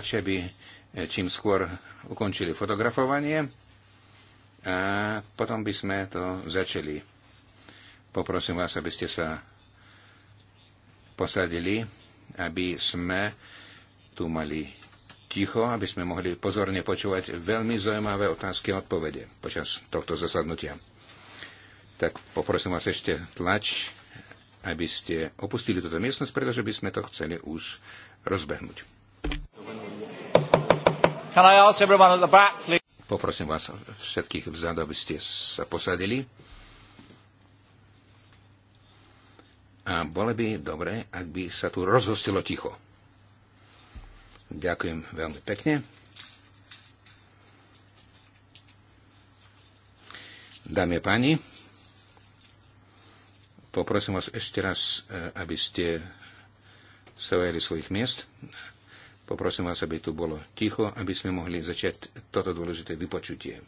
radšej by e, čím skôr ukončili fotografovanie a potom by sme to začali. Poprosím vás, aby ste sa posadili, aby sme tu mali ticho, aby sme mohli pozorne počúvať veľmi zaujímavé otázky a odpovede počas tohto zasadnutia. Tak poprosím vás ešte tlač, aby ste opustili túto miestnosť, pretože by sme to chceli už rozbehnúť. Can I ask everyone at the back, please? Poprosím vás všetkých vzadu, aby ste sa posadili. A bolo by dobre, ak by sa tu rozhostilo ticho. Ďakujem veľmi pekne. Dámy a páni, poprosím vás ešte raz, eh, aby ste sa svojich miest. Poprosím vás, aby tu bolo ticho, aby sme mohli začať toto dôležité vypočutie.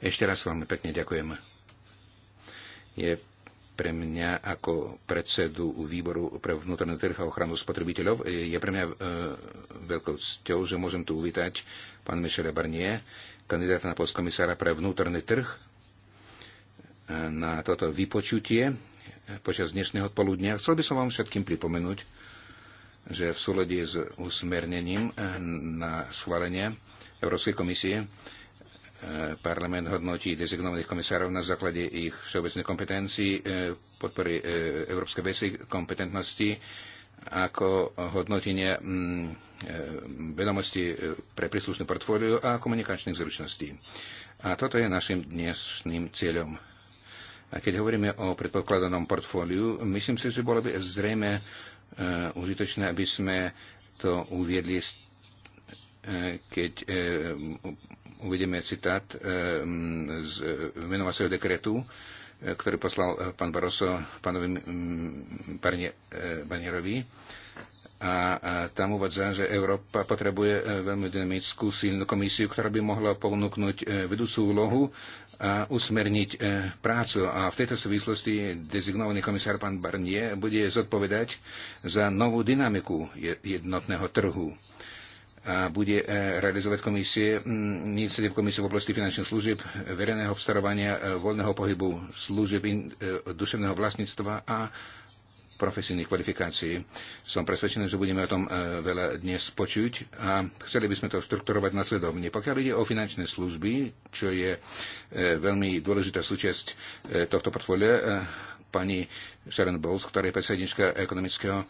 Ešte raz vám pekne ďakujem. Je pre mňa ako predsedu výboru pre vnútorný trh a ochranu spotrebiteľov. Je pre mňa e, veľkou cťou, že môžem tu uvítať pán Michel Barnier, kandidáta na post komisára pre vnútorný trh e, na toto vypočutie počas dnešného odpoludnia. Chcel by som vám všetkým pripomenúť, že v súlade s usmernením eh, na schválenie Európskej komisie eh, parlament hodnotí dezignovaných komisárov na základe ich všeobecných kompetencii, eh, podpory európskej veci, kompetentnosti, ako hodnotenie mm, vedomosti pre príslušné portfóliu a komunikačných zručností. A toto je našim dnešným cieľom. A keď hovoríme o predpokladanom portfóliu, myslím si, že bolo by zrejme E, užitočné, aby sme to uviedli, e, keď e, uvedieme citát z venovaceho dekretu, ktorý poslal pán Barroso pánovi Barnierovi. A tam uvádza, že Európa potrebuje veľmi dynamickú, silnú komisiu, ktorá by mohla ponúknuť vedúcu úlohu a usmerniť e, prácu. A v tejto súvislosti dezignovaný komisár pán Barnier bude zodpovedať za novú dynamiku jednotného trhu a bude e, realizovať komisie, v komisie v oblasti finančných služieb, verejného obstarovania, e, voľného pohybu služieb, duševného vlastníctva a profesijných kvalifikácií. Som presvedčený, že budeme o tom e, veľa dnes počuť a chceli by sme to štrukturovať nasledovne. Pokiaľ ide o finančné služby, čo je e, veľmi dôležitá súčasť e, tohto portfólia, pani Sharon Bowles, ktorá je predsednička ekonomického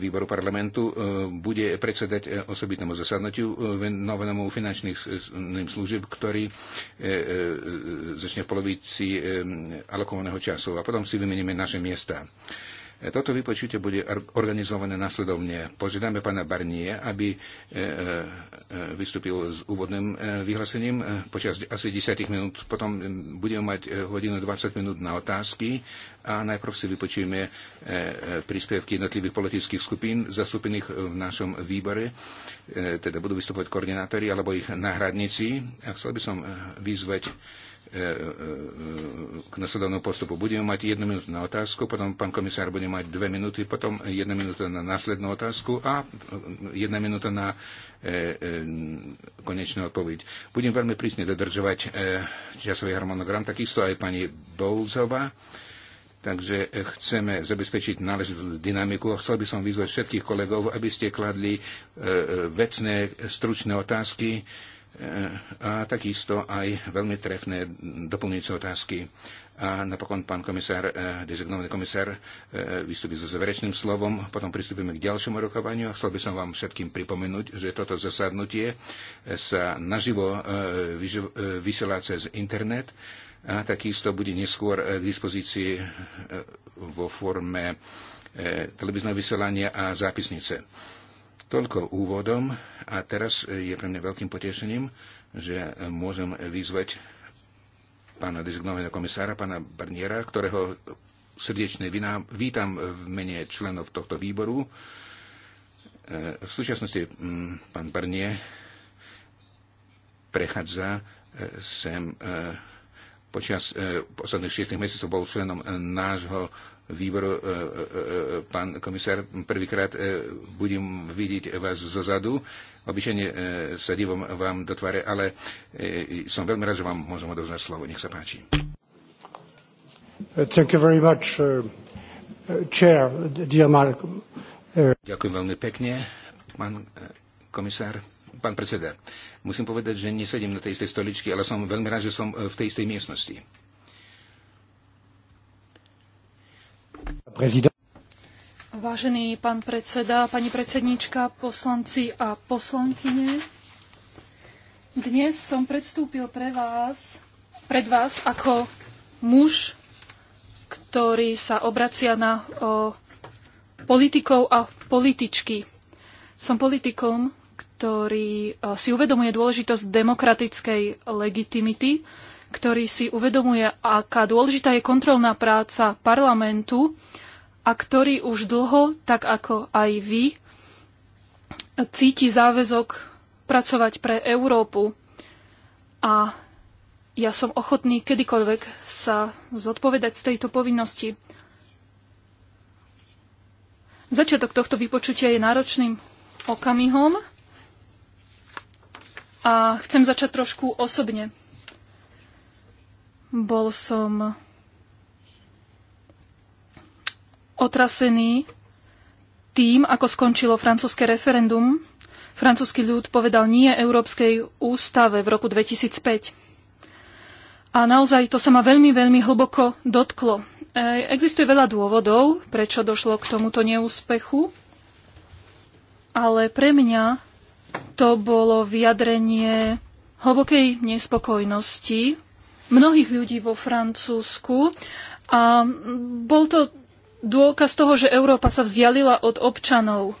výboru parlamentu, bude predsedať osobitnému zasadnutiu venovanému finančným služieb, ktorý začne v polovici alokovaného času a potom si vymeníme naše miesta. Toto vypočutie bude organizované nasledovne. Požiadame pána Barnie, aby e, e, e, vystúpil s úvodným vyhlásením počas asi 10 minút. Potom budeme mať hodinu 20 minút na otázky a najprv si vypočujeme príspevky jednotlivých politických skupín zastúpených v našom výbore. Teda budú vystupovať koordinátori alebo ich náhradníci. A chcel by som vyzvať E, e, e, k nasledovnému postupu. Budeme mať jednu minútu na otázku, potom pán komisár bude mať dve minúty, potom jedna minúta na následnú otázku a jedna minúta na konečnú odpoveď. Budem veľmi prísne dodržovať časový harmonogram, takisto aj pani Bolzová. Takže chceme zabezpečiť náležitú dynamiku a chcel by som vyzvať všetkých kolegov, aby ste kladli vecné, stručné otázky Eh, a takisto aj veľmi trefné doplňujúce otázky. A napokon pán komisár, eh, dezignovaný komisár, eh, vystúpi so záverečným slovom, potom pristúpime k ďalšiemu rokovaniu a chcel by som vám všetkým pripomenúť, že toto zasadnutie sa naživo vysiela cez internet a takisto bude neskôr k dispozícii vo forme televízneho vysielania a zápisnice. Toľko úvodom a teraz je pre mňa veľkým potešením, že môžem vyzvať pána dezignovaného komisára, pána Barniera, ktorého srdečne vítam v mene členov tohto výboru. E, v súčasnosti mm, pán Barnier prechádza e, sem e, počas posledných šiestich mesiacov bol členom nášho výboru. E, e, e, pán komisár, prvýkrát budem vidieť vás zo zadu. Obyčajne sa divom vám do tvare, ale som veľmi rád, že vám môžem odovzdať slovo. Nech sa páči. Uh, thank you very much, uh, uh chair, dear Mark. Uh... Ďakujem veľmi pekne, pán komisár pán predseda, musím povedať, že nesedím na tej istej stoličke, ale som veľmi rád, že som v tej istej miestnosti. Vážený pán predseda, pani predsedníčka, poslanci a poslankyne, dnes som predstúpil pre vás, pred vás ako muž, ktorý sa obracia na o, politikov a političky. Som politikom, ktorý o, si uvedomuje dôležitosť demokratickej legitimity ktorý si uvedomuje, aká dôležitá je kontrolná práca parlamentu a ktorý už dlho, tak ako aj vy, cíti záväzok pracovať pre Európu. A ja som ochotný kedykoľvek sa zodpovedať z tejto povinnosti. Začiatok tohto vypočutia je náročným okamihom a chcem začať trošku osobne. Bol som otrasený tým, ako skončilo francúzske referendum. Francúzsky ľud povedal nie Európskej ústave v roku 2005. A naozaj to sa ma veľmi, veľmi hlboko dotklo. E, existuje veľa dôvodov, prečo došlo k tomuto neúspechu, ale pre mňa to bolo vyjadrenie hlbokej nespokojnosti mnohých ľudí vo Francúzsku a bol to dôkaz toho, že Európa sa vzdialila od občanov.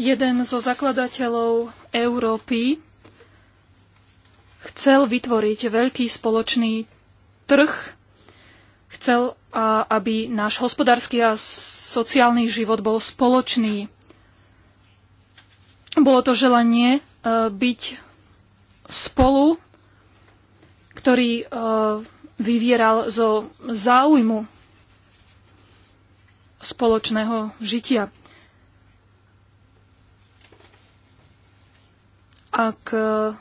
Jeden zo zakladateľov Európy chcel vytvoriť veľký spoločný trh, chcel, aby náš hospodársky a sociálny život bol spoločný. Bolo to želanie e, byť spolu, ktorý e, vyvieral zo záujmu spoločného žitia. Ak e,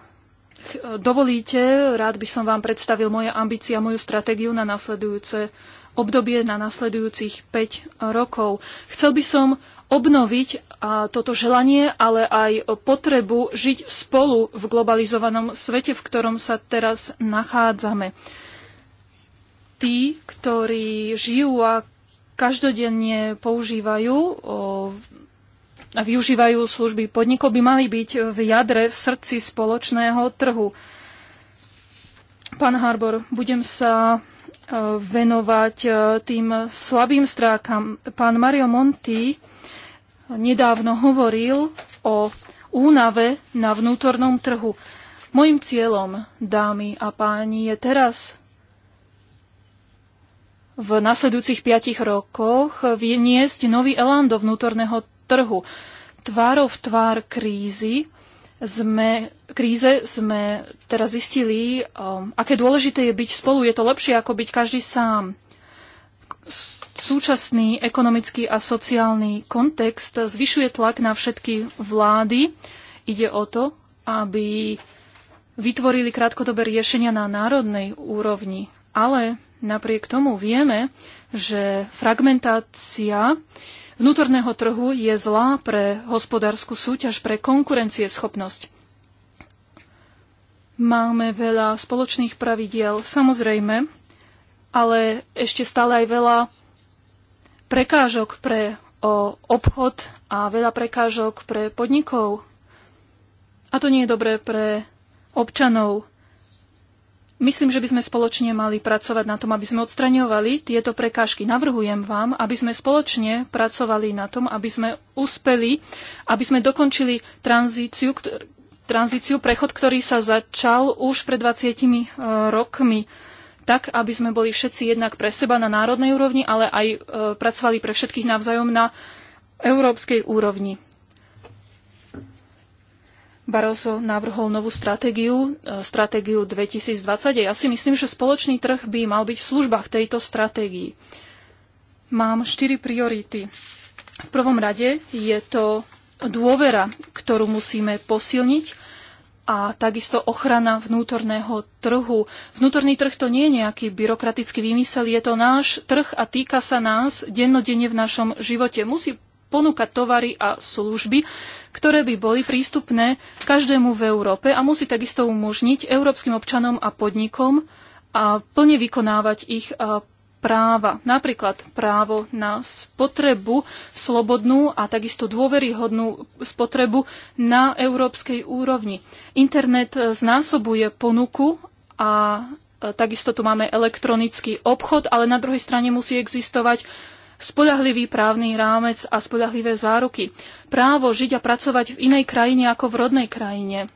dovolíte, rád by som vám predstavil moje ambície a moju stratégiu na nasledujúce obdobie na nasledujúcich 5 rokov. Chcel by som obnoviť toto želanie, ale aj potrebu žiť spolu v globalizovanom svete, v ktorom sa teraz nachádzame. Tí, ktorí žijú a každodenne používajú a využívajú služby podnikov, by mali byť v jadre, v srdci spoločného trhu. Pán Harbor, budem sa E, venovať e, tým slabým strákam. Pán Mario Monti nedávno hovoril o únave na vnútornom trhu. Mojím cieľom, dámy a páni, je teraz v nasledujúcich piatich rokoch vyniesť nový elán do vnútorného trhu. Tvárov tvár krízy sme, kríze sme teraz zistili, um, aké dôležité je byť spolu. Je to lepšie, ako byť každý sám. Súčasný ekonomický a sociálny kontext zvyšuje tlak na všetky vlády. Ide o to, aby vytvorili krátkodobé riešenia na národnej úrovni. Ale napriek tomu vieme, že fragmentácia uh, vnútorného trhu je zlá pre hospodárskú súťaž, pre konkurencieschopnosť. Máme veľa spoločných pravidiel, samozrejme, ale ešte stále aj veľa prekážok pre o, obchod a veľa prekážok pre podnikov. A to nie je dobré pre občanov. Myslím, že by sme spoločne mali pracovať na tom, aby sme odstraňovali tieto prekážky. Navrhujem vám, aby sme spoločne pracovali na tom, aby sme uspeli, aby sme dokončili tranzíciu, tranzíciu prechod, ktorý sa začal už pred 20 e, rokmi tak, aby sme boli všetci jednak pre seba na národnej úrovni, ale aj e, pracovali pre všetkých navzájom na európskej úrovni. Barroso navrhol novú stratégiu, e, stratégiu 2020. Ja si myslím, že spoločný trh by mal byť v službách tejto stratégii. Mám štyri priority. V prvom rade je to dôvera, ktorú musíme posilniť a takisto ochrana vnútorného trhu. Vnútorný trh to nie je nejaký byrokratický výmysel, je to náš trh a týka sa nás dennodenne v našom živote. Musí ponúka tovary a služby, ktoré by boli prístupné každému v Európe a musí takisto umožniť európskym občanom a podnikom a plne vykonávať ich práva. Napríklad právo na spotrebu slobodnú a takisto dôveryhodnú spotrebu na európskej úrovni. Internet e, znásobuje ponuku a e, takisto tu máme elektronický obchod, ale na druhej strane musí existovať spoľahlivý právny rámec a spoľahlivé záruky. Právo žiť a pracovať v inej krajine ako v rodnej krajine.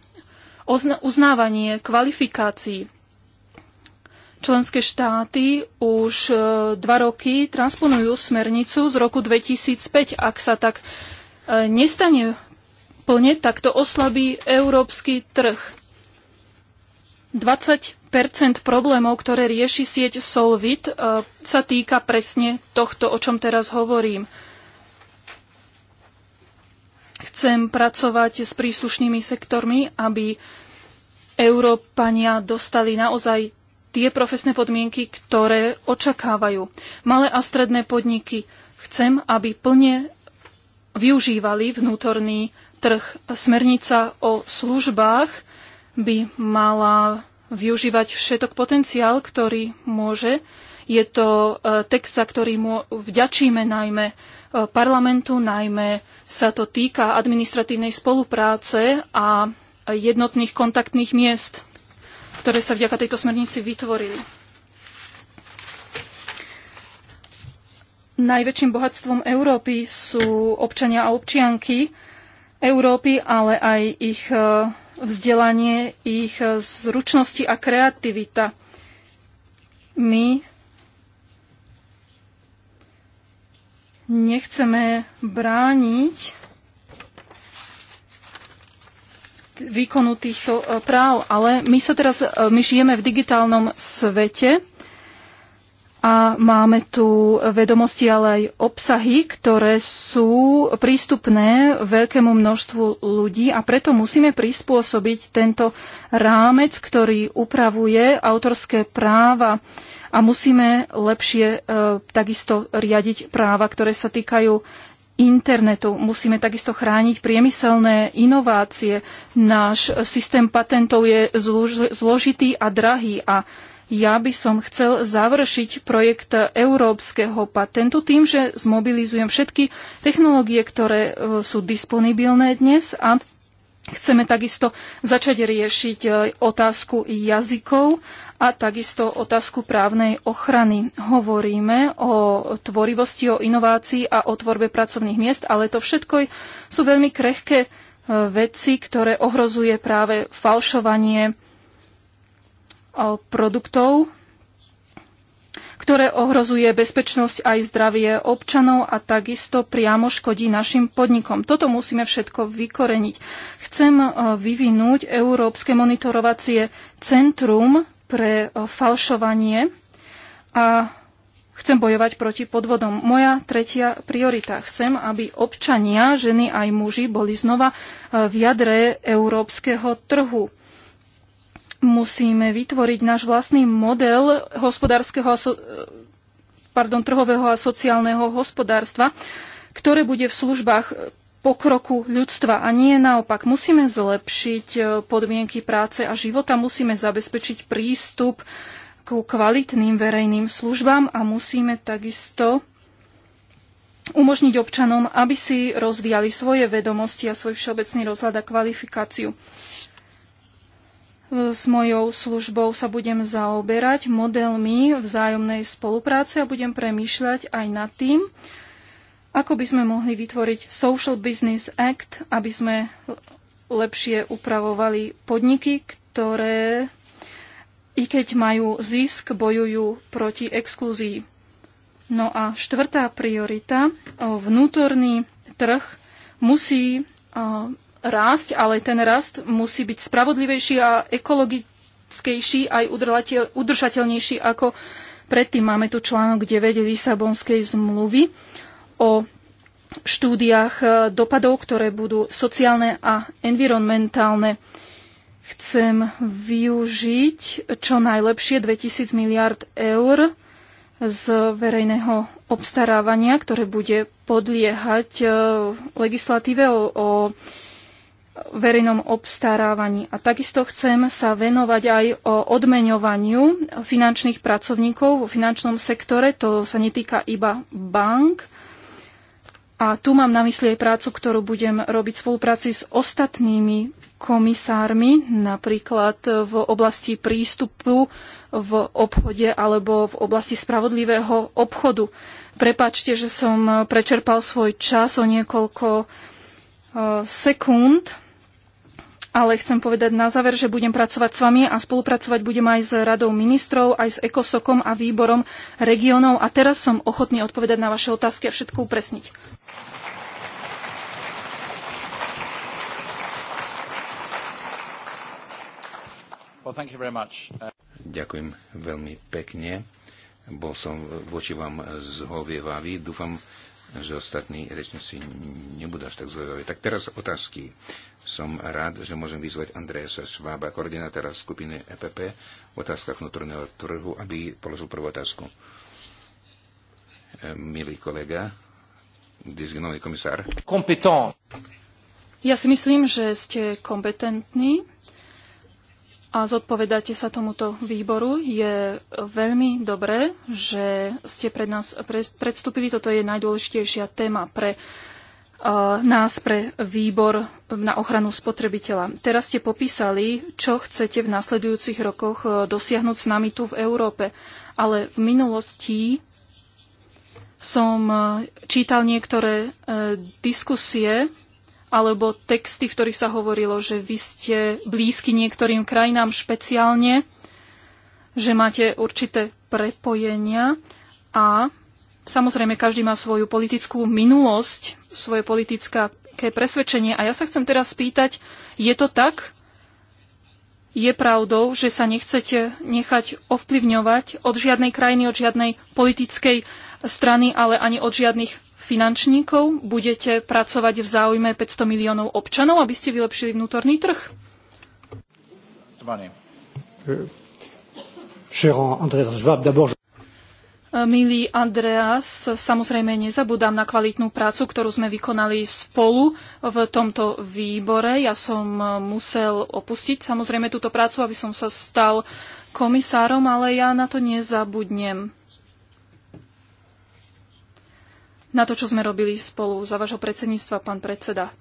uznávanie kvalifikácií. Členské štáty už e, dva roky transponujú smernicu z roku 2005. Ak sa tak e, nestane plne, tak to oslabí európsky trh. 20 problémov, ktoré rieši sieť Solvit, e, sa týka presne tohto, o čom teraz hovorím. Chcem pracovať s príslušnými sektormi, aby Európania dostali naozaj tie profesné podmienky, ktoré očakávajú. Malé a stredné podniky chcem, aby plne využívali vnútorný trh. Smernica o službách by mala využívať všetok potenciál, ktorý môže. Je to e, text, za ktorý mu vďačíme najmä e, parlamentu, najmä sa to týka administratívnej spolupráce a jednotných kontaktných miest, ktoré sa vďaka tejto smernici vytvorili. Najväčším bohatstvom Európy sú občania a občianky Európy, ale aj ich e, vzdelanie, ich zručnosti a kreativita. My nechceme brániť výkonu týchto e, práv, ale my sa teraz, e, my žijeme v digitálnom svete a máme tu vedomosti, ale aj obsahy, ktoré sú prístupné veľkému množstvu ľudí a preto musíme prispôsobiť tento rámec, ktorý upravuje autorské práva a musíme lepšie e, takisto riadiť práva, ktoré sa týkajú internetu. Musíme takisto chrániť priemyselné inovácie. Náš systém patentov je zložitý a drahý a ja by som chcel završiť projekt európskeho patentu tým, že zmobilizujem všetky technológie, ktoré e, sú disponibilné dnes a Chceme takisto začať riešiť e, otázku jazykov a takisto otázku právnej ochrany. Hovoríme o tvorivosti, o inovácii a o tvorbe pracovných miest, ale to všetko sú veľmi krehké e, veci, ktoré ohrozuje práve falšovanie produktov, ktoré ohrozuje bezpečnosť aj zdravie občanov a takisto priamo škodí našim podnikom. Toto musíme všetko vykoreniť. Chcem vyvinúť Európske monitorovacie centrum pre falšovanie a chcem bojovať proti podvodom. Moja tretia priorita. Chcem, aby občania, ženy aj muži boli znova v jadre európskeho trhu musíme vytvoriť náš vlastný model hospodárskeho a so, pardon, trhového a sociálneho hospodárstva, ktoré bude v službách pokroku ľudstva a nie naopak. Musíme zlepšiť e, podmienky práce a života, musíme zabezpečiť prístup ku kvalitným verejným službám a musíme takisto umožniť občanom, aby si rozvíjali svoje vedomosti a svoj všeobecný rozhľad a kvalifikáciu. S mojou službou sa budem zaoberať modelmi vzájomnej spolupráce a budem premýšľať aj nad tým, ako by sme mohli vytvoriť Social Business Act, aby sme lepšie upravovali podniky, ktoré i keď majú zisk, bojujú proti exkluzii. No a štvrtá priorita, vnútorný trh musí rásť, ale ten rast musí byť spravodlivejší a ekologickejší, aj udržateľnejší ako predtým. Máme tu článok 9 Lisabonskej zmluvy o štúdiách e, dopadov, ktoré budú sociálne a environmentálne. Chcem využiť čo najlepšie 2000 miliard eur z verejného obstarávania, ktoré bude podliehať e, legislatíve o, o verejnom obstarávaní. A takisto chcem sa venovať aj o odmeňovaniu finančných pracovníkov vo finančnom sektore. To sa netýka iba bank. A tu mám na mysli aj prácu, ktorú budem robiť v spolupráci s ostatnými komisármi, napríklad v oblasti prístupu v obchode alebo v oblasti spravodlivého obchodu. Prepačte, že som prečerpal svoj čas o niekoľko eh, sekúnd ale chcem povedať na záver, že budem pracovať s vami a spolupracovať budem aj s radou ministrov, aj s ekosokom a výborom regionov. A teraz som ochotný odpovedať na vaše otázky a všetko upresniť. Well, Ďakujem veľmi pekne. Bol som voči vám zhovievavý. Dúfam, že ostatní rečníci nebudú až tak zaujímaví. Tak teraz otázky. Som rád, že môžem vyzvať Andreasa Švába, koordinátora skupiny EPP v otázkach vnútorného trhu, aby položil prvú otázku. E, milý kolega, dizginový komisár. Kompetent. Ja si myslím, že ste kompetentní a zodpovedáte sa tomuto výboru. Je veľmi dobré, že ste pred nás predstúpili. Toto je najdôležitejšia téma pre e, nás pre výbor na ochranu spotrebiteľa. Teraz ste popísali, čo chcete v nasledujúcich rokoch e, dosiahnuť s nami tu v Európe. Ale v minulosti som e, čítal niektoré diskusie alebo texty, v ktorých sa hovorilo, že vy ste blízky niektorým krajinám špeciálne, že máte určité prepojenia a samozrejme každý má svoju politickú minulosť, svoje politické presvedčenie. A ja sa chcem teraz spýtať, je to tak? Je pravdou, že sa nechcete nechať ovplyvňovať od žiadnej krajiny, od žiadnej politickej strany, ale ani od žiadnych finančníkov? Budete pracovať v záujme 500 miliónov občanov, aby ste vylepšili vnútorný trh? Eh, eh, milý Andreas, samozrejme nezabudám na kvalitnú prácu, ktorú sme vykonali spolu v tomto výbore. Ja som eh, musel opustiť samozrejme túto prácu, aby som sa stal komisárom, ale ja na to nezabudnem. na to, čo sme robili spolu za vašho predsedníctva, pán predseda.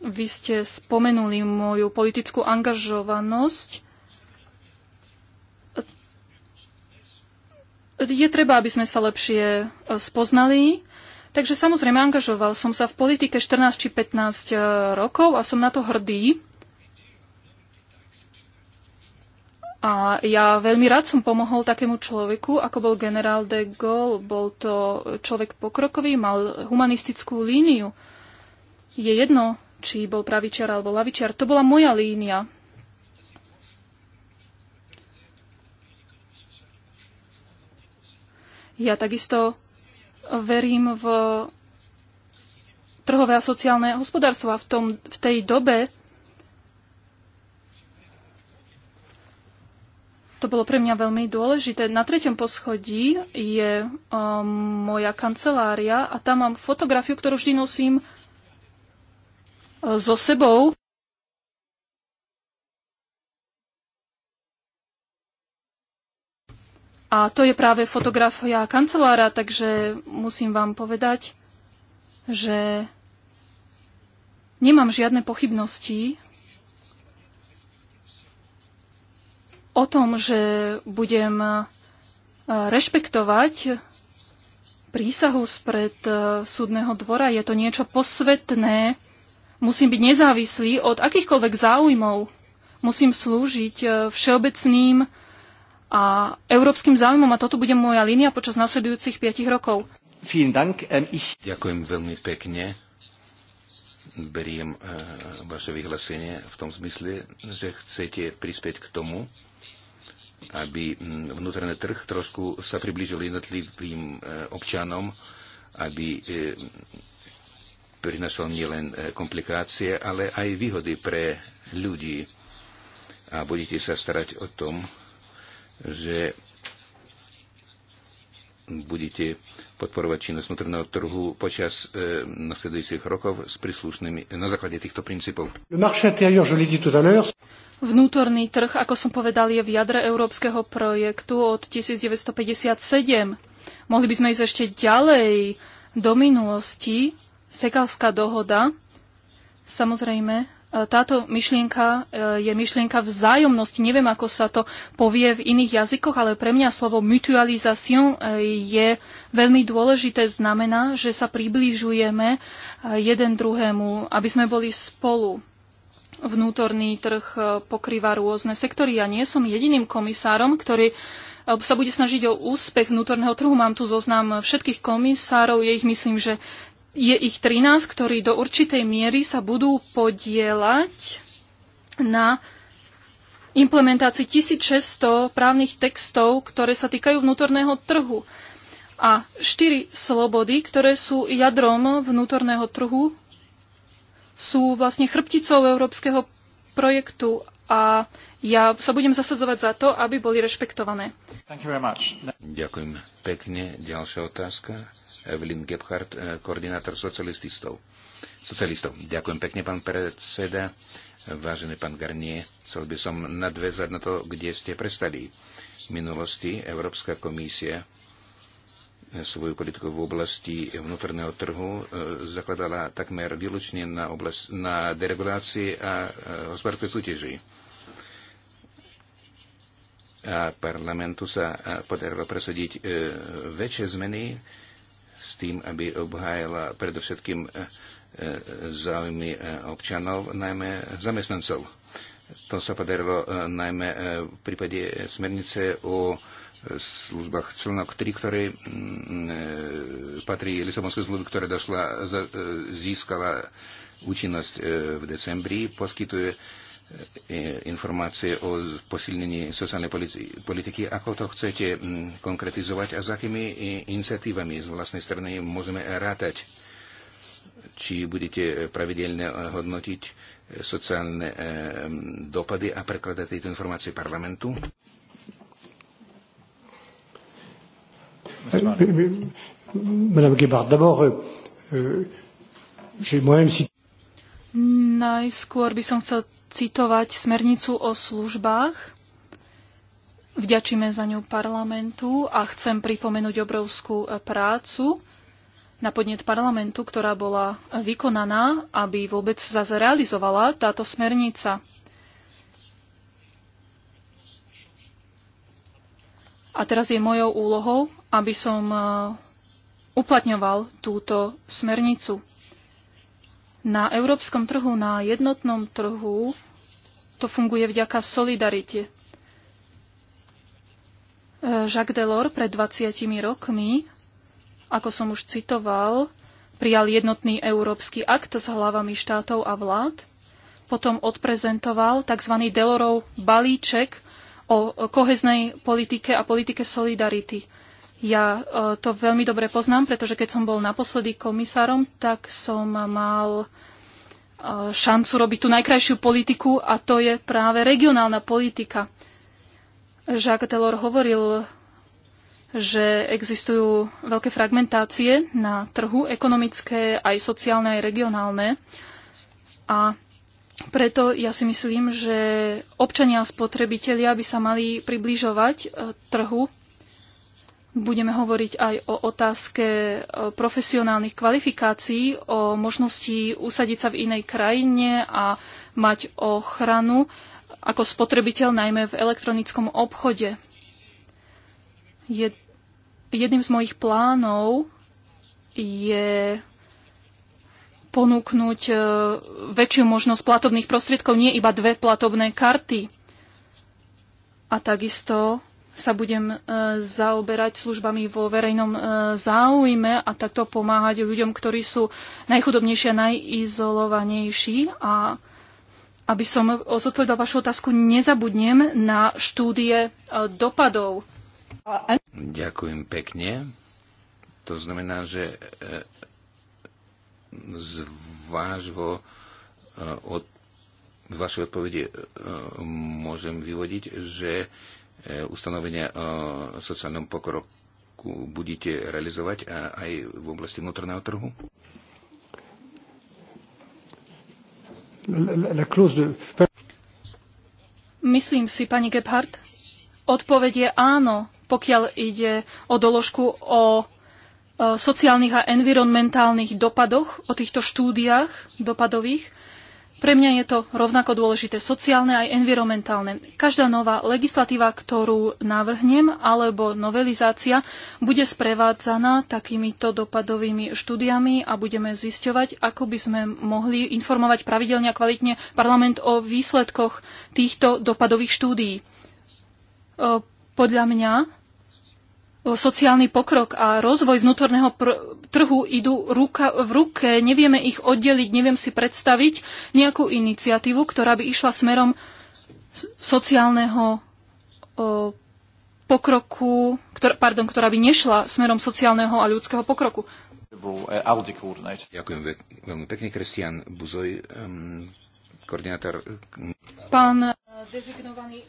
Vy ste spomenuli moju politickú angažovanosť. Je treba, aby sme sa lepšie e, spoznali. Takže samozrejme, angažoval som sa v politike 14 či 15 e, rokov a som na to hrdý. A ja veľmi rád som pomohol takému človeku, ako bol generál de Gaulle. Bol to človek pokrokový, mal humanistickú líniu. Je jedno, či bol pravičiar alebo lavičiar. To bola moja línia. Ja takisto verím v trhové a sociálne hospodárstvo a v, tom, v tej dobe to bolo pre mňa veľmi dôležité. Na treťom poschodí je um, moja kancelária a tam mám fotografiu, ktorú vždy nosím uh, so sebou. A to je práve fotografia kancelára, takže musím vám povedať, že nemám žiadne pochybnosti o tom, že budem e, rešpektovať prísahu spred e, súdneho dvora. Je to niečo posvetné. Musím byť nezávislý od akýchkoľvek záujmov. Musím slúžiť e, všeobecným a európskym záujmom a toto bude moja línia počas nasledujúcich 5 rokov. Ähm, Ďakujem veľmi pekne. Beriem vaše vyhlásenie v tom zmysle, že chcete prispieť k tomu, aby mm, vnútorný trh trošku sa priblížil jednotlivým e, občanom, aby e, prinašal nielen e, komplikácie, ale aj výhody pre ľudí. A budete sa starať o tom, že budete podporovať činnosť vnútorného trhu počas e, nasledujúcich rokov s príslušnými, na základe týchto princípov. Vnútorný trh, ako som povedal, je v jadre európskeho projektu od 1957. Mohli by sme ísť ešte ďalej do minulosti. sekalská dohoda samozrejme E, táto myšlienka e, je myšlienka vzájomnosti. Neviem, ako sa to povie v iných jazykoch, ale pre mňa slovo mutualization e, je veľmi dôležité. Znamená, že sa približujeme jeden druhému, aby sme boli spolu. Vnútorný trh pokrýva rôzne sektory. Ja nie som jediným komisárom, ktorý sa bude snažiť o úspech vnútorného trhu. Mám tu zoznam všetkých komisárov, je ich myslím, že je ich 13, ktorí do určitej miery sa budú podielať na implementácii 1600 právnych textov, ktoré sa týkajú vnútorného trhu. A štyri slobody, ktoré sú jadrom vnútorného trhu, sú vlastne chrbticou európskeho projektu a ja sa budem zasadzovať za to, aby boli rešpektované. Ďakujem pekne. Ďalšia otázka. Evelyn Gebhardt, eh, koordinátor socialistov. socialistov. Ďakujem pekne, pán predseda. Vážený pán Garnier, chcel by som nadväzať na to, kde ste prestali. V minulosti Európska komisia eh, svoju politiku v oblasti vnútorného trhu eh, zakladala takmer výlučne na, oblast, na deregulácii a hospodárskej súťaži a parlamentu sa podarilo presadiť väčšie zmeny s tým, aby obhájala predovšetkým e, e, záujmy e, občanov, najmä zamestnancov. To sa podarilo najmä v prípade smernice o službách článok 3, ktoré patrí Lisabonskej zmluvy, ktorá došla, získala účinnosť v decembri, poskytuje E, informácie o posilnení sociálnej politiky. Ako to chcete mm, konkretizovať a s akými e, iniciatívami z vlastnej strany môžeme rátať? Či budete pravidelne e, hodnotiť sociálne dopady a prekladať tieto informácie parlamentu? Euh, euh, Najskôr by som chcel citovať smernicu o službách. Vďačíme za ňu parlamentu a chcem pripomenúť obrovskú prácu na podnet parlamentu, ktorá bola vykonaná, aby vôbec sa zrealizovala táto smernica. A teraz je mojou úlohou, aby som e, uplatňoval túto smernicu. Na európskom trhu, na jednotnom trhu to funguje vďaka solidarite. E, Jacques Delors pred 20 rokmi, ako som už citoval, prijal jednotný európsky akt s hlavami štátov a vlád, potom odprezentoval tzv. Delorov balíček o koheznej politike a politike solidarity. Ja e, to veľmi dobre poznám, pretože keď som bol naposledy komisárom, tak som mal E, šancu robiť tú najkrajšiu politiku a to je práve regionálna politika. Jacques Taylor hovoril, že existujú veľké fragmentácie na trhu, ekonomické, aj sociálne, aj regionálne. A preto ja si myslím, že občania a spotrebitelia by sa mali približovať e, trhu Budeme hovoriť aj o otázke e, profesionálnych kvalifikácií, o možnosti usadiť sa v inej krajine a mať ochranu ako spotrebiteľ najmä v elektronickom obchode. jedným z mojich plánov je ponúknuť e, väčšiu možnosť platobných prostriedkov, nie iba dve platobné karty. A takisto sa budem e, zaoberať službami vo verejnom e, záujme a takto pomáhať ľuďom, ktorí sú najchudobnejší a najizolovanejší. A aby som zodpovedal vašu otázku, nezabudnem na štúdie e, dopadov. Ďakujem pekne. To znamená, že z vášho od, z vašej odpovede môžem vyvodiť, že Eh, ustanovenia o eh, sociálnom pokroku budete realizovať eh, aj v oblasti vnútorného trhu? Myslím si, pani Gebhardt, odpoveď je áno, pokiaľ ide o doložku o sociálnych a environmentálnych dopadoch, o týchto štúdiách dopadových. Pre mňa je to rovnako dôležité sociálne aj environmentálne. Každá nová legislatíva, ktorú navrhnem, alebo novelizácia, bude sprevádzaná takýmito dopadovými štúdiami a budeme zisťovať, ako by sme mohli informovať pravidelne a kvalitne parlament o výsledkoch týchto dopadových štúdií. E, podľa mňa sociálny pokrok a rozvoj vnútorného trhu idú ruka v ruke, nevieme ich oddeliť, neviem si predstaviť nejakú iniciatívu, ktorá by išla smerom sociálneho pokroku, ktor, pardon, ktorá by nešla smerom sociálneho a ľudského pokroku. Ďakujem veľmi pekne, Kristian Buzoj, um, koordinátor. Pán eh, dezignovaný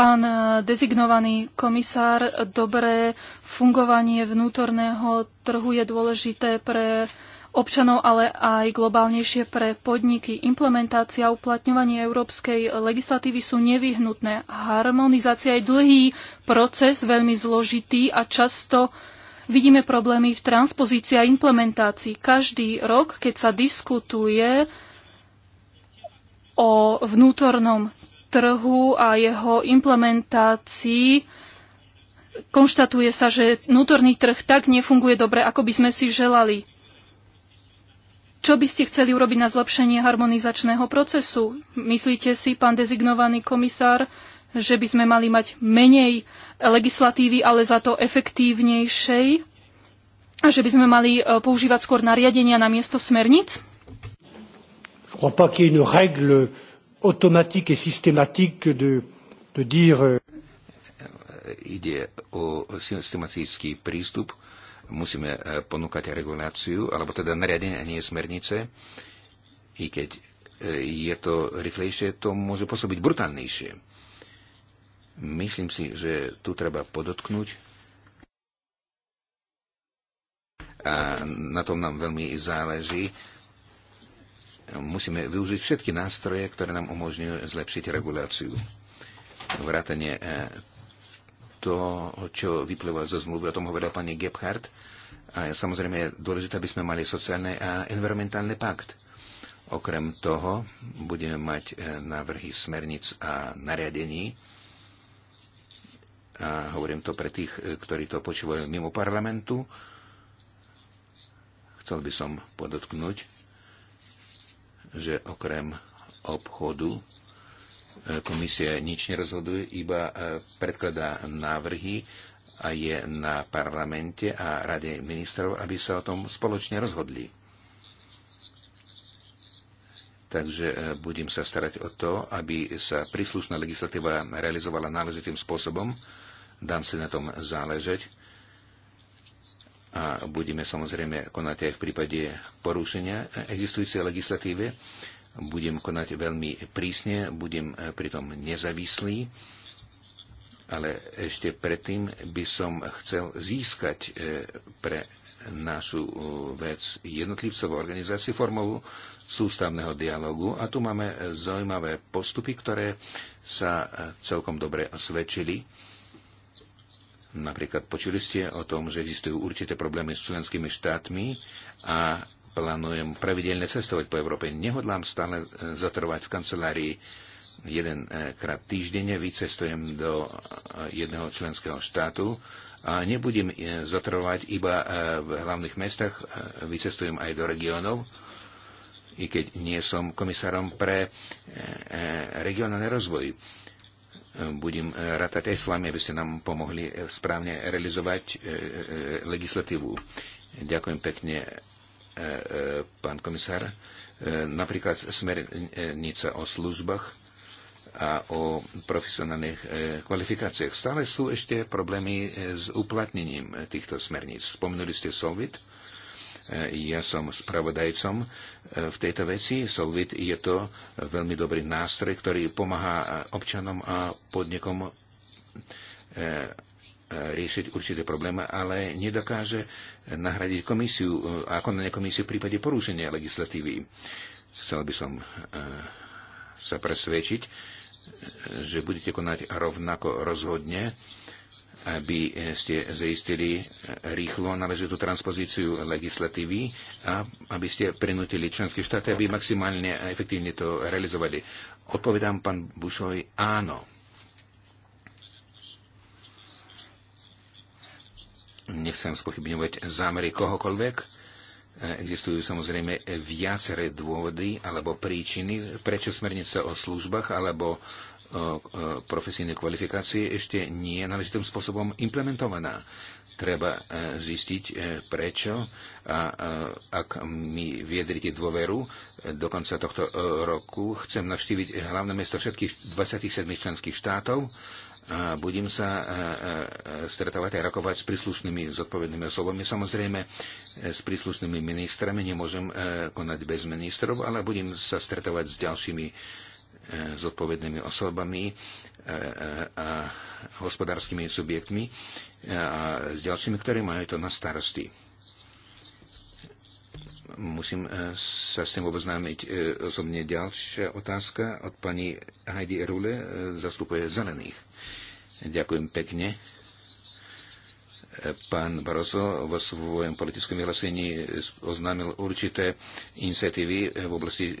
pán eh, dezignovaný komisár, dobré fungovanie vnútorného trhu je dôležité pre občanov, ale aj globálnejšie pre podniky. Implementácia a uplatňovanie európskej legislatívy sú nevyhnutné. Harmonizácia je dlhý proces, veľmi zložitý a často vidíme problémy v transpozícii a implementácii. Každý rok, keď sa diskutuje o vnútornom trhu a jeho implementácii konštatuje sa, že vnútorný trh tak nefunguje dobre, ako by sme si želali. Čo by ste chceli urobiť na zlepšenie harmonizačného procesu? Myslíte si, pán dezignovaný komisár, že by sme mali mať menej legislatívy, ale za to efektívnejšej? A že by sme mali e, používať skôr nariadenia na miesto smerníc? Je crois pas qu'il y ait une règle euh, automatique et systématique de, de dire euh, ide o systematický prístup. Musíme eh, ponúkať reguláciu, alebo teda nariadenie a nie smernice. I keď eh, je to rýchlejšie, to môže pôsobiť brutálnejšie. Myslím si, že tu treba podotknúť. A na tom nám veľmi záleží musíme využiť všetky nástroje, ktoré nám umožňujú zlepšiť reguláciu. Vrátanie eh, to, čo vyplýva zo zmluvy, o tom hovorila pani Gebhardt. A samozrejme je dôležité, aby sme mali sociálny a environmentálny pakt. Okrem toho budeme mať eh, návrhy smernic a nariadení. A hovorím to pre tých, eh, ktorí to počúvajú mimo parlamentu. Chcel by som podotknúť, že okrem obchodu e, komisia nič nerozhoduje, iba e, predkladá návrhy a je na parlamente a rade ministrov, aby sa o tom spoločne rozhodli. Takže e, budem sa starať o to, aby sa príslušná legislatíva realizovala náležitým spôsobom. Dám si na tom záležať a budeme samozrejme konať aj v prípade porušenia existujúcej legislatívy. Budem konať veľmi prísne, budem pritom nezávislý, ale ešte predtým by som chcel získať e, pre našu e, vec jednotlivcovú organizáciu formou sústavného dialogu a tu máme zaujímavé postupy, ktoré sa e, celkom dobre osvedčili Napríklad počuli ste o tom, že existujú určité problémy s členskými štátmi a plánujem pravidelne cestovať po Európe. Nehodlám stále e, zatrvať v kancelárii jedenkrát e, týždenne, vycestujem do e, jedného členského štátu a nebudem zatrvať iba v hlavných mestách, vycestujem aj do regiónov, i keď nie som komisárom pre regionálny rozvoj budem eh, rátať aj s vami, aby ste nám pomohli eh, správne realizovať eh, legislatívu. Ďakujem pekne, pán komisár. Napríklad smernica o službách a o profesionálnych kvalifikáciách. Stále sú ešte problémy s uplatnením týchto smerníc. Spomenuli ste Solvit E, ja som spravodajcom e, v tejto veci. Solvit je to veľmi dobrý nástroj, ktorý pomáha e, občanom a podnikom riešiť určité problémy, ale nedokáže nahradiť komisiu ako konanie komisie v prípade porušenia legislatívy. Chcel by som sa presvedčiť, že budete konať rovnako rozhodne aby eh, ste zaistili eh, rýchlo náležitú transpozíciu legislatívy a aby ste prinútili členské štáty, aby maximálne a efektívne to realizovali. Odpovedám pán Bušoj áno. Nechcem spochybňovať zámery kohokoľvek. Eh, existujú samozrejme viaceré dôvody alebo príčiny, prečo smernica o službách alebo uh, E, e, profesijnej kvalifikácie ešte nie je náležitým spôsobom implementovaná. Treba e, zistiť, prečo a ak mi viedrite dôveru, do konca tohto roku chcem navštíviť hlavné mesto všetkých 27 členských štátov a budem sa stretávať a rokovať s príslušnými zodpovednými osobami. Samozrejme, s príslušnými ministrami nemôžem konať bez ministrov, ale budem sa stretávať s ďalšími odpovednými osobami e, e, a hospodárskymi subjektmi e, a s ďalšími, ktorí majú to na starosti. Musím sa s tým oboznámiť osobne. Ďalšia otázka od pani Heidi Rule zastupuje Zelených. Ďakujem pekne. Pán Barroso vo svojom politickom vyhlásení oznámil určité iniciatívy v oblasti e, e,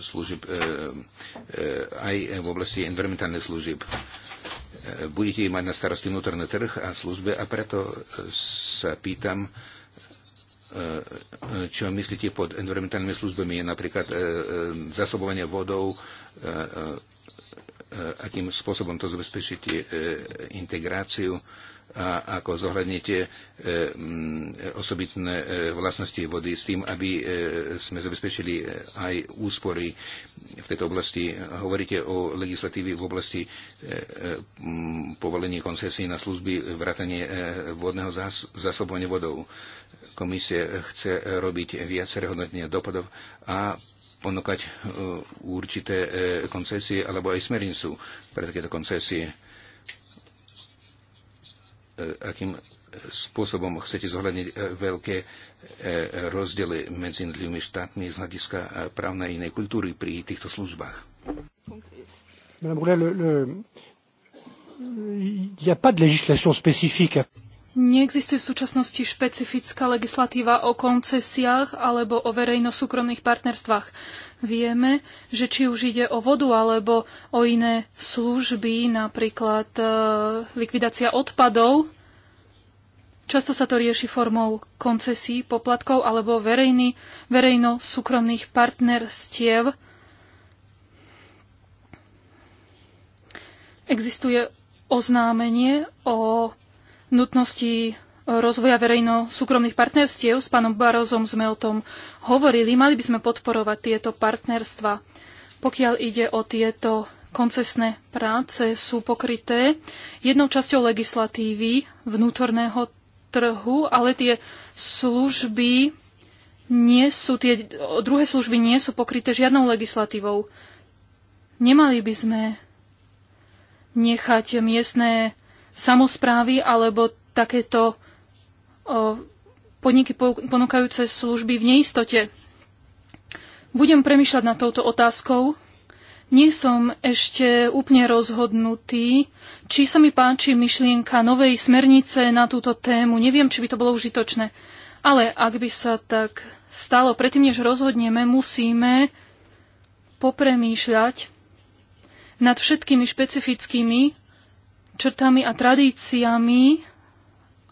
služieb, e, aj v oblasti environmentálnych služieb budete mať na starosti vnútorný trh a služby a preto sa pýtam, čo myslíte pod environmentálnymi službami, napríklad zasobovanie vodou, akým spôsobom to zabezpečíte, integráciu a ako zohľadnite e, osobitné e, vlastnosti vody s tým, aby e, sme zabezpečili aj úspory v tejto oblasti. Hovoríte o legislatívy v oblasti povolení koncesí na služby vrátanie vodného zásobovania vodou. Komisie chce robiť viacere hodnotenia dopadov a ponúkať určité koncesie alebo aj smernicu pre takéto koncesie E, akým spôsobom chcete zohľadniť e, veľké e, rozdiely medzi jednotlivými štátmi z hľadiska právnej inej kultúry pri týchto službách. Neexistuje v súčasnosti špecifická legislatíva o koncesiách alebo o verejno-súkromných partnerstvách vieme, že či už ide o vodu alebo o iné služby, napríklad e, likvidácia odpadov, často sa to rieši formou koncesí, poplatkov alebo verejný, verejno-súkromných partnerstiev. Existuje oznámenie o nutnosti rozvoja verejno-súkromných partnerstiev. S pánom Barozom sme o tom hovorili. Mali by sme podporovať tieto partnerstva. Pokiaľ ide o tieto koncesné práce, sú pokryté jednou časťou legislatívy vnútorného trhu, ale tie služby nie sú, tie druhé služby nie sú pokryté žiadnou legislatívou. Nemali by sme nechať miestne samozprávy alebo takéto podniky ponúkajúce služby v neistote. Budem premyšľať nad touto otázkou. Nie som ešte úplne rozhodnutý, či sa mi páči myšlienka novej smernice na túto tému. Neviem, či by to bolo užitočné. Ale ak by sa tak stalo, predtým než rozhodneme, musíme popremýšľať nad všetkými špecifickými črtami a tradíciami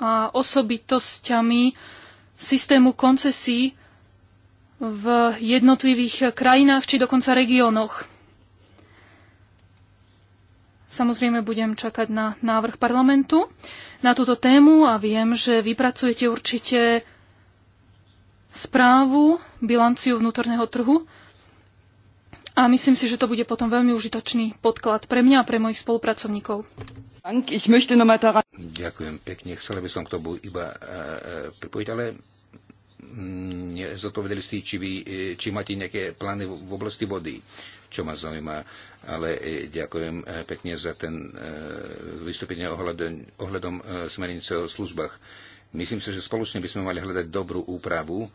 a osobitosťami systému koncesí v jednotlivých krajinách či dokonca regiónoch. Samozrejme budem čakať na návrh parlamentu na túto tému a viem, že vypracujete určite správu, bilanciu vnútorného trhu a myslím si, že to bude potom veľmi užitočný podklad pre mňa a pre mojich spolupracovníkov. Ďakujem pekne. Chcela by som k tomu iba e, e, pripojiť, ale mm, nezodpovedali ste, či, vy, e, či máte nejaké plány v oblasti vody, čo ma zaujíma. Ale ďakujem pekne za ten vystúpenie ohľadom, ohľadom smernice o službách. Myslím si, že spoločne by sme mali hľadať dobrú úpravu.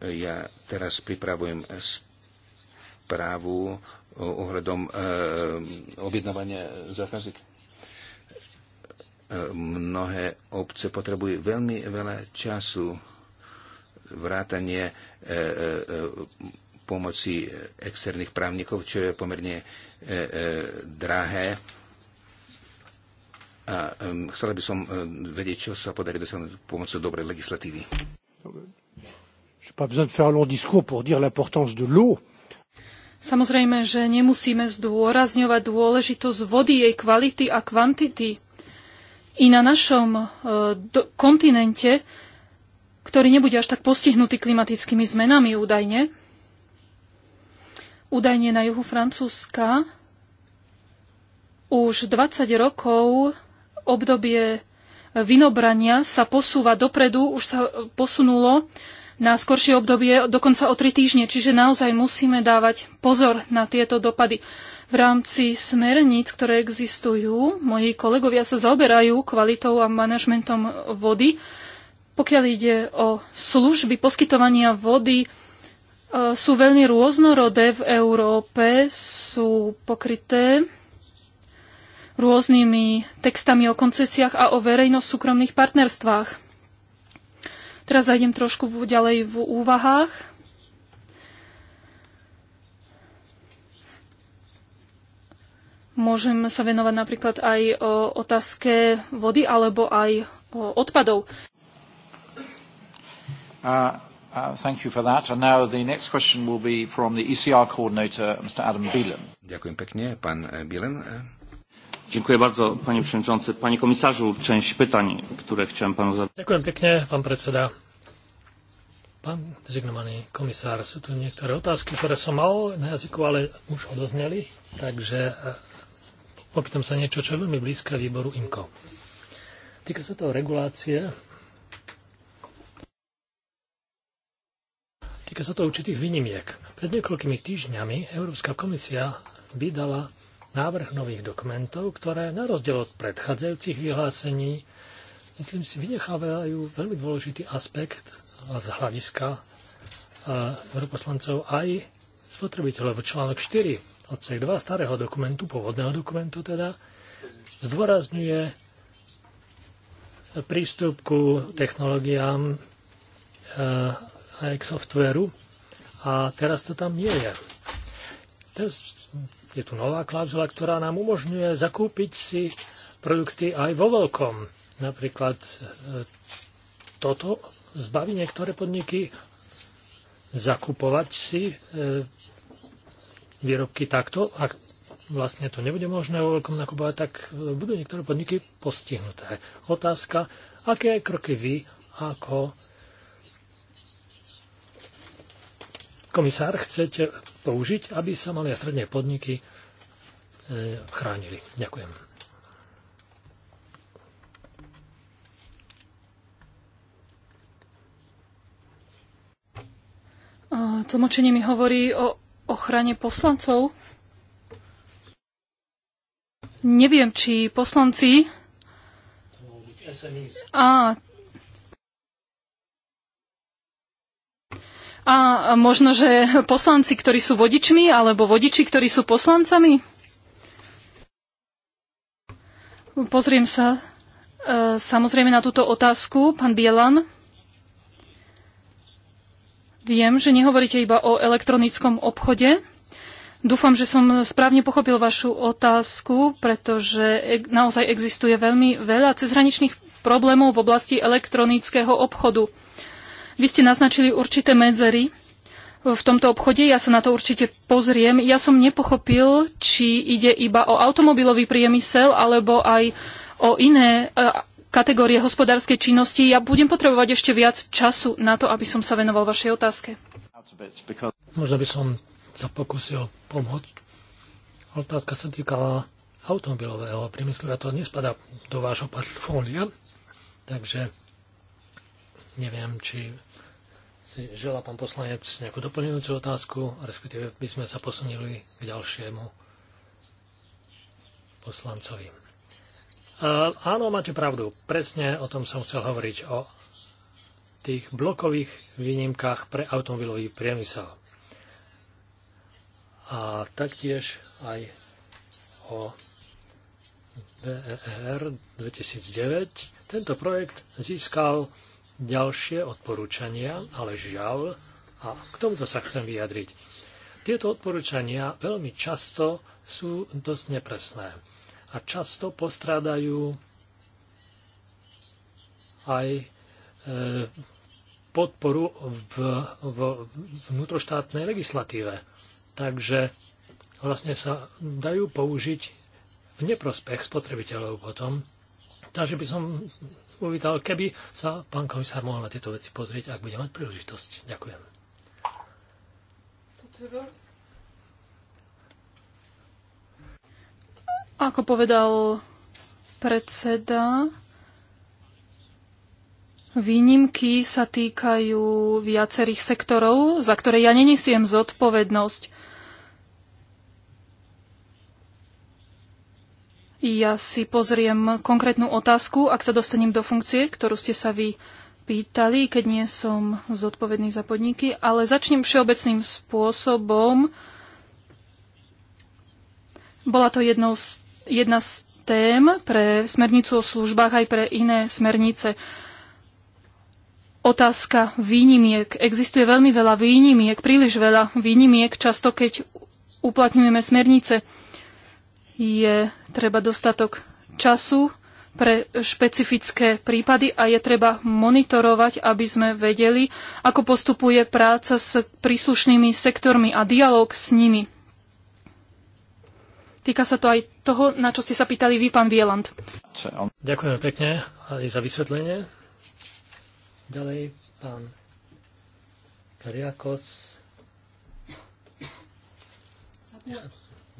Ja teraz pripravujem správu ohľadom e, objednávania zákazík. E, mnohé obce potrebujú veľmi veľa času vrátanie e, pomoci externých právnikov, čo je pomerne e, e, drahé. A e, chcela by som e, vedieť, čo sa podarí dosiahnuť pomocou dobrej legislatívy. Je pas besoin de faire un long discours pour dire l'importance de l'eau Samozrejme, že nemusíme zdôrazňovať dôležitosť vody, jej kvality a kvantity. I na našom e, do, kontinente, ktorý nebude až tak postihnutý klimatickými zmenami údajne, údajne na juhu Francúzska, už 20 rokov obdobie vynobrania sa posúva dopredu, už sa posunulo na skoršie obdobie, dokonca o tri týždne. Čiže naozaj musíme dávať pozor na tieto dopady. V rámci smerníc, ktoré existujú, moji kolegovia sa zaoberajú kvalitou a manažmentom vody. Pokiaľ ide o služby poskytovania vody, e, sú veľmi rôznorodé v Európe, sú pokryté rôznymi textami o koncesiách a o verejno-súkromných partnerstvách. Teraz zajdem trošku v, ďalej v úvahách. Môžem sa venovať napríklad aj o otázke vody alebo aj o odpadov. Uh, uh, thank you for that. And now the next question will be from the ECR coordinator, Mr. Adam Bielen. Ďakujem pekne, pán Bielen. Dziękuję bardzo, panie przewodniczący. Panie komisarzu, część pytań, które chciałem panu zadać. Ďakujem pekne, pán predseda. Pán dezignovaný komisár, sú tu niektoré otázky, ktoré som mal na jazyku, ale už odozneli, takže e, opýtam sa niečo, čo je veľmi blízke výboru IMCO. Týka sa to regulácie. Týka sa to určitých výnimiek. Pred niekoľkými týždňami Európska komisia vydala návrh nových dokumentov, ktoré na rozdiel od predchádzajúcich vyhlásení, myslím si, vynechávajú veľmi dôležitý aspekt z hľadiska e, europoslancov aj spotrebiteľov. Článok 4, odsek 2 starého dokumentu, pôvodného dokumentu teda, zdôrazňuje prístup ku technológiám e, aj k softveru a teraz to tam nie je. Teraz je tu nová klauzula, ktorá nám umožňuje zakúpiť si produkty aj vo veľkom. Napríklad e, toto zbaví niektoré podniky zakupovať si e, výrobky takto. Ak vlastne to nebude možné vo veľkom nakupovať, tak e, budú niektoré podniky postihnuté. Otázka, aké kroky vy ako komisár chcete použiť, aby sa malé a stredné podniky e, chránili. Ďakujem. Tlmočenie mi hovorí o ochrane poslancov. Neviem, či poslanci... To byť SMS. Á, A možno, že poslanci, ktorí sú vodičmi, alebo vodiči, ktorí sú poslancami? Pozriem sa e, samozrejme na túto otázku, pán Bielan. Viem, že nehovoríte iba o elektronickom obchode. Dúfam, že som správne pochopil vašu otázku, pretože naozaj existuje veľmi veľa cezhraničných problémov v oblasti elektronického obchodu. Vy ste naznačili určité medzery v tomto obchode, ja sa na to určite pozriem. Ja som nepochopil, či ide iba o automobilový priemysel alebo aj o iné e, kategórie hospodárskej činnosti. Ja budem potrebovať ešte viac času na to, aby som sa venoval vašej otázke. Možno by som sa pokúsil pomôcť. Otázka sa týkala automobilového priemyslu a to nespadá do vášho portfólia, takže neviem, či si žela pán poslanec nejakú doplňujúcu otázku, respektíve by sme sa posunili k ďalšiemu poslancovi. Uh, áno, máte pravdu. Presne o tom som chcel hovoriť, o tých blokových výnimkách pre automobilový priemysel. A taktiež aj o BER e 2009. Tento projekt získal ďalšie odporúčania, ale žiaľ, a k tomuto sa chcem vyjadriť, tieto odporúčania veľmi často sú dosť nepresné a často postrádajú aj e, podporu v, v vnútroštátnej legislatíve. Takže vlastne sa dajú použiť v neprospech spotrebiteľov potom. Takže by som uvítal, keby sa pán komisár mohol na tieto veci pozrieť, ak bude mať príležitosť. Ďakujem. Ako povedal predseda, výnimky sa týkajú viacerých sektorov, za ktoré ja nenesiem zodpovednosť. Ja si pozriem konkrétnu otázku, ak sa dostanem do funkcie, ktorú ste sa vy pýtali, keď nie som zodpovedný za podniky, ale začnem všeobecným spôsobom. Bola to jednou z, jedna z tém pre smernicu o službách aj pre iné smernice. Otázka výnimiek. Existuje veľmi veľa výnimiek, príliš veľa výnimiek, často keď uplatňujeme smernice je treba dostatok času pre špecifické prípady a je treba monitorovať, aby sme vedeli, ako postupuje práca s príslušnými sektormi a dialog s nimi. Týka sa to aj toho, na čo ste sa pýtali vy, pán Bieland. Ďakujeme pekne aj za vysvetlenie. Ďalej pán Kariakos.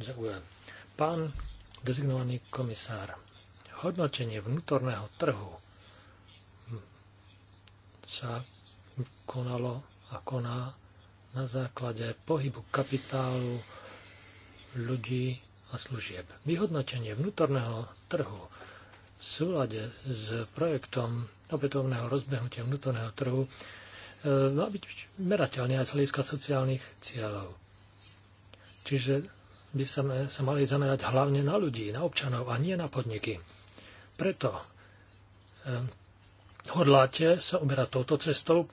Ďakujem. Pán dezignovaný komisár, hodnotenie vnútorného trhu sa konalo a koná na základe pohybu kapitálu ľudí a služieb. Vyhodnotenie vnútorného trhu v súlade s projektom opätovného rozbehnutia vnútorného trhu e, má byť merateľný aj z hľadiska sociálnych cieľov. Čiže by sme sa mali zamerať hlavne na ľudí, na občanov a nie na podniky. Preto hodláte sa uberať touto cestou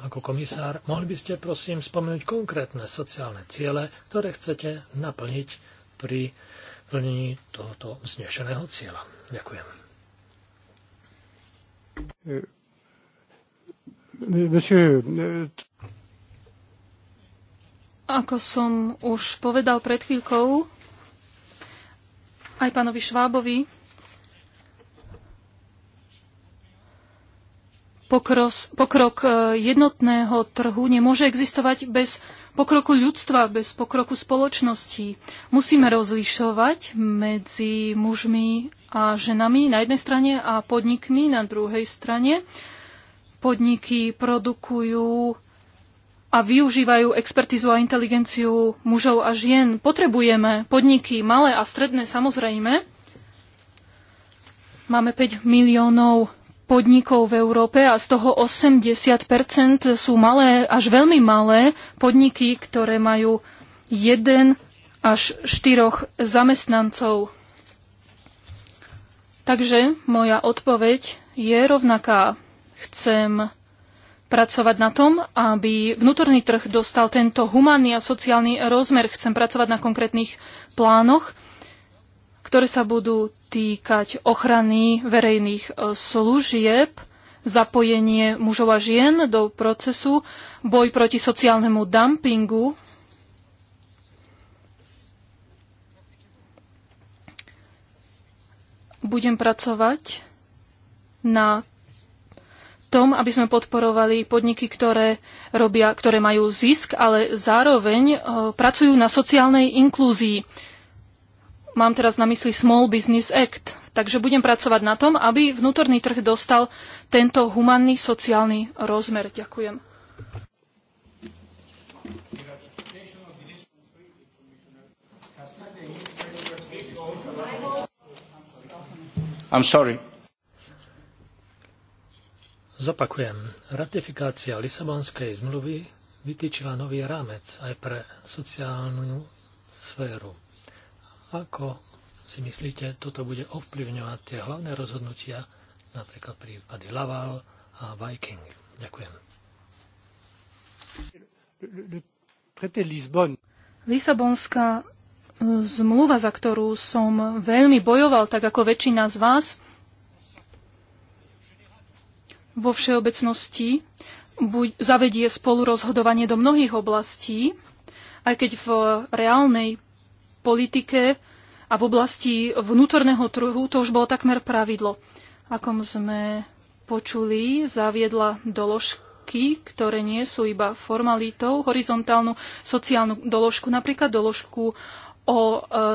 ako komisár. Mohli by ste prosím spomenúť konkrétne sociálne ciele, ktoré chcete naplniť pri plnení tohoto vznešeného cieľa. Ďakujem. E, e, monsieur, e, ako som už povedal pred chvíľkou, aj pánovi Švábovi, pokros, pokrok e, jednotného trhu nemôže existovať bez pokroku ľudstva, bez pokroku spoločnosti. Musíme rozlišovať medzi mužmi a ženami na jednej strane a podnikmi na druhej strane. Podniky produkujú a využívajú expertizu a inteligenciu mužov a žien. Potrebujeme podniky, malé a stredné samozrejme. Máme 5 miliónov podnikov v Európe a z toho 80 sú malé, až veľmi malé podniky, ktoré majú 1 až 4 zamestnancov. Takže moja odpoveď je rovnaká. Chcem pracovať na tom, aby vnútorný trh dostal tento humánny a sociálny rozmer. Chcem pracovať na konkrétnych plánoch, ktoré sa budú týkať ochrany verejných e, služieb, zapojenie mužov a žien do procesu, boj proti sociálnemu dumpingu, budem pracovať na tom, aby sme podporovali podniky, ktoré, robia, ktoré majú zisk, ale zároveň e, pracujú na sociálnej inklúzii. Mám teraz na mysli Small Business Act. Takže budem pracovať na tom, aby vnútorný trh dostal tento humanný sociálny rozmer. Ďakujem. I'm sorry. Zopakujem, ratifikácia Lisabonskej zmluvy vytýčila nový rámec aj pre sociálnu sféru. Ako si myslíte, toto bude ovplyvňovať tie hlavné rozhodnutia, napríklad prípady Laval a Viking? Ďakujem. Lisabonská e, zmluva, za ktorú som veľmi bojoval, tak ako väčšina z vás, vo všeobecnosti buď zavedie spolurozhodovanie do mnohých oblastí, aj keď v reálnej politike a v oblasti vnútorného trhu to už bolo takmer pravidlo. Akom sme počuli, zaviedla doložky, ktoré nie sú iba formalitou, horizontálnu sociálnu doložku, napríklad doložku o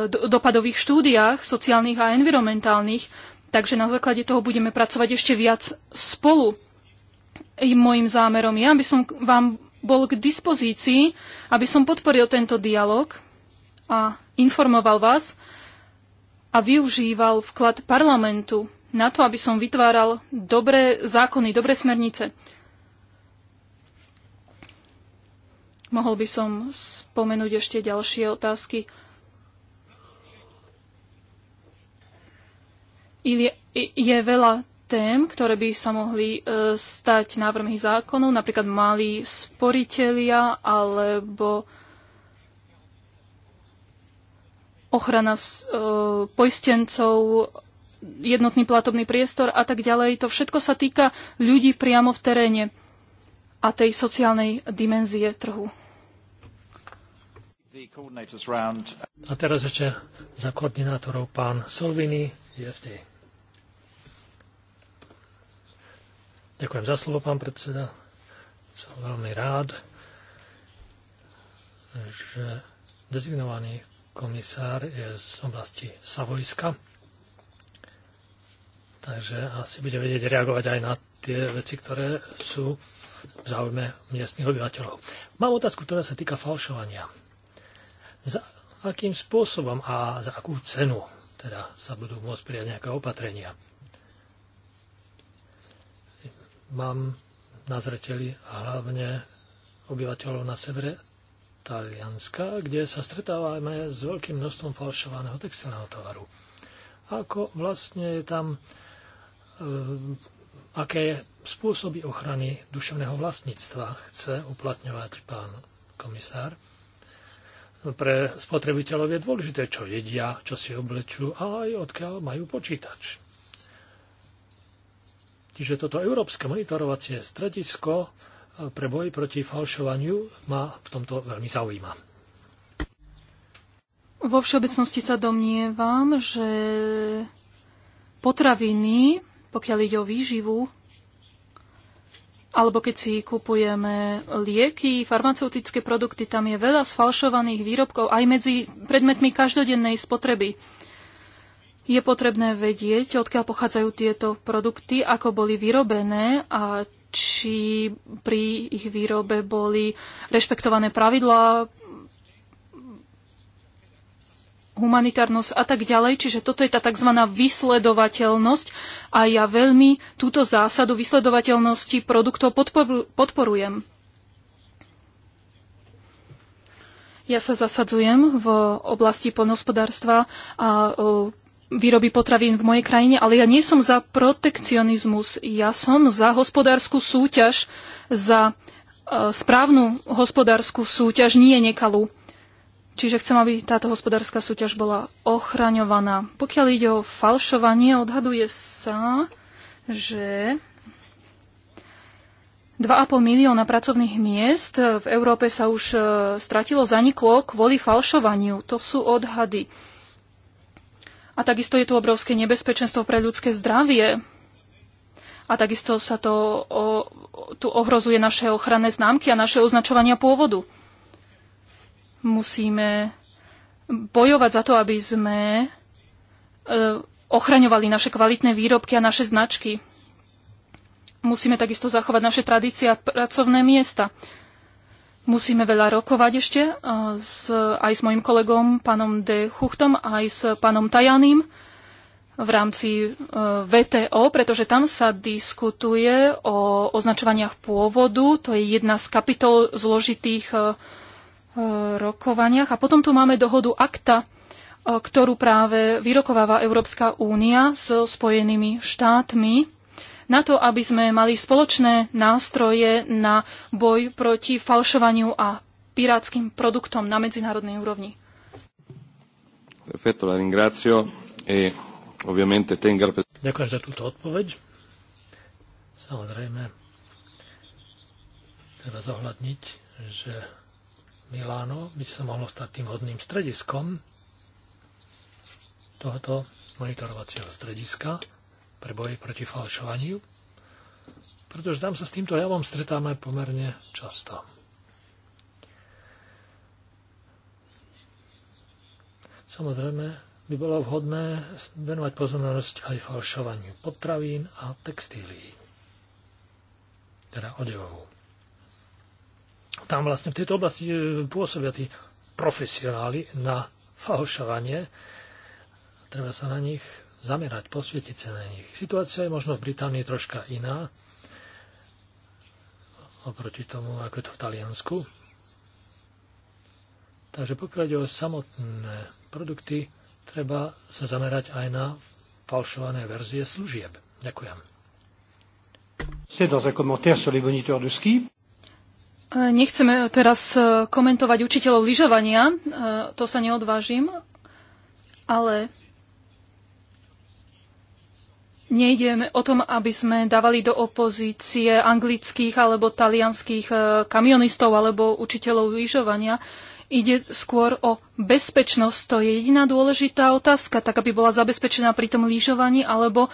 e, dopadových štúdiách sociálnych a environmentálnych, Takže na základe toho budeme pracovať ešte viac spolu. I môjim zámerom je, aby som vám bol k dispozícii, aby som podporil tento dialog a informoval vás a využíval vklad parlamentu na to, aby som vytváral dobré zákony, dobré smernice. Mohol by som spomenúť ešte ďalšie otázky. je, je veľa tém, ktoré by sa mohli e, stať návrhmi zákonov, napríklad malí sporitelia alebo ochrana e, poistencov, jednotný platobný priestor a tak ďalej. To všetko sa týka ľudí priamo v teréne a tej sociálnej dimenzie trhu. A teraz ešte za koordinátorov pán Solvini je v tej Ďakujem za slovo, pán predseda. Som veľmi rád, že dezignovaný komisár je z oblasti Savojska. Takže asi bude vedieť reagovať aj na tie veci, ktoré sú v záujme miestnych obyvateľov. Mám otázku, ktorá sa týka falšovania. Za akým spôsobom a za akú cenu teda sa budú môcť prijať nejaké opatrenia? mám na zreteli hlavne obyvateľov na severe Talianska, kde sa stretávame s veľkým množstvom falšovaného textilného tovaru. Ako vlastne je tam, eh, aké spôsoby ochrany duševného vlastníctva chce uplatňovať pán komisár. Pre spotrebiteľov je dôležité, čo jedia, čo si oblečú a aj odkiaľ majú počítač. Čiže toto európske monitorovacie stredisko e, pre boj proti falšovaniu ma v tomto veľmi zaujíma. Vo všeobecnosti sa domnievam, že potraviny, pokiaľ ide o výživu, alebo keď si kupujeme lieky, farmaceutické produkty, tam je veľa sfalšovaných výrobkov aj medzi predmetmi každodennej spotreby. Je potrebné vedieť, odkiaľ pochádzajú tieto produkty, ako boli vyrobené a či pri ich výrobe boli rešpektované pravidlá, humanitárnosť a tak ďalej. Čiže toto je tá tzv. vysledovateľnosť a ja veľmi túto zásadu vysledovateľnosti produktov podporujem. Ja sa zasadzujem v oblasti poľnohospodárstva a výroby potravín v mojej krajine, ale ja nie som za protekcionizmus. Ja som za hospodárskú súťaž, za e, správnu hospodárskú súťaž, nie nekalú. Čiže chcem, aby táto hospodárska súťaž bola ochraňovaná. Pokiaľ ide o falšovanie, odhaduje sa, že 2,5 milióna pracovných miest v Európe sa už e, stratilo, zaniklo kvôli falšovaniu. To sú odhady. A takisto je tu obrovské nebezpečenstvo pre ľudské zdravie. A takisto sa to o, tu ohrozuje naše ochranné známky a naše označovania pôvodu. Musíme bojovať za to, aby sme e, ochraňovali naše kvalitné výrobky a naše značky. Musíme takisto zachovať naše tradície a pracovné miesta. Musíme veľa rokovať ešte eh, s, aj s mojim kolegom pánom De Chuchtom, aj s pánom Tajaným v rámci eh, VTO, pretože tam sa diskutuje o označovaniach pôvodu. To je jedna z kapitol zložitých eh, rokovaniach. A potom tu máme dohodu akta, ktorú práve vyrokováva Európska únia so Spojenými štátmi na to, aby sme mali spoločné nástroje na boj proti falšovaniu a pirátskym produktom na medzinárodnej úrovni. Perfetto, la ringrazio e ovviamente tenga... Ďakujem za túto odpoveď. Samozrejme, treba zohľadniť, že Miláno by sa mohlo stať tým hodným strediskom tohoto monitorovacieho strediska pre boj proti falšovaniu, pretože tam sa s týmto javom stretáme pomerne často. Samozrejme, by bolo vhodné venovať pozornosť aj falšovaniu potravín a textílií, teda odevov. Tam vlastne v tejto oblasti e, pôsobia tí profesionáli na falšovanie. Treba sa na nich zamerať, posvietiť sa na nich. Situácia je možno v Británii troška iná oproti tomu, ako je to v Taliansku. Takže pokiaľ ide o samotné produkty, treba sa zamerať aj na falšované verzie služieb. Ďakujem. E, nechceme teraz e, komentovať učiteľov lyžovania, e, to sa neodvážim, ale Nejde o tom, aby sme dávali do opozície anglických alebo talianských e, kamionistov alebo učiteľov lyžovania. Ide skôr o bezpečnosť. To je jediná dôležitá otázka, tak aby bola zabezpečená pri tom lyžovaní alebo e,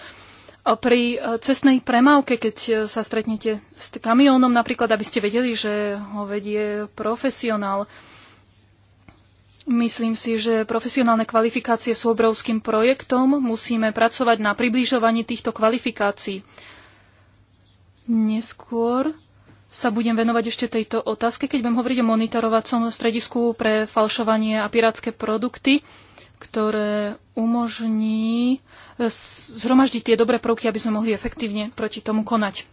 pri e, cestnej premávke, keď sa stretnete s kamiónom napríklad, aby ste vedeli, že ho vedie profesionál. Myslím si, že profesionálne kvalifikácie sú obrovským projektom. Musíme pracovať na približovaní týchto kvalifikácií. Neskôr sa budem venovať ešte tejto otázke, keď budem hovoriť o monitorovacom stredisku pre falšovanie a pirátske produkty, ktoré umožní eh, zhromaždiť tie dobré prvky, aby sme mohli efektívne proti tomu konať.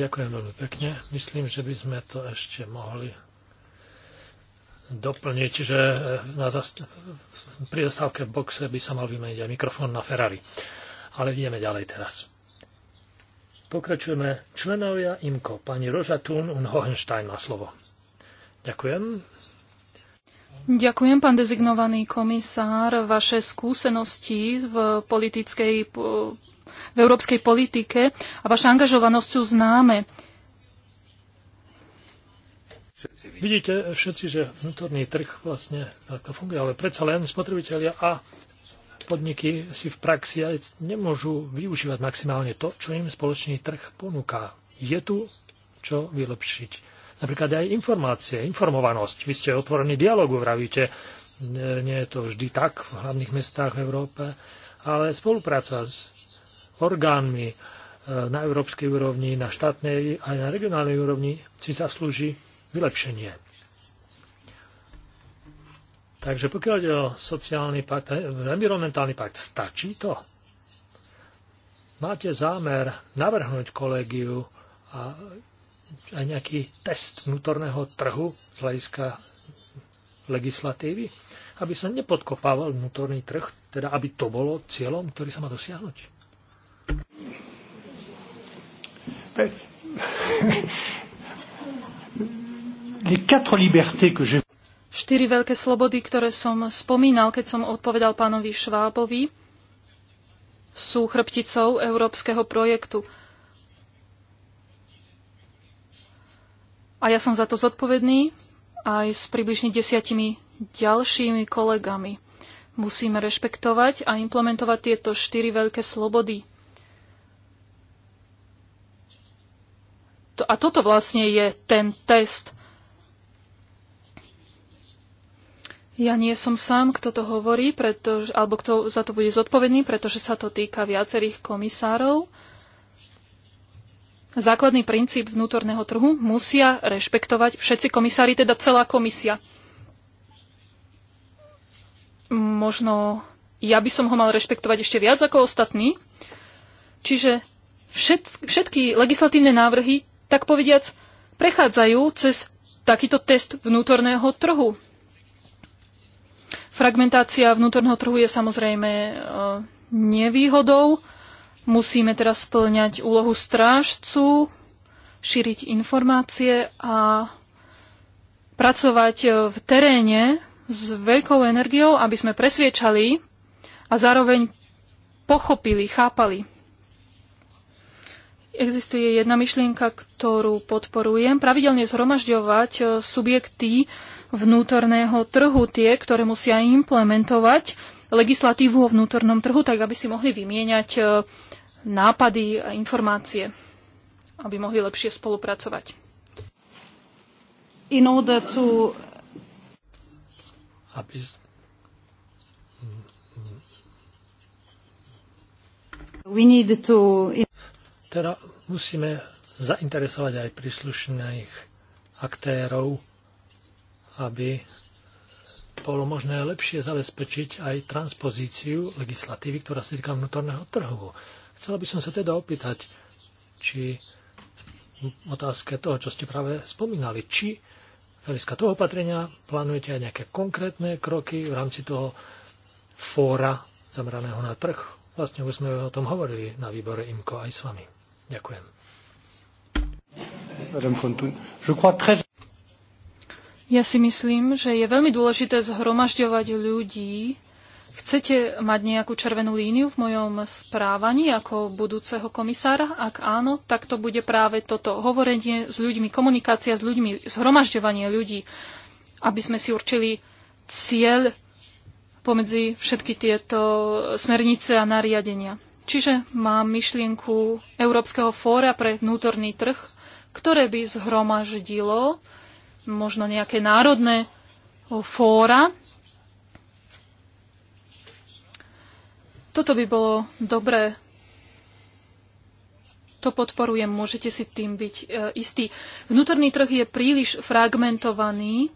Ďakujem veľmi pekne. Myslím, že by sme to ešte mohli doplniť, že na zast- pri zastávke v boxe by sa mal vymeniť aj mikrofón na Ferrari. Ale ideme ďalej teraz. Pokračujeme. Členovia IMKO. Pani Roža Thun und Hohenstein má slovo. Ďakujem. Ďakujem, pán dezignovaný komisár. Vaše skúsenosti v politickej v európskej politike a vaša angažovanosť sú známe. Vidíte všetci, že vnútorný trh vlastne takto funguje, ale predsa len spotrebitelia a podniky si v praxi aj nemôžu využívať maximálne to, čo im spoločný trh ponúka. Je tu čo vylepšiť. Napríklad aj informácie, informovanosť. Vy ste otvorení dialogu, vravíte. Nie je to vždy tak v hlavných mestách v Európe, ale spolupráca s orgánmi e, na európskej úrovni, na štátnej aj na regionálnej úrovni si zaslúži vylepšenie. Takže pokiaľ ide o sociálny pakt, eh, environmentálny pakt, stačí to? Máte zámer navrhnúť kolegiu a aj nejaký test vnútorného trhu z hľadiska legislatívy, aby sa nepodkopával vnútorný trh, teda aby to bolo cieľom, ktorý sa má dosiahnuť? Štyri veľké slobody, ktoré som spomínal, keď som odpovedal pánovi Švábovi, sú chrbticou európskeho projektu. A ja som za to zodpovedný aj s približne desiatimi ďalšími kolegami. Musíme rešpektovať a implementovať tieto štyri veľké slobody. A toto vlastne je ten test, Ja nie som sám, kto to hovorí, pretože, alebo kto za to bude zodpovedný, pretože sa to týka viacerých komisárov. Základný princíp vnútorného trhu musia rešpektovať všetci komisári, teda celá komisia. Možno ja by som ho mal rešpektovať ešte viac ako ostatní. Čiže všet, všetky legislatívne návrhy, tak povediac, prechádzajú cez takýto test vnútorného trhu. Fragmentácia vnútorného trhu je samozrejme e, nevýhodou. Musíme teraz splňať úlohu strážcu, šíriť informácie a pracovať e, v teréne s veľkou energiou, aby sme presviečali a zároveň pochopili, chápali. Existuje jedna myšlienka, ktorú podporujem. Pravidelne zhromažďovať e, subjekty vnútorného trhu, tie, ktoré musia implementovať legislatívu o vnútornom trhu, tak aby si mohli vymieňať e, nápady a informácie, aby mohli lepšie spolupracovať. In order to... Aby... We need to... Teda musíme zainteresovať aj príslušných aktérov aby bolo možné lepšie zabezpečiť aj transpozíciu legislatívy, ktorá sa týka vnútorného trhu. Chcela by som sa teda opýtať, či otázke toho, čo ste práve spomínali, či z hľadiska toho opatrenia plánujete aj nejaké konkrétne kroky v rámci toho fóra zameraného na trh. Vlastne už sme o tom hovorili na výbore IMKO aj s vami. Ďakujem. Ja si myslím, že je veľmi dôležité zhromažďovať ľudí. Chcete mať nejakú červenú líniu v mojom správaní ako budúceho komisára? Ak áno, tak to bude práve toto hovorenie s ľuďmi, komunikácia s ľuďmi, zhromažďovanie ľudí, aby sme si určili cieľ pomedzi všetky tieto smernice a nariadenia. Čiže mám myšlienku Európskeho fóra pre vnútorný trh, ktoré by zhromaždilo možno nejaké národné fóra. Toto by bolo dobré. To podporujem, môžete si tým byť e, istí. Vnútorný trh je príliš fragmentovaný.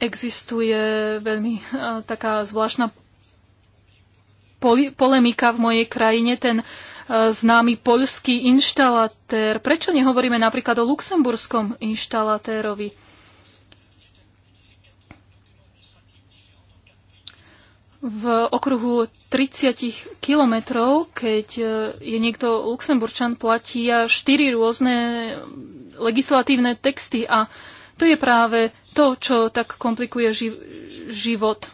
Existuje veľmi e, taká zvláštna polemika v mojej krajine, ten e, známy poľský inštalatér. Prečo nehovoríme napríklad o luxemburskom inštalatérovi? V okruhu 30 kilometrov, keď e, je niekto luxemburčan, platia štyri rôzne legislatívne texty a to je práve to, čo tak komplikuje život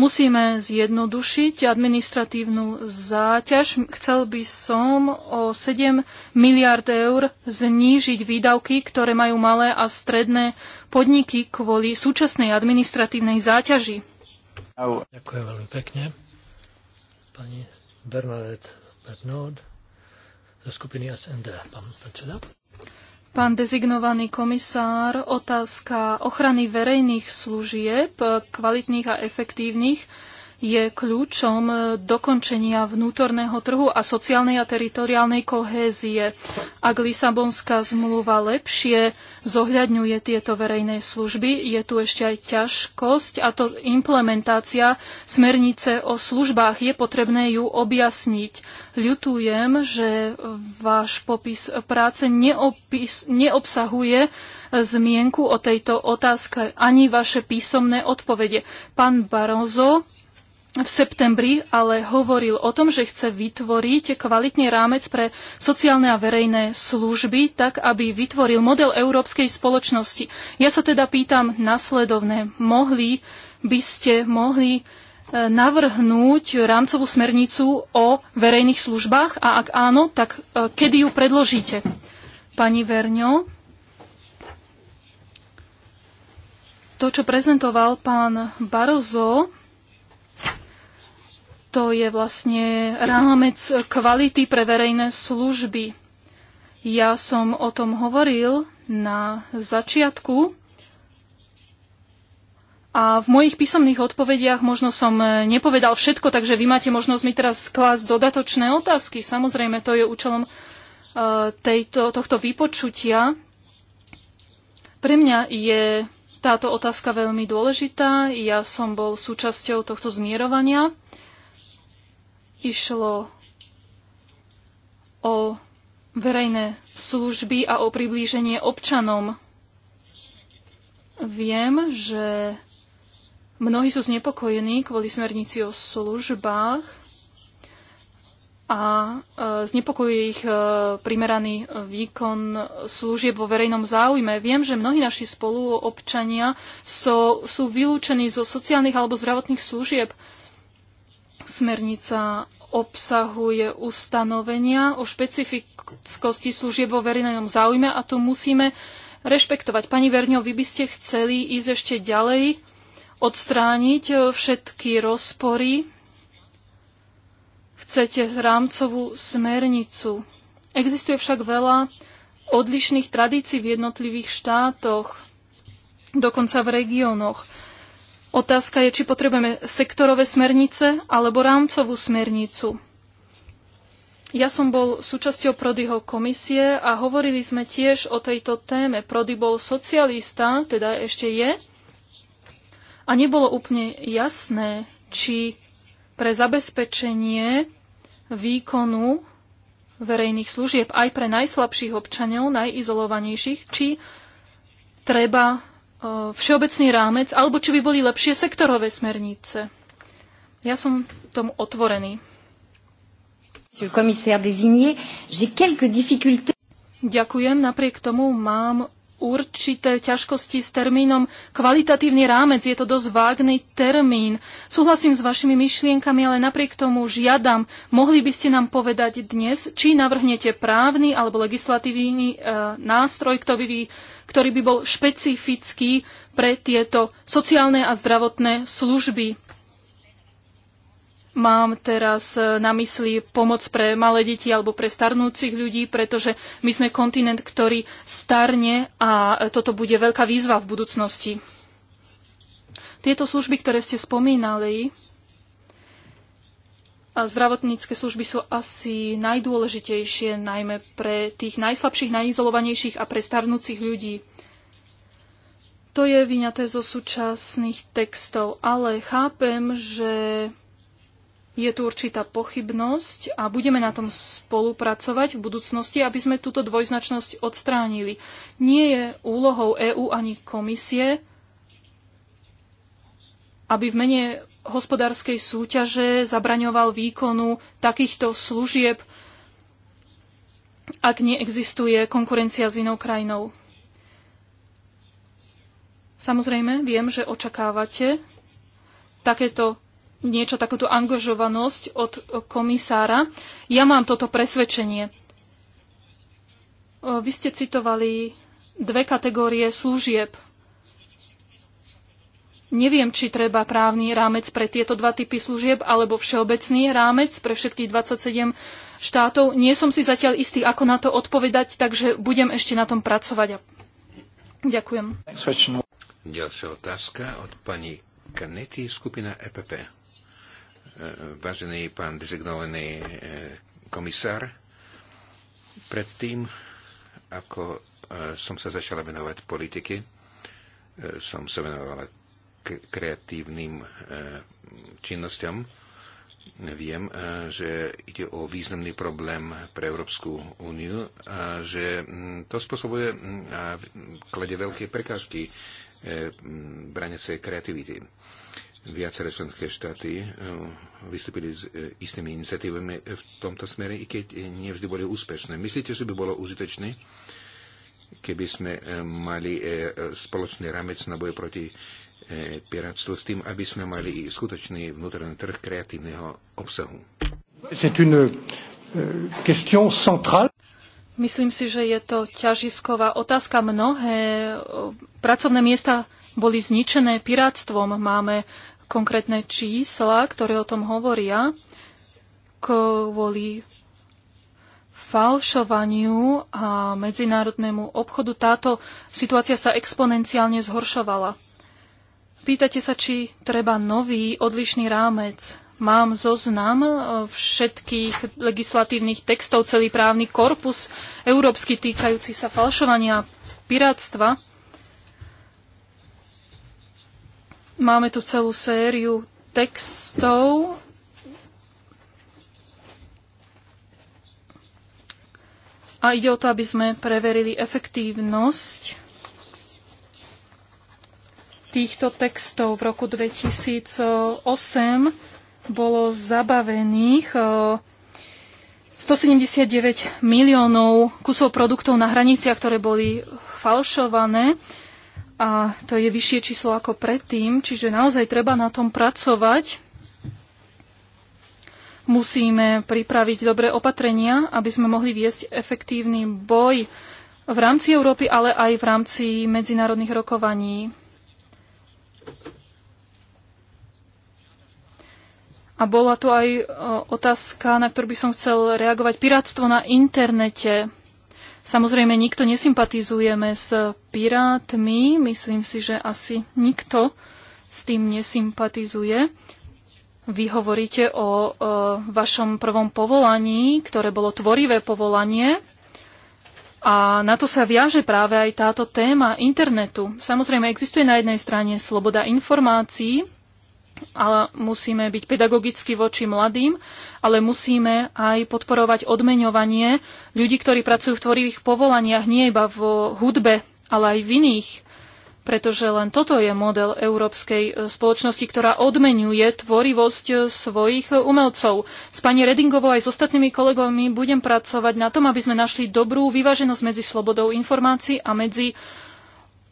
Musíme zjednodušiť administratívnu záťaž. Chcel by som o 7 miliard eur znížiť výdavky, ktoré majú malé a stredné podniky kvôli súčasnej administratívnej záťaži. Ďakujem veľmi pekne. Pani Bernadette Bernard zo skupiny SND, pán predseda. Pán dezignovaný komisár, otázka ochrany verejných služieb, kvalitných a efektívnych, je kľúčom dokončenia vnútorného trhu a sociálnej a teritoriálnej kohézie. Ak Lisabonská zmluva lepšie zohľadňuje tieto verejné služby, je tu ešte aj ťažkosť a to implementácia smernice o službách. Je potrebné ju objasniť. Ľutujem, že váš popis práce neopis, neobsahuje zmienku o tejto otázke ani vaše písomné odpovede. Pán Barozo v septembri, ale hovoril o tom, že chce vytvoriť kvalitný rámec pre sociálne a verejné služby, tak aby vytvoril model európskej spoločnosti. Ja sa teda pýtam nasledovne, Mohli by ste mohli e, navrhnúť rámcovú smernicu o verejných službách a ak áno, tak e, kedy ju predložíte? Pani Verňo, to, čo prezentoval pán Barozo, to je vlastne rámec kvality pre verejné služby. Ja som o tom hovoril na začiatku a v mojich písomných odpovediach možno som nepovedal všetko, takže vy máte možnosť mi teraz klásť dodatočné otázky. Samozrejme, to je účelom e, tejto, tohto vypočutia. Pre mňa je táto otázka veľmi dôležitá. Ja som bol súčasťou tohto zmierovania Išlo o verejné služby a o priblíženie občanom. Viem, že mnohí sú znepokojení kvôli smernici o službách a e, znepokojuje ich e, primeraný výkon služieb vo verejnom záujme. Viem, že mnohí naši spoluobčania sú, sú vylúčení zo sociálnych alebo zdravotných služieb. Smernica obsahuje ustanovenia o špecifickosti služieb vo verejnom záujme a to musíme rešpektovať. Pani Verňo, vy by ste chceli ísť ešte ďalej, odstrániť e, všetky rozpory. Chcete rámcovú smernicu. Existuje však veľa odlišných tradícií v jednotlivých štátoch, dokonca v regiónoch. Otázka je, či potrebujeme sektorové smernice alebo rámcovú smernicu. Ja som bol súčasťou Prodyho komisie a hovorili sme tiež o tejto téme. Prody bol socialista, teda ešte je, a nebolo úplne jasné, či pre zabezpečenie výkonu verejných služieb aj pre najslabších občanov, najizolovanejších, či treba všeobecný rámec, alebo či by boli lepšie sektorové smernice. Ja som tomu otvorený. Ďakujem, napriek tomu mám určité ťažkosti s termínom kvalitatívny rámec. Je to dosť vágný termín. Súhlasím s vašimi myšlienkami, ale napriek tomu žiadam, mohli by ste nám povedať dnes, či navrhnete právny alebo legislatívny e, nástroj, ktorý, ktorý by bol špecifický pre tieto sociálne a zdravotné služby. Mám teraz e, na mysli pomoc pre malé deti alebo pre starnúcich ľudí, pretože my sme kontinent, ktorý starne a toto bude veľká výzva v budúcnosti. Tieto služby, ktoré ste spomínali, a zdravotnícke služby sú asi najdôležitejšie, najmä pre tých najslabších, najizolovanejších a pre starnúcich ľudí. To je vyňaté zo súčasných textov, ale chápem, že je tu určitá pochybnosť a budeme na tom spolupracovať v budúcnosti, aby sme túto dvojznačnosť odstránili. Nie je úlohou EÚ ani komisie, aby v mene hospodárskej súťaže zabraňoval výkonu takýchto služieb, ak neexistuje konkurencia s inou krajinou. Samozrejme, viem, že očakávate takéto niečo takúto angažovanosť od komisára. Ja mám toto presvedčenie. Vy ste citovali dve kategórie služieb. Neviem, či treba právny rámec pre tieto dva typy služieb alebo všeobecný rámec pre všetkých 27 štátov. Nie som si zatiaľ istý, ako na to odpovedať, takže budem ešte na tom pracovať. Ďakujem. Ďalšia otázka od pani Kanety, skupina EPP vážený pán dezignovaný e, komisár. Predtým, ako e, som sa začala venovať politike, som sa venovala kreatívnym e, činnosťam. Viem, že ide o významný problém pre Európsku úniu a že mm, to spôsobuje mm, a klade veľké prekážky branice kreativity. Viaceré členské štáty eh, vystúpili s eh, istými iniciatívami v tomto smere, i keď eh, nevždy boli úspešné. Myslíte, že by bolo užitočné, keby sme mali spoločný ramec na boj proti piratstvu s tým, aby sme mali skutočný vnútorný trh kreatívneho obsahu. Myslím si, že je to ťažisková otázka. Mnohé pracovné miesta boli zničené pirátstvom. Máme konkrétne čísla, ktoré o tom hovoria, kvôli falšovaniu a medzinárodnému obchodu táto situácia sa exponenciálne zhoršovala. Pýtate sa, či treba nový odlišný rámec. Mám zoznam e, všetkých legislatívnych textov, celý právny korpus európsky týkajúci sa falšovania a pirátstva. Máme tu celú sériu textov. A ide o to, aby sme preverili efektívnosť týchto textov v roku 2008 bolo zabavených 179 e, miliónov kusov produktov na hraniciach, ktoré boli falšované a to je vyššie číslo ako predtým, čiže naozaj treba na tom pracovať. Musíme pripraviť dobré opatrenia, aby sme mohli viesť efektívny boj v rámci Európy, ale aj v rámci medzinárodných rokovaní. A bola tu aj e, otázka, na ktorú by som chcel reagovať. Piráctvo na internete. Samozrejme, nikto nesympatizujeme s pirátmi. Myslím si, že asi nikto s tým nesympatizuje. Vy hovoríte o e, vašom prvom povolaní, ktoré bolo tvorivé povolanie. A na to sa viaže práve aj táto téma internetu. Samozrejme, existuje na jednej strane sloboda informácií, a musíme byť pedagogicky voči mladým, ale musíme aj podporovať odmeňovanie ľudí, ktorí pracujú v tvorivých povolaniach, nie iba v hudbe, ale aj v iných pretože len toto je model európskej e, spoločnosti, ktorá odmenuje tvorivosť e, svojich e, umelcov. S pani Redingovou aj s ostatnými kolegovmi budem pracovať na tom, aby sme našli dobrú vyváženosť medzi slobodou informácií a medzi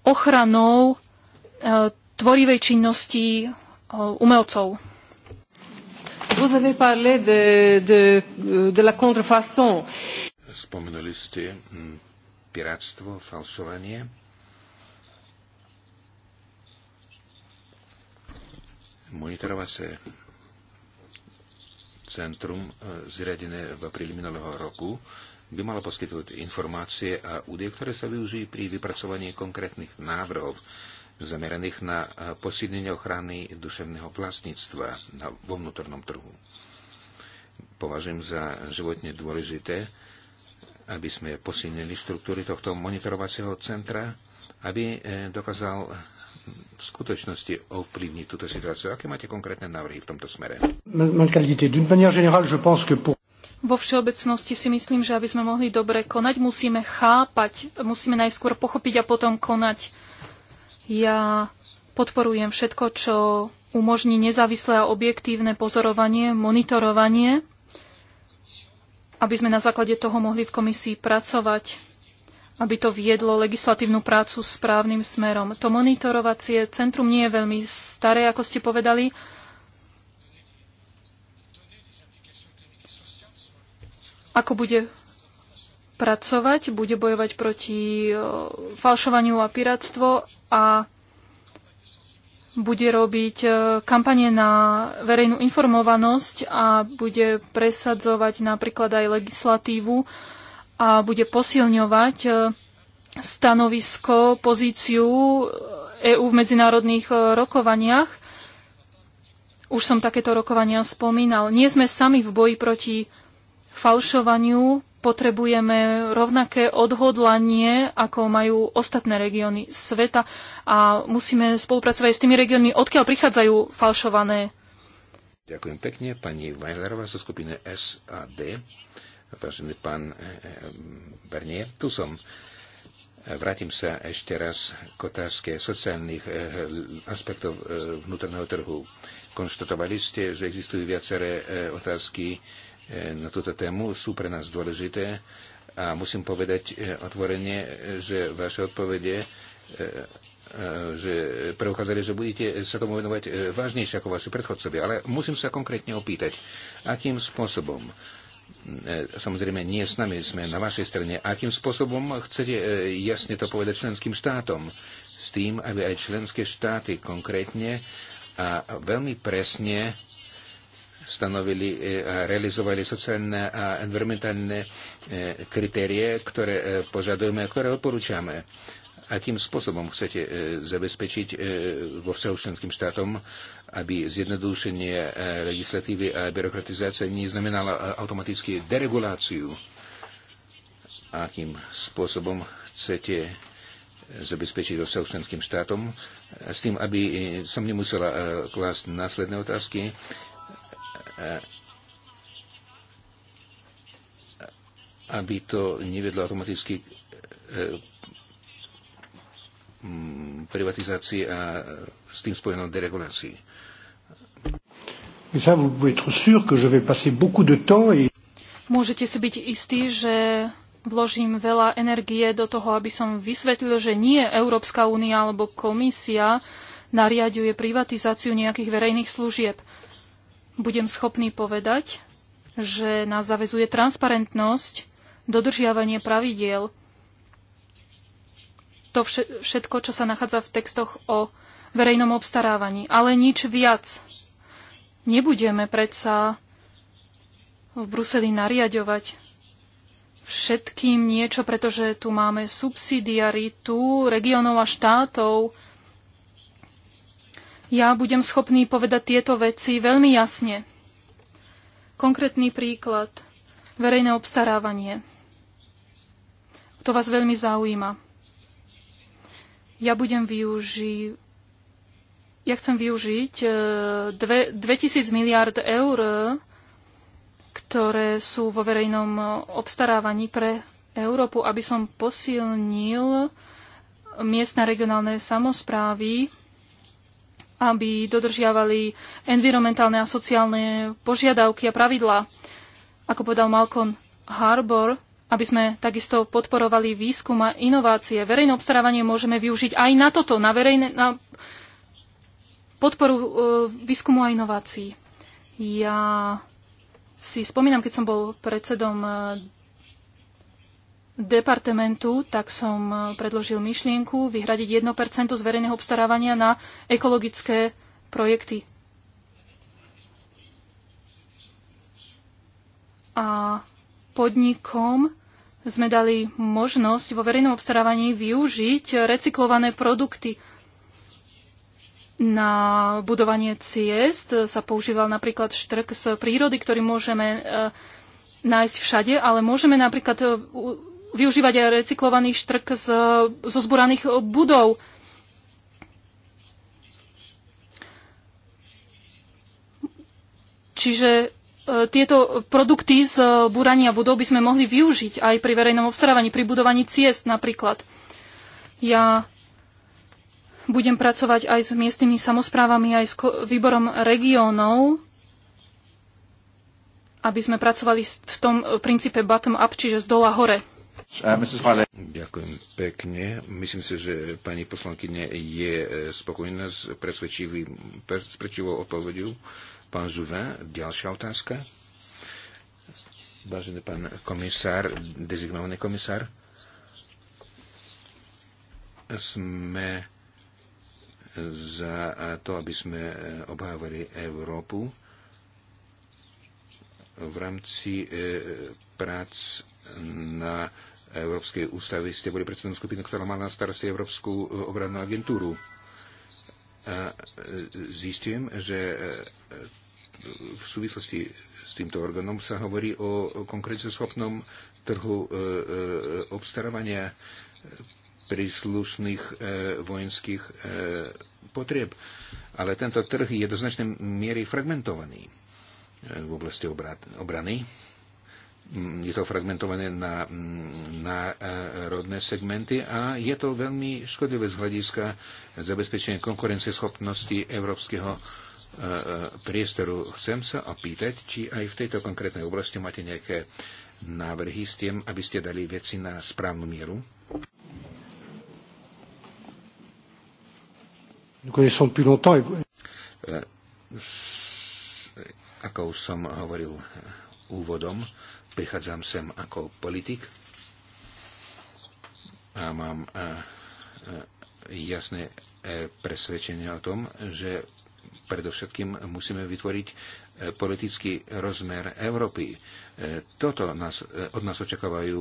ochranou e, tvorivej činnosti umelcov. Vous avez parlé de, de, de la contrefaçon. Spomenuli ste hm, piráctvo, falšovanie. se centrum, eh, zriadené v apríli minulého roku, by malo poskytovať informácie a údaje, ktoré sa využijú pri vypracovaní konkrétnych návrhov zameraných na e, posilnenie ochrany duševného vlastníctva vo vnútornom trhu. Považujem za životne dôležité, aby sme posilnili štruktúry tohto monitorovacieho centra, aby e, dokázal v skutočnosti ovplyvniť túto situáciu. Aké máte konkrétne návrhy v tomto smere? Vo všeobecnosti si myslím, že aby sme mohli dobre konať, musíme chápať, musíme najskôr pochopiť a potom konať ja podporujem všetko, čo umožní nezávislé a objektívne pozorovanie, monitorovanie, aby sme na základe toho mohli v komisii pracovať, aby to viedlo legislatívnu prácu správnym smerom. To monitorovacie centrum nie je veľmi staré, ako ste povedali. Ako bude pracovať, bude bojovať proti e, falšovaniu a piráctvo a bude robiť e, kampanie na verejnú informovanosť a bude presadzovať napríklad aj legislatívu a bude posilňovať e, stanovisko, pozíciu EÚ v medzinárodných rokovaniach. Už som takéto rokovania spomínal. Nie sme sami v boji proti falšovaniu potrebujeme rovnaké odhodlanie, ako majú ostatné regióny sveta a musíme spolupracovať s tými regiónmi, odkiaľ prichádzajú falšované. Ďakujem pekne. Pani Vajlerová zo skupiny SAD. Vážený pán eh, eh, Bernier, tu som. Vrátim sa ešte raz k otázke sociálnych eh, aspektov vnútorného trhu. Konštatovali ste, že existujú viaceré otázky, na túto tému, sú pre nás dôležité a musím povedať e, otvorene, že vaše odpovede e, e, že preukázali, že budete sa tomu venovať vážnejšie ako vaši predchodcovia. Ale musím sa konkrétne opýtať, akým spôsobom samozrejme nie s nami, sme na vašej strane. Akým spôsobom chcete jasne to povedať členským štátom? S tým, aby aj členské štáty konkrétne a veľmi presne stanovili e, a realizovali sociálne a environmentálne e, kritérie, ktoré e, požadujeme a ktoré odporúčame. Akým spôsobom chcete zabezpečiť vo vzťahu štátom, aby zjednodušenie legislatívy a byrokratizácie neznamenalo automaticky dereguláciu? Akým spôsobom chcete zabezpečiť vo členským štátom, s tým, aby som nemusela klásť následné otázky. E, aby to nevedlo automaticky e, privatizácii a e, s tým spojenou deregulácii. Môžete si byť istí, že vložím veľa energie do toho, aby som vysvetlil, že nie Európska únia alebo komisia nariaduje privatizáciu nejakých verejných služieb budem schopný povedať, že nás zavezuje transparentnosť, dodržiavanie pravidiel. To všetko, čo sa nachádza v textoch o verejnom obstarávaní. Ale nič viac. Nebudeme predsa v Bruseli nariadovať všetkým niečo, pretože tu máme subsidiaritu regionov a štátov, ja budem schopný povedať tieto veci veľmi jasne. Konkrétny príklad. Verejné obstarávanie. To vás veľmi zaujíma. Ja budem využiť ja chcem využiť e, dve, 2000 miliard eur, ktoré sú vo verejnom obstarávaní pre Európu, aby som posilnil miestne regionálne samozprávy aby dodržiavali environmentálne a sociálne požiadavky a pravidlá. Ako povedal Malcolm Harbour, aby sme takisto podporovali výskum a inovácie. Verejné obstarávanie môžeme využiť aj na toto, na, verejné, na podporu e, výskumu a inovácií. Ja si spomínam, keď som bol predsedom e, departementu, tak som eh, predložil myšlienku vyhradiť 1% z verejného obstarávania na ekologické projekty. A podnikom sme dali možnosť vo verejnom obstarávaní využiť recyklované produkty. Na budovanie ciest sa používal napríklad štrk z prírody, ktorý môžeme eh, nájsť všade, ale môžeme napríklad eh, využívať aj recyklovaný štrk z, zo zburaných budov. Čiže e, tieto produkty z burania budov by sme mohli využiť aj pri verejnom obstarávaní, pri budovaní ciest napríklad. Ja budem pracovať aj s miestnymi samozprávami, aj s výborom regiónov, aby sme pracovali v tom e, princípe bottom-up, čiže z dola hore. Uh, Ďakujem pekne. Myslím si, že pani poslankyne je eh, spokojná s presvedčivou odpovedou. Pán Žuvin, ďalšia otázka. Vážený pán komisár, dezignovaný komisár, sme za to, aby sme eh, obhávali Európu v rámci eh, prác na Európskej ústavy ste boli predsedom skupiny, ktorá má na starosti Európsku e, obrannú agentúru. A e, zistím, že e, v súvislosti s týmto orgánom sa hovorí o konkrétne schopnom trhu obstarávania príslušných vojenských potrieb. Ale tento trh je do značnej miery fragmentovaný v oblasti obrany Mm, je to fragmentované na mm, národné e, segmenty a je to veľmi škodlivé z hľadiska zabezpečenia konkurencieschopnosti európskeho e, e, priestoru. Chcem sa opýtať, či aj v tejto konkrétnej oblasti máte nejaké návrhy s tým, aby ste dali veci na správnu mieru? Ako už som hovoril úvodom, prichádzam sem ako politik a mám e, e, jasné e, presvedčenie o tom, že predovšetkým musíme vytvoriť politický rozmer Európy. Toto nás, od nás očakávajú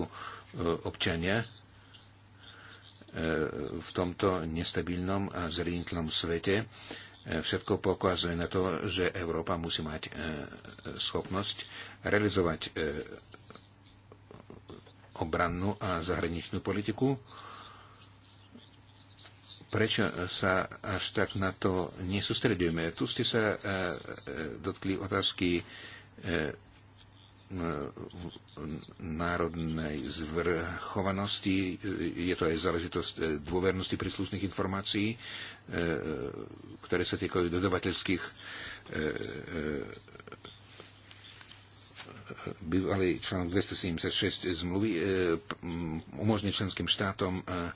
občania v tomto nestabilnom a zraniteľnom svete. Všetko pokazuje na to, že Európa musí mať schopnosť realizovať obrannú a zahraničnú politiku. Prečo sa až tak na to nesústredujeme? Tu ste sa e, e, dotkli otázky e, národnej zvrchovanosti, je to aj záležitosť dôvernosti príslušných informácií, ktoré sa týkajú dodavateľských bývalý článok 276 zmluvy e, umožní členským štátom e, e,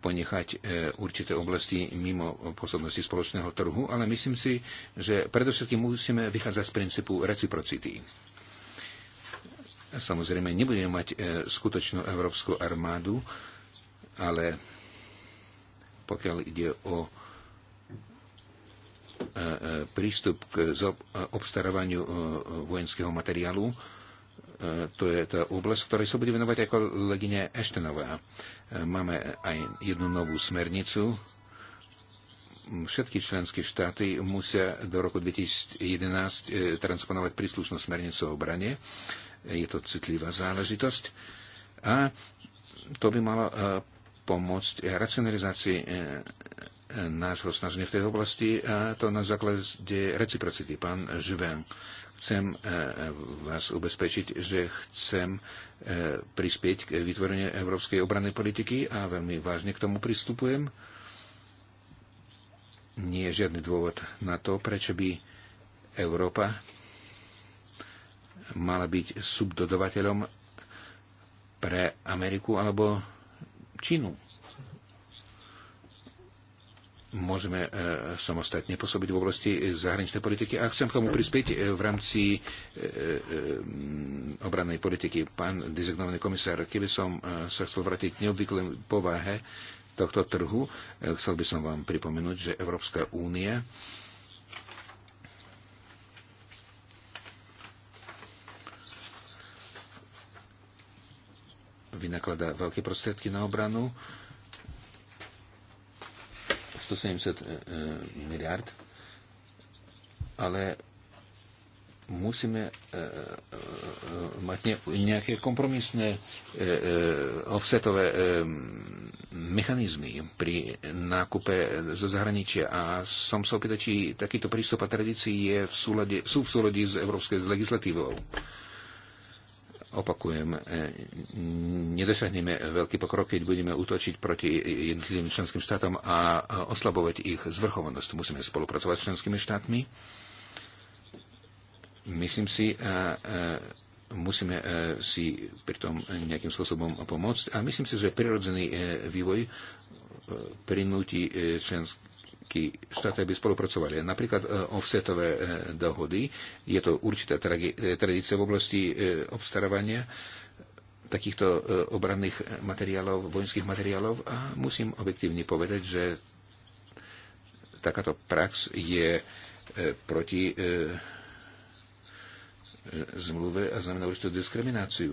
ponechať určité oblasti mimo pôsobnosti spoločného trhu, ale myslím si, že predovšetkým musíme vychádzať z princípu reciprocity. Samozrejme, nebudeme mať skutočnú európsku armádu, ale pokiaľ ide o E, e, prístup k e, obstarávaniu vojenského materiálu. To je tá oblasť, ktorej sa bude venovať aj kolegyňa Eštenová. Máme aj jednu novú smernicu. Všetky členské štáty musia do roku 2011 transponovať príslušnú smernicu o obrane. Je to citlivá záležitosť. A to by malo pomôcť racionalizácii nášho snaženia v tej oblasti a to na základe reciprocity. Pán Žven, chcem e, e, vás ubezpečiť, že chcem e, prispieť k vytvoreniu európskej obrannej politiky a veľmi vážne k tomu pristupujem. Nie je žiadny dôvod na to, prečo by Európa mala byť subdodovateľom pre Ameriku alebo Čínu môžeme e, samostatne pôsobiť v oblasti zahraničnej politiky a chcem k tomu prispieť e, v rámci e, obrannej politiky. Pán dezignovaný komisár, keby som sa chcel vrátiť neobvyklým povahe tohto trhu, chcel by som vám pripomenúť, že Európska únia vynakladá veľké prostriedky na obranu. 170 e, e, miliard, ale musíme e, mať nejaké kompromisné offsetové mechanizmy pri nákupe zo zahraničia. A som sa opýtať, či takýto prístup a tradícii je v súlade, sú v súlade s európskej legislatívou. Opakujem, e, nedosiahneme veľký pokrok, keď budeme útočiť proti jednotlivým členským štátom a oslabovať ich zvrchovanosť. Musíme spolupracovať s členskými štátmi. Myslím si, a, e, a, e, musíme si pri tom nejakým spôsobom pomôcť. A myslím si, že prirodzený vývoj prinúti členským všetky štáty, aby spolupracovali. Napríklad e, offsetové e, dohody, je to určitá e, tradícia v oblasti obstarávania takýchto obranných materiálov, vojenských materiálov a musím objektívne povedať, že takáto prax je proti zmluve a znamená určitú diskrimináciu.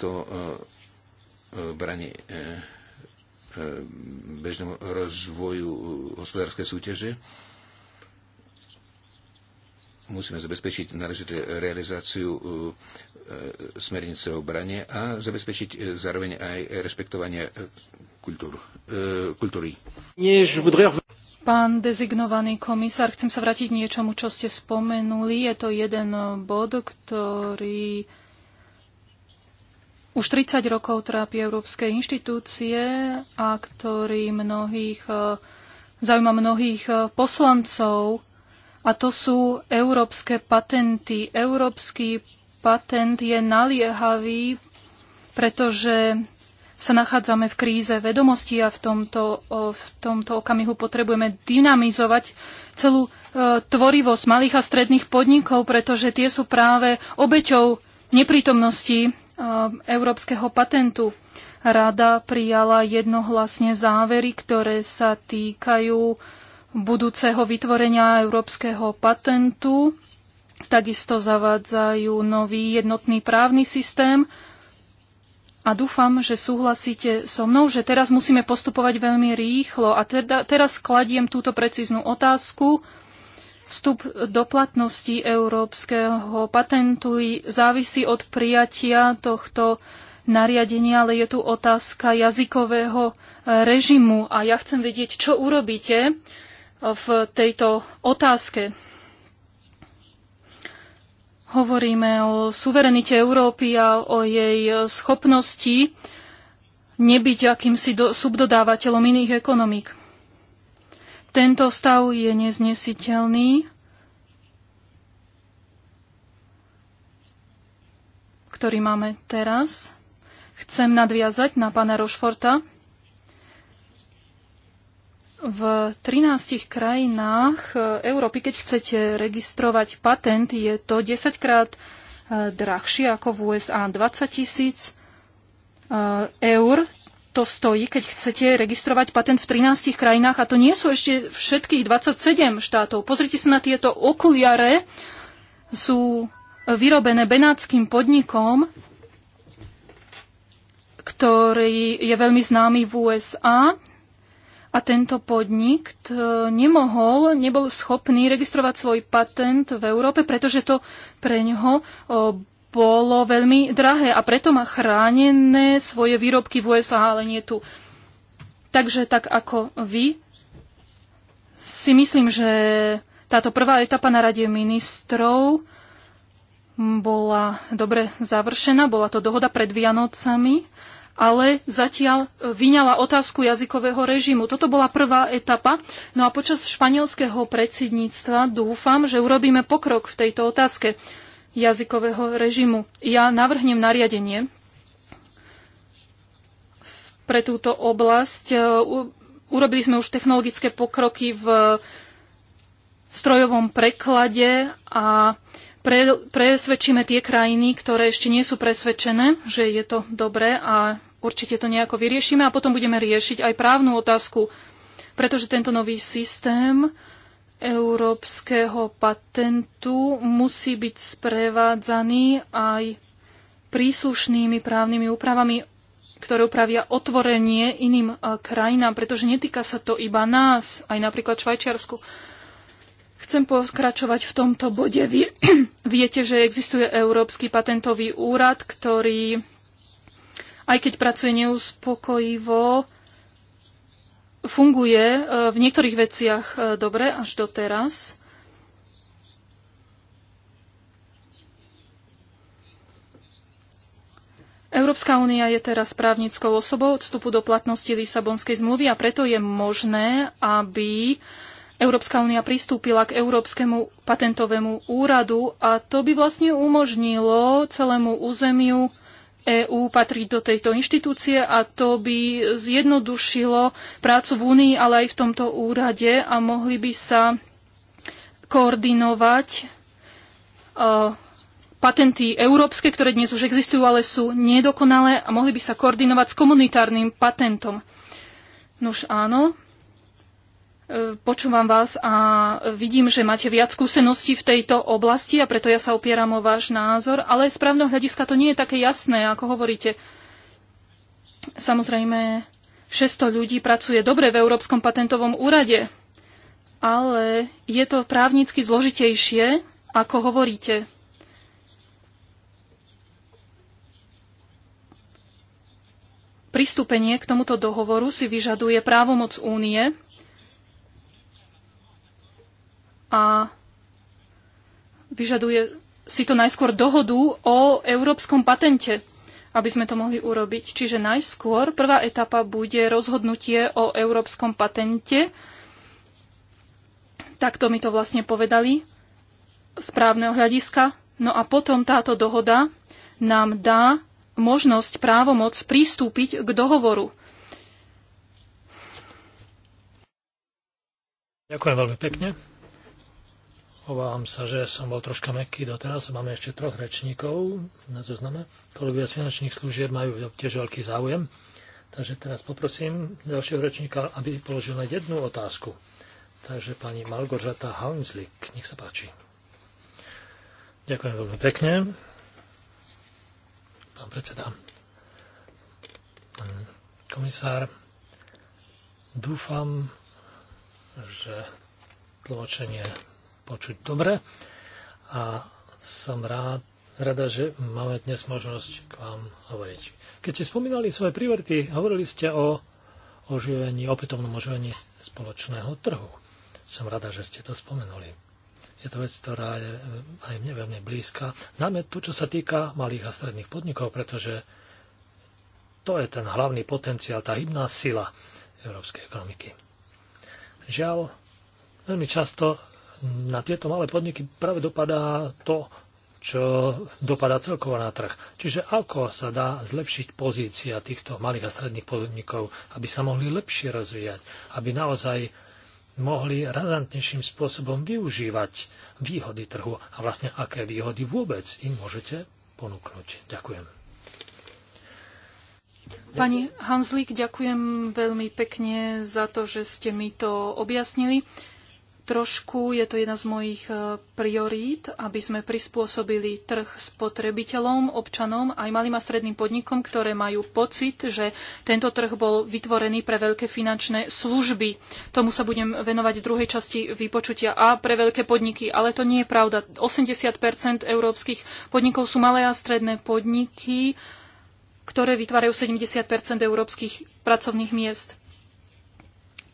To branie Eh, bežnému rozvoju eh, hospodárskej súťaže. Musíme zabezpečiť náležitú realizáciu eh, smernice o brane a zabezpečiť zároveň aj rešpektovanie kultúry. Pán dezignovaný komisár, chcem sa vrátiť niečomu, čo ste spomenuli. Je to jeden bod, ktorý už 30 rokov trápi európske inštitúcie a ktorý mnohých, e, zaujíma mnohých e, poslancov. A to sú európske patenty. Európsky patent je naliehavý, pretože sa nachádzame v kríze vedomostí a v tomto, v tomto okamihu potrebujeme dynamizovať celú e, tvorivosť malých a stredných podnikov, pretože tie sú práve obeťou neprítomnosti Um, európskeho patentu. Rada prijala jednohlasne závery, ktoré sa týkajú budúceho vytvorenia európskeho patentu. Takisto zavádzajú nový jednotný právny systém. A dúfam, že súhlasíte so mnou, že teraz musíme postupovať veľmi rýchlo. A teda, teraz kladiem túto precíznu otázku Vstup do platnosti európskeho patentu závisí od prijatia tohto nariadenia, ale je tu otázka jazykového e, režimu a ja chcem vedieť, čo urobíte e, v tejto otázke. Hovoríme o suverenite Európy a o jej schopnosti nebyť akýmsi do, subdodávateľom iných ekonomík. Tento stav je neznesiteľný. ktorý máme teraz. Chcem nadviazať na pána Rošforta. V 13 krajinách e, Európy, keď chcete registrovať patent, je to 10 krát e, drahšie ako v USA, 20 tisíc e, eur to stojí, keď chcete registrovať patent v 13 krajinách a to nie sú ešte všetkých 27 štátov. Pozrite sa na tieto okuliare, sú vyrobené benátským podnikom, ktorý je veľmi známy v USA a tento podnik nemohol, nebol schopný registrovať svoj patent v Európe, pretože to pre neho bolo veľmi drahé a preto má chránené svoje výrobky v USA, ale nie tu. Takže tak ako vy, si myslím, že táto prvá etapa na Rade ministrov bola dobre završená, bola to dohoda pred Vianocami, ale zatiaľ vyňala otázku jazykového režimu. Toto bola prvá etapa. No a počas španielského predsedníctva dúfam, že urobíme pokrok v tejto otázke jazykového režimu. Ja navrhnem nariadenie pre túto oblasť. E, urobili sme už technologické pokroky v strojovom preklade a pre, presvedčíme tie krajiny, ktoré ešte nie sú presvedčené, že je to dobré a určite to nejako vyriešime a potom budeme riešiť aj právnu otázku, pretože tento nový systém uh, európskeho patentu musí byť sprevádzaný aj príslušnými právnymi úpravami, ktoré upravia otvorenie iným e, krajinám, pretože netýka sa to iba nás, aj napríklad Švajčiarsku. Chcem pokračovať v tomto bode. Viete, že existuje Európsky patentový úrad, ktorý, aj keď pracuje neuspokojivo, funguje e, v niektorých veciach e, dobre až doteraz. Európska únia je teraz právnickou osobou od vstupu do platnosti Lisabonskej zmluvy a preto je možné, aby Európska únia pristúpila k Európskemu patentovému úradu a to by vlastne umožnilo celému územiu EÚ patriť do tejto inštitúcie a to by zjednodušilo prácu v Únii, ale aj v tomto úrade a mohli by sa koordinovať uh, patenty európske, ktoré dnes už existujú, ale sú nedokonalé a mohli by sa koordinovať s komunitárnym patentom. Nuž áno, Počúvam vás a vidím, že máte viac skúseností v tejto oblasti a preto ja sa opieram o váš názor, ale z právneho hľadiska to nie je také jasné, ako hovoríte. Samozrejme, 600 ľudí pracuje dobre v Európskom patentovom úrade, ale je to právnicky zložitejšie, ako hovoríte. Pristúpenie k tomuto dohovoru si vyžaduje právomoc únie a vyžaduje si to najskôr dohodu o európskom patente, aby sme to mohli urobiť. Čiže najskôr prvá etapa bude rozhodnutie o európskom patente. Takto mi to vlastne povedali správneho hľadiska. No a potom táto dohoda nám dá možnosť právomoc pristúpiť k dohovoru. Ďakujem veľmi pekne. Obávam sa, že som bol troška meký doteraz. Máme ešte troch rečníkov na zozname. Kolegovia z finančných služieb majú tiež veľký záujem. Takže teraz poprosím ďalšieho rečníka, aby položil na jednu otázku. Takže pani Malgoržata Hanslik, nech sa páči. Ďakujem veľmi pekne. Pán predseda, pán komisár, dúfam, že tlmočenie počuť dobre a som rád, rada, že máme dnes možnosť k vám hovoriť. Keď ste spomínali svoje priority, hovorili ste o oživení, opätovnom oživení spoločného trhu. Som rada, že ste to spomenuli. Je to vec, ktorá je eh, aj mne veľmi blízka. Najmä to, čo sa týka malých a stredných podnikov, pretože to je ten hlavný potenciál, tá hybná sila európskej ekonomiky. Žiaľ, veľmi často na tieto malé podniky práve dopadá to, čo dopadá celkovo na trh. Čiže ako sa dá zlepšiť pozícia týchto malých a stredných podnikov, aby sa mohli lepšie rozvíjať, aby naozaj mohli razantnejším spôsobom využívať výhody trhu a vlastne aké výhody vôbec im môžete ponúknuť. Ďakujem. Pani Hanzlík, ďakujem veľmi pekne za to, že ste mi to objasnili trošku, je to jedna z mojich e, priorít, aby sme prispôsobili trh spotrebiteľom, občanom, aj malým a stredným podnikom, ktoré majú pocit, že tento trh bol vytvorený pre veľké finančné služby. Tomu sa budem venovať v druhej časti vypočutia a pre veľké podniky, ale to nie je pravda. 80 európskych podnikov sú malé a stredné podniky, ktoré vytvárajú 70 európskych pracovných miest.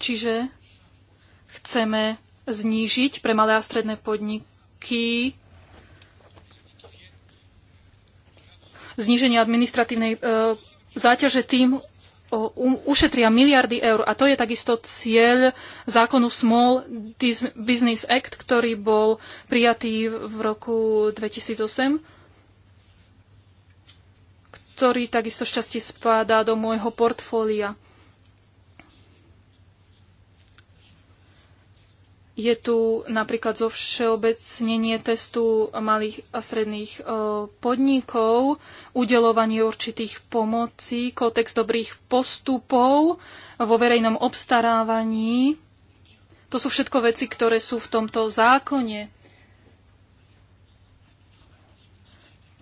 Čiže chceme znížiť pre malé a stredné podniky zníženie administratívnej e, záťaže tým o, ušetria miliardy eur. A to je takisto cieľ zákonu Small Business Act, ktorý bol prijatý v roku 2008, ktorý takisto šťastie spadá do môjho portfólia. Je tu napríklad zo všeobecnenie testu malých a stredných e, podnikov, udelovanie určitých pomoci, kódex dobrých postupov vo verejnom obstarávaní. To sú všetko veci, ktoré sú v tomto zákone.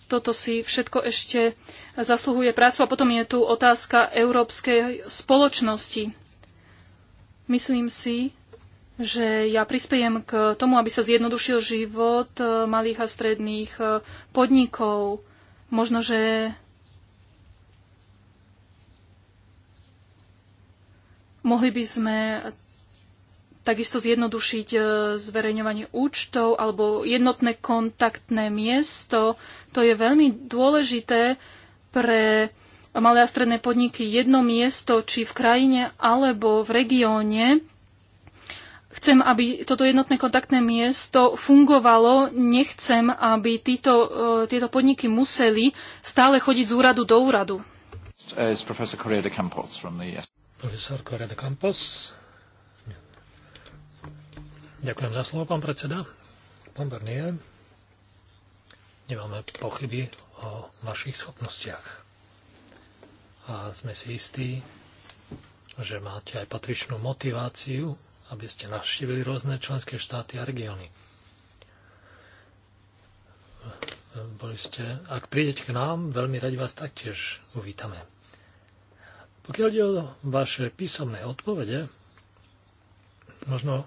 Toto si všetko ešte zasluhuje prácu. A potom je tu otázka európskej spoločnosti. Myslím si, že ja prispiejem k tomu, aby sa zjednodušil život eh, malých a stredných eh, podnikov. Možno, že mohli by sme takisto zjednodušiť eh, zverejňovanie účtov alebo jednotné kontaktné miesto. To je veľmi dôležité pre malé a stredné podniky jedno miesto, či v krajine alebo v regióne, Chcem, aby toto jednotné kontaktné miesto fungovalo. Nechcem, aby títo, e, tieto podniky museli stále chodiť z úradu do úradu. Profesor Correa de Campos, Ďakujem za slovo, pán predseda. Pán Barnier, nemáme pochyby o vašich schopnostiach. A sme si istí, že máte aj patričnú motiváciu aby ste navštívili rôzne členské štáty a regióny. Boli ste, ak prídete k nám, veľmi radi vás taktiež uvítame. Pokiaľ ide o vaše písomné odpovede, možno e,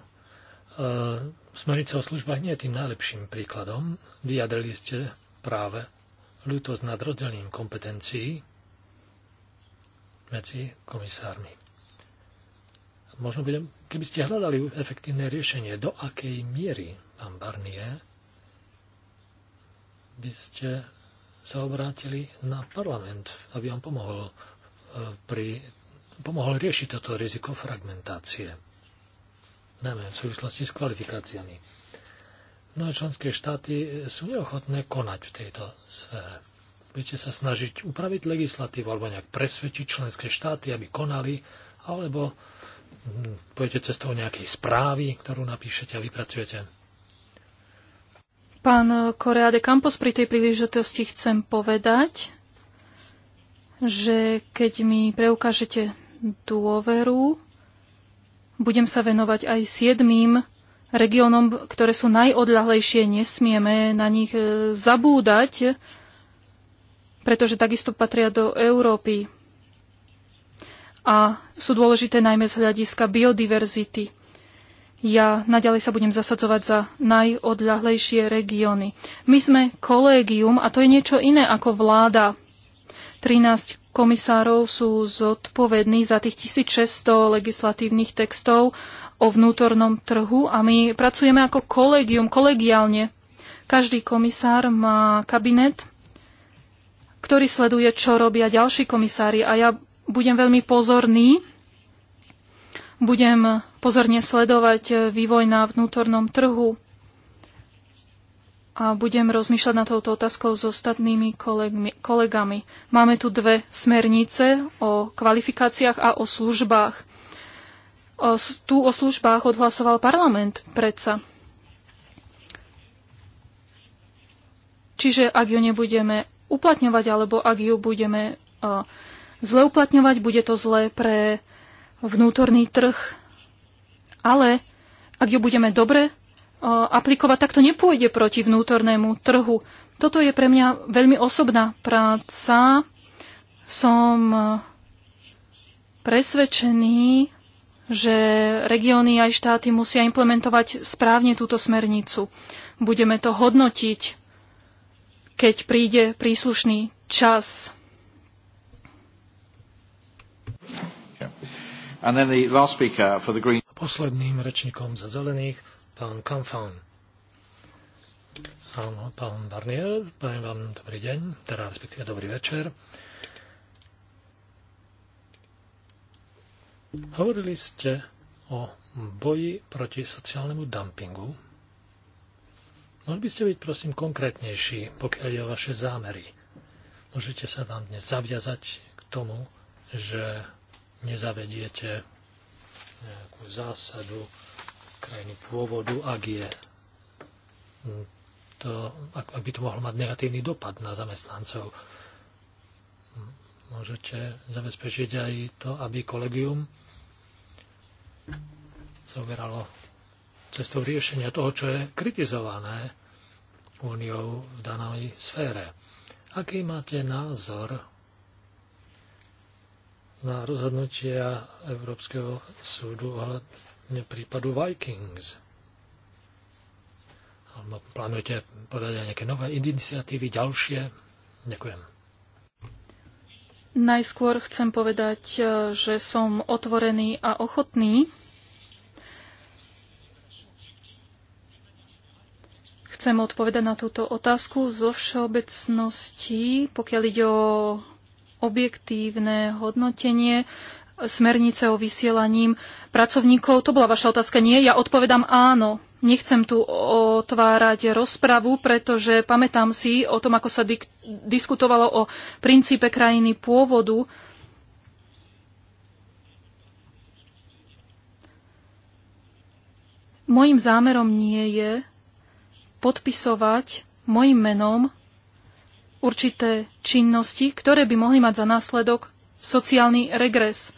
smernica o službách nie je tým najlepším príkladom. Vyjadrili ste práve ľútosť nad rozdelením kompetencií medzi komisármi možno by, keby ste hľadali efektívne riešenie, do akej miery, pán Barnier, by ste sa obrátili na parlament, aby vám pomohol, e, pri, pomohol riešiť toto riziko fragmentácie, najmä v súvislosti s kvalifikáciami. Mnohé členské štáty e, sú neochotné konať v tejto sfére. Budete sa snažiť upraviť legislatívu alebo nejak presvedčiť členské štáty, aby konali, alebo pôjdete toho nejakej správy, ktorú napíšete a vypracujete? Pán Korea de Campos, pri tej príležitosti chcem povedať, že keď mi preukážete dôveru, budem sa venovať aj siedmým regiónom, ktoré sú najodľahlejšie. Nesmieme na nich e, zabúdať, pretože takisto patria do Európy a sú dôležité najmä z hľadiska biodiverzity. Ja naďalej sa budem zasadzovať za najodľahlejšie regióny. My sme kolégium a to je niečo iné ako vláda. 13 komisárov sú zodpovední za tých 1600 legislatívnych textov o vnútornom trhu a my pracujeme ako kolégium, kolegiálne. Každý komisár má kabinet, ktorý sleduje, čo robia ďalší komisári a ja budem veľmi pozorný. Budem pozorne sledovať vývoj na vnútornom trhu a budem rozmýšľať na touto otázkou s ostatnými kolegmi, kolegami. Máme tu dve smernice o kvalifikáciách a o službách. O, tu o službách odhlasoval parlament predsa. Čiže ak ju nebudeme uplatňovať alebo ak ju budeme uh, zle uplatňovať, bude to zle pre vnútorný trh, ale ak ju budeme dobre eh, aplikovať, tak to nepôjde proti vnútornému trhu. Toto je pre mňa veľmi osobná práca. Som eh, presvedčený, že regióny aj štáty musia implementovať správne túto smernicu. Budeme to hodnotiť, keď príde príslušný čas. And then the last speaker for the green... Posledným rečníkom za zelených, pán Kamfán. Áno, pán Barnier, prajem vám dobrý deň, teda respektíve dobrý večer. Hovorili ste o boji proti sociálnemu dumpingu. Mohli by ste byť, prosím, konkrétnejší, pokiaľ je o vaše zámery. Môžete sa tam dnes zaviazať k tomu, že nezavediete nejakú zásadu krajiny pôvodu, ak je hm, to, ak by to mohlo mať negatívny dopad na zamestnancov. Môžete zabezpečiť aj to, aby kolegium sa uberalo cestou riešenia toho, čo je kritizované úniou v danej sfére. Aký máte názor na rozhodnutia Európskeho súdu ohľadne prípadu Vikings? Alebo plánujete podať aj nejaké nové iniciatívy, ďalšie? Ďakujem. Najskôr chcem povedať, e, že som otvorený a ochotný chcem odpovedať na túto otázku zo všeobecnosti, pokiaľ ide o objektívne hodnotenie smernice o vysielaním pracovníkov? To bola vaša otázka, nie? Ja odpovedám áno. Nechcem tu otvárať rozpravu, pretože pamätám si o tom, ako sa diskutovalo o princípe krajiny pôvodu. Mojím zámerom nie je podpisovať mojim menom určité činnosti, ktoré by mohli mať za následok sociálny regres.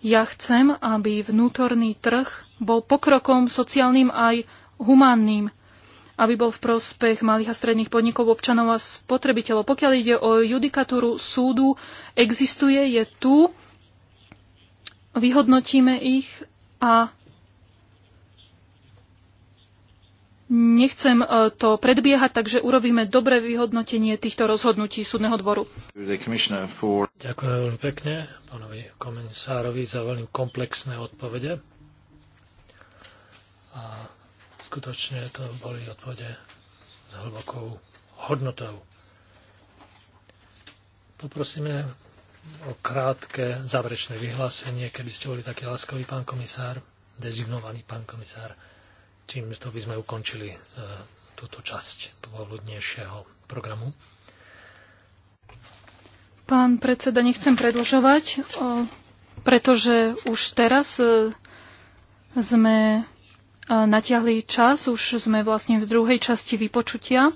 Ja chcem, aby vnútorný trh bol pokrokom sociálnym aj humánnym, aby bol v prospech malých a stredných podnikov, občanov a spotrebiteľov. Pokiaľ ide o judikatúru súdu, existuje, je tu, vyhodnotíme ich a Nechcem e, to predbiehať, takže urobíme dobré vyhodnotenie týchto rozhodnutí súdneho dvoru. Ďakujem veľmi pekne pánovi komisárovi za veľmi komplexné odpovede. A skutočne to boli odpovede s hlbokou hodnotou. Poprosíme o krátke záverečné vyhlásenie, keby ste boli taký láskavý pán komisár, dezignovaný pán komisár. Týmto, to by sme ukončili e, túto časť povoludnejšieho programu. Pán predseda, nechcem predlžovať, pretože už teraz e, sme e, natiahli čas, už sme vlastne v druhej časti vypočutia.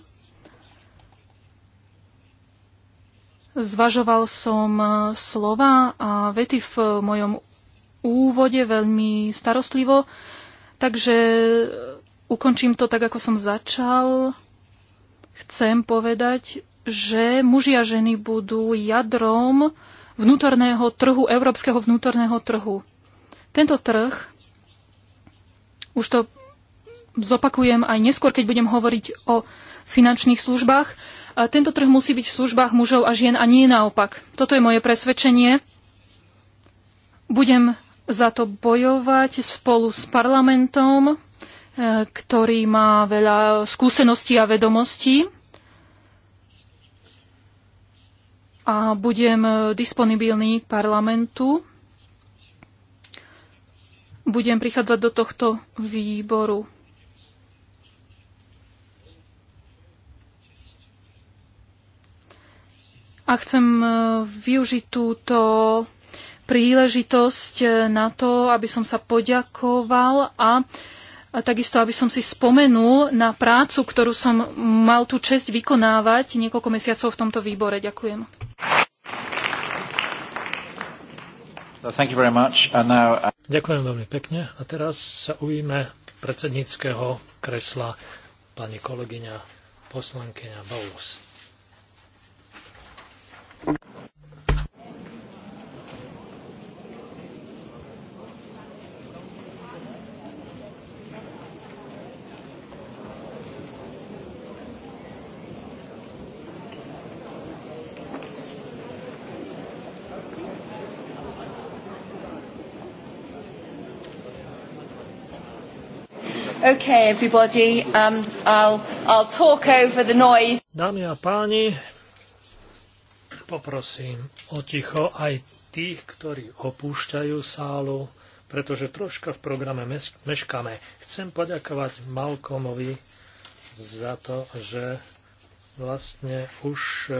Zvažoval som slova a vety v mojom úvode veľmi starostlivo. Takže e, ukončím to tak, ako som začal. Chcem povedať, že muži a ženy budú jadrom vnútorného trhu, európskeho vnútorného trhu. Tento trh, už to zopakujem aj neskôr, keď budem hovoriť o finančných službách, tento trh musí byť v službách mužov a žien a nie naopak. Toto je moje presvedčenie. Budem za to bojovať spolu s parlamentom, e, ktorý má veľa skúseností a vedomostí. A budem disponibilný parlamentu. Budem prichádzať do tohto výboru. A chcem e, využiť túto príležitosť eh, na to, aby som sa poďakoval a a takisto, aby som si spomenul na prácu, ktorú som mal tú čest vykonávať niekoľko mesiacov v tomto výbore. Ďakujem. Now... Uh, Ďakujem veľmi pekne. A teraz sa ujme predsedníckého kresla pani kolegyňa poslankyňa Boulos. Okay, everybody, um, I'll, I'll talk over the noise. Dámy a páni, poprosím o ticho aj tých, ktorí opúšťajú sálu, pretože troška v programe meškame. Chcem poďakovať Malkomovi za to, že vlastne už e,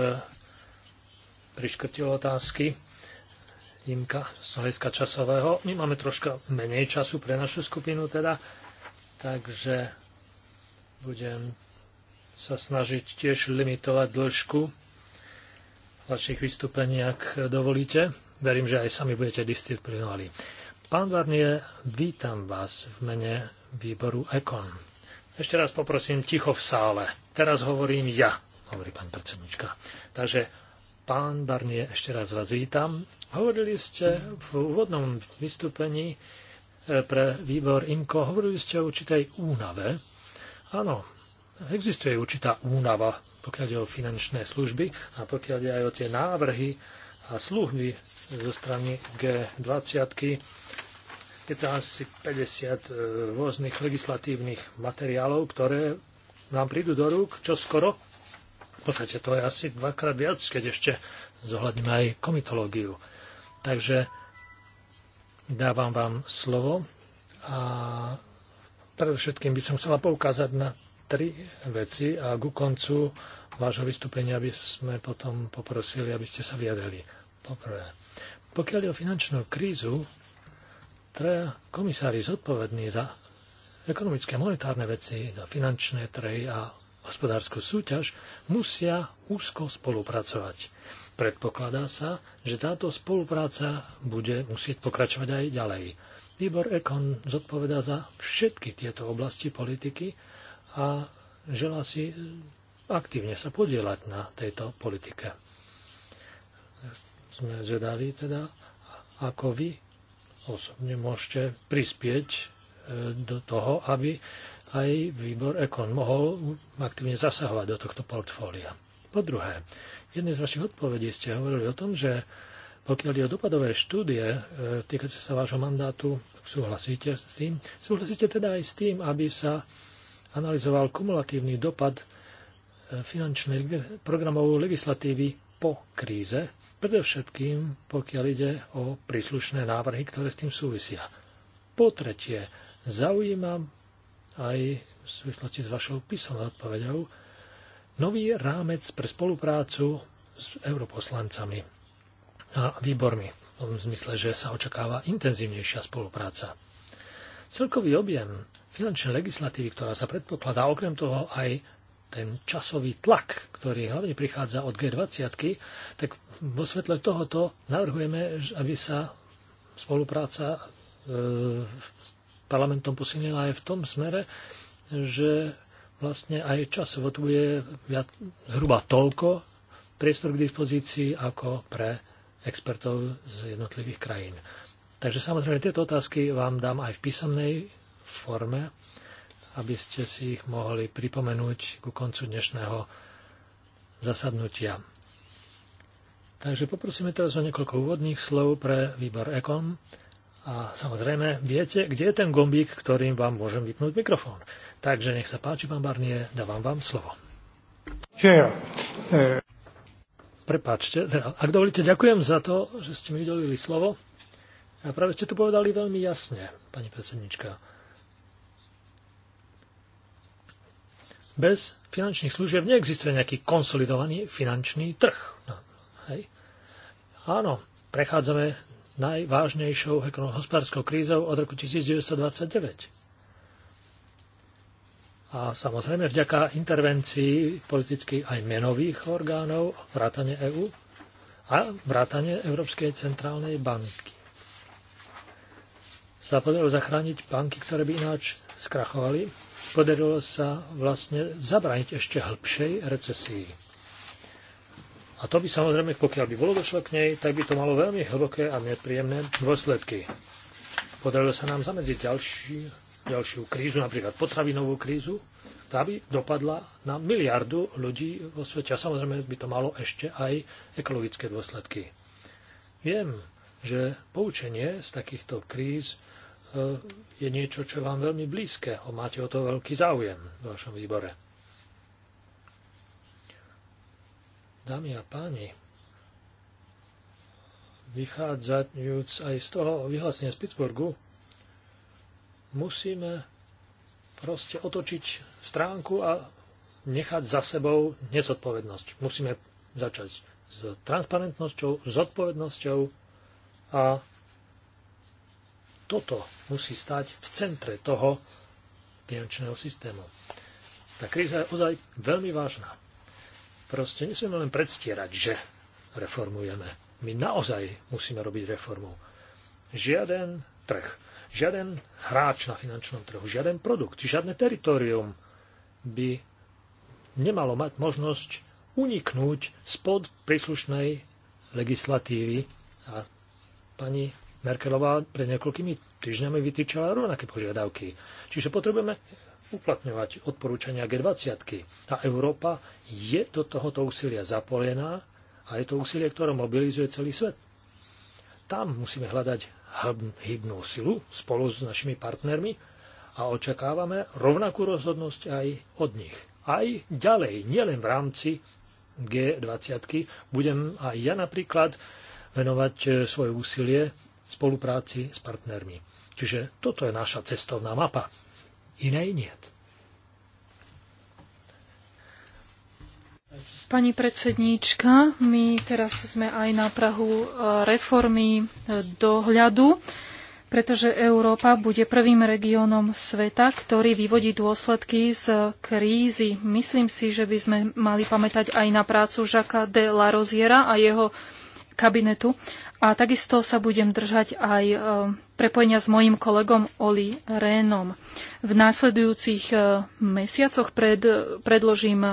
priškrtil otázky Imka z hľadiska časového. My máme troška menej času pre našu skupinu teda, takže budem sa snažiť tiež limitovať dĺžku vašich vystúpení, ak dovolíte. Verím, že aj sami budete disciplinovali. Pán Varnie, vítam vás v mene výboru EKON. Ešte raz poprosím ticho v sále. Teraz hovorím ja, hovorí pán predsednička. Takže pán Barnie, ešte raz vás vítam. Hovorili ste v úvodnom vystúpení, E, pre výbor IMKO. Hovorili ste o určitej únave. Áno, existuje určitá únava, pokiaľ je o finančné služby a pokiaľ je aj o tie návrhy a sluhby zo strany G20. Je tam asi 50 e, rôznych legislatívnych materiálov, ktoré nám prídu do rúk čo skoro. V podstate to je asi dvakrát viac, keď ešte zohľadíme aj komitológiu. Takže Dávam vám slovo a predovšetkým by som chcela poukázať na tri veci a ku koncu vášho vystúpenia by sme potom poprosili, aby ste sa vyjadrili. Poprvé, pokiaľ je o finančnú krízu, treba komisári zodpovední za ekonomické a monetárne veci, za finančné trhy a hospodárskú súťaž, musia úzko spolupracovať. Predpokladá sa, že táto spolupráca bude musieť pokračovať aj ďalej. Výbor Ekon zodpovedá za všetky tieto oblasti politiky a želá si eh, aktívne sa podielať na tejto politike. Sme zvedaví teda, ako vy osobne môžete prispieť eh, do toho, aby aj výbor EKON mohol aktívne zasahovať do tohto portfólia. Po druhé, v jednej z vašich odpovedí ste hovorili o tom, že pokiaľ je o dopadové štúdie e, týkajúce sa vášho mandátu, súhlasíte s tým? Súhlasíte teda aj s tým, aby sa analyzoval kumulatívny dopad e, finančnej programov legislatívy po kríze, predovšetkým pokiaľ ide o príslušné návrhy, ktoré s tým súvisia. Po tretie, zaujímam aj v súvislosti s vašou písomnou odpovedou, nový rámec pre spoluprácu s europoslancami a výbormi, v tom zmysle, že sa očakáva intenzívnejšia spolupráca. Celkový objem finančnej legislatívy, ktorá sa predpokladá, okrem toho aj ten časový tlak, ktorý hlavne prichádza od G20, tak vo svetle tohoto navrhujeme, aby sa spolupráca s e, parlamentom posilnená aj v tom smere, že vlastne aj časovo tu je viac, hruba toľko priestor k dispozícii ako pre expertov z jednotlivých krajín. Takže samozrejme tieto otázky vám dám aj v písomnej forme, aby ste si ich mohli pripomenúť ku koncu dnešného zasadnutia. Takže poprosíme teraz o niekoľko úvodných slov pre výbor EKOM. A samozrejme, viete, kde je ten gombík, ktorým vám môžem vypnúť mikrofón. Takže nech sa páči, pán Barnier, dávam vám slovo. Chair. Eh, Prepáčte, teda, ak dovolíte, ďakujem za to, že ste mi udelili slovo. A práve ste to povedali veľmi jasne, pani predsednička. Bez finančných služieb neexistuje nejaký konsolidovaný finančný trh. No, hej. Áno, prechádzame najvážnejšou hospodárskou krízou od roku 1929. A samozrejme vďaka intervencii politicky aj menových orgánov, vrátane EÚ a vrátane Európskej centrálnej banky. Sa podarilo zachrániť banky, ktoré by ináč skrachovali. Podarilo sa vlastne zabrániť ešte hĺbšej recesii. A to by samozrejme, pokiaľ by bolo došlo k nej, tak by to malo veľmi hlboké a nepríjemné dôsledky. Podarilo sa nám zamedziť ďalší, ďalšiu krízu, napríklad potravinovú krízu, tá by dopadla na miliardu ľudí vo svete a samozrejme by to malo ešte aj ekologické dôsledky. Viem, že poučenie z takýchto kríz e, je niečo, čo vám veľmi blízke a máte o to veľký záujem v vašom výbore. Dámy a páni, vychádzajúc aj z toho vyhlásenia z Pittsburghu, musíme proste otočiť stránku a nechať za sebou nezodpovednosť. Musíme začať s transparentnosťou, s zodpovednosťou a toto musí stať v centre toho finančného systému. Tá kríza je ozaj veľmi vážna. Proste nesmieme len predstierať, že reformujeme. My naozaj musíme robiť reformu. Žiaden trh, žiaden hráč na finančnom trhu, žiaden produkt, žiadne teritorium by nemalo mať možnosť uniknúť spod príslušnej legislatívy. A pani Merkelová pred niekoľkými týždňami vytýčala rovnaké požiadavky. Čiže potrebujeme uplatňovať odporúčania G20. -ky. Tá Európa je do tohoto úsilia zapojená a je to úsilie, ktoré mobilizuje celý svet. Tam musíme hľadať hm, hybnú silu spolu s našimi partnermi a očakávame rovnakú rozhodnosť aj od nich. Aj ďalej, nielen v rámci G20, budem aj ja napríklad venovať e, svoje úsilie spolupráci s partnermi. Čiže toto je naša cestovná mapa inej niet. Pani predsedníčka, my teraz sme aj na Prahu e, reformy e, dohľadu, pretože Európa bude prvým regiónom sveta, ktorý vyvodí dôsledky z krízy. Myslím si, že by sme mali pamätať aj na prácu Žaka de la Roziera a jeho kabinetu, a takisto sa budem držať aj e, prepojenia s mojim kolegom Oli Rénom. V následujúcich e, mesiacoch pred, predložím e,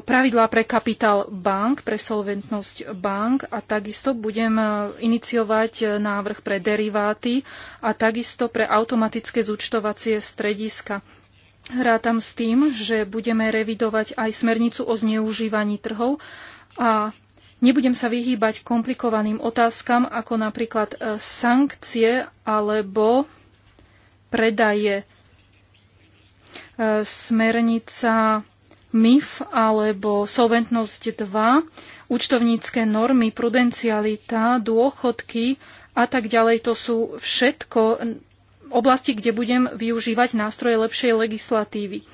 pravidlá pre kapitál bank, pre solventnosť bank a takisto budem iniciovať návrh pre deriváty a takisto pre automatické zúčtovacie strediska. Rátam s tým, že budeme revidovať aj smernicu o zneužívaní trhov a Nebudem sa vyhýbať komplikovaným otázkam, ako napríklad e, sankcie alebo predaje. E, smernica MIF alebo Solventnosť 2, účtovnícke normy, prudencialita, dôchodky a tak ďalej. To sú všetko oblasti, kde budem využívať nástroje lepšej legislatívy.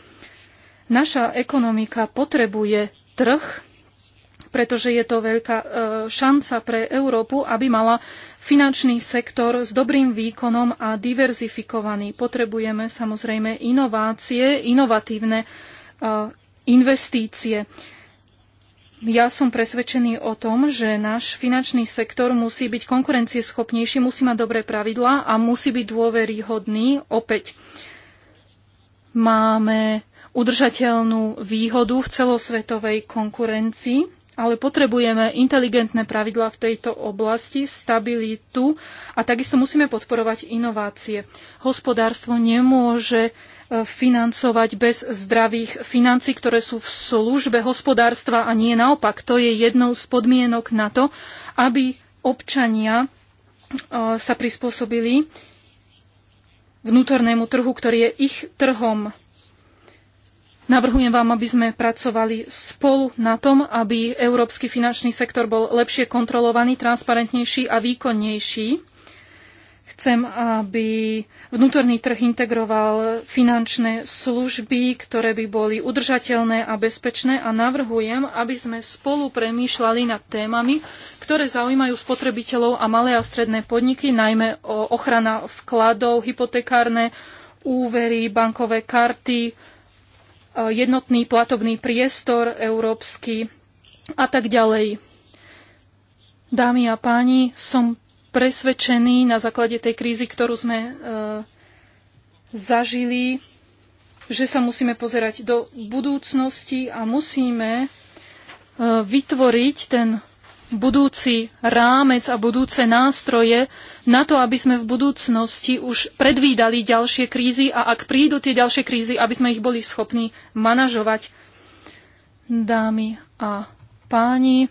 Naša ekonomika potrebuje trh, pretože je to veľká e, šanca pre Európu, aby mala finančný sektor s dobrým výkonom a diverzifikovaný. Potrebujeme samozrejme inovácie, inovatívne e, investície. Ja som presvedčený o tom, že náš finančný sektor musí byť konkurencieschopnejší, musí mať dobré pravidlá a musí byť dôveryhodný. Opäť máme udržateľnú výhodu v celosvetovej konkurencii ale potrebujeme inteligentné pravidlá v tejto oblasti, stabilitu a takisto musíme podporovať inovácie. Hospodárstvo nemôže e, financovať bez zdravých financí, ktoré sú v službe hospodárstva a nie naopak. To je jednou z podmienok na to, aby občania e, sa prispôsobili vnútornému trhu, ktorý je ich trhom. Navrhujem vám, aby sme pracovali spolu na tom, aby európsky finančný sektor bol lepšie kontrolovaný, transparentnejší a výkonnejší. Chcem, aby vnútorný trh integroval finančné služby, ktoré by boli udržateľné a bezpečné a navrhujem, aby sme spolu premýšľali nad témami, ktoré zaujímajú spotrebiteľov a malé a stredné podniky, najmä ochrana vkladov, hypotekárne úvery, bankové karty, E, jednotný platobný priestor európsky a tak ďalej. Dámy a páni, som presvedčený na základe tej krízy, ktorú sme e, zažili, že sa musíme pozerať do budúcnosti a musíme e, vytvoriť ten budúci rámec a budúce nástroje na to, aby sme v budúcnosti už predvídali ďalšie krízy a ak prídu tie ďalšie krízy, aby sme ich boli schopní manažovať. Dámy a páni,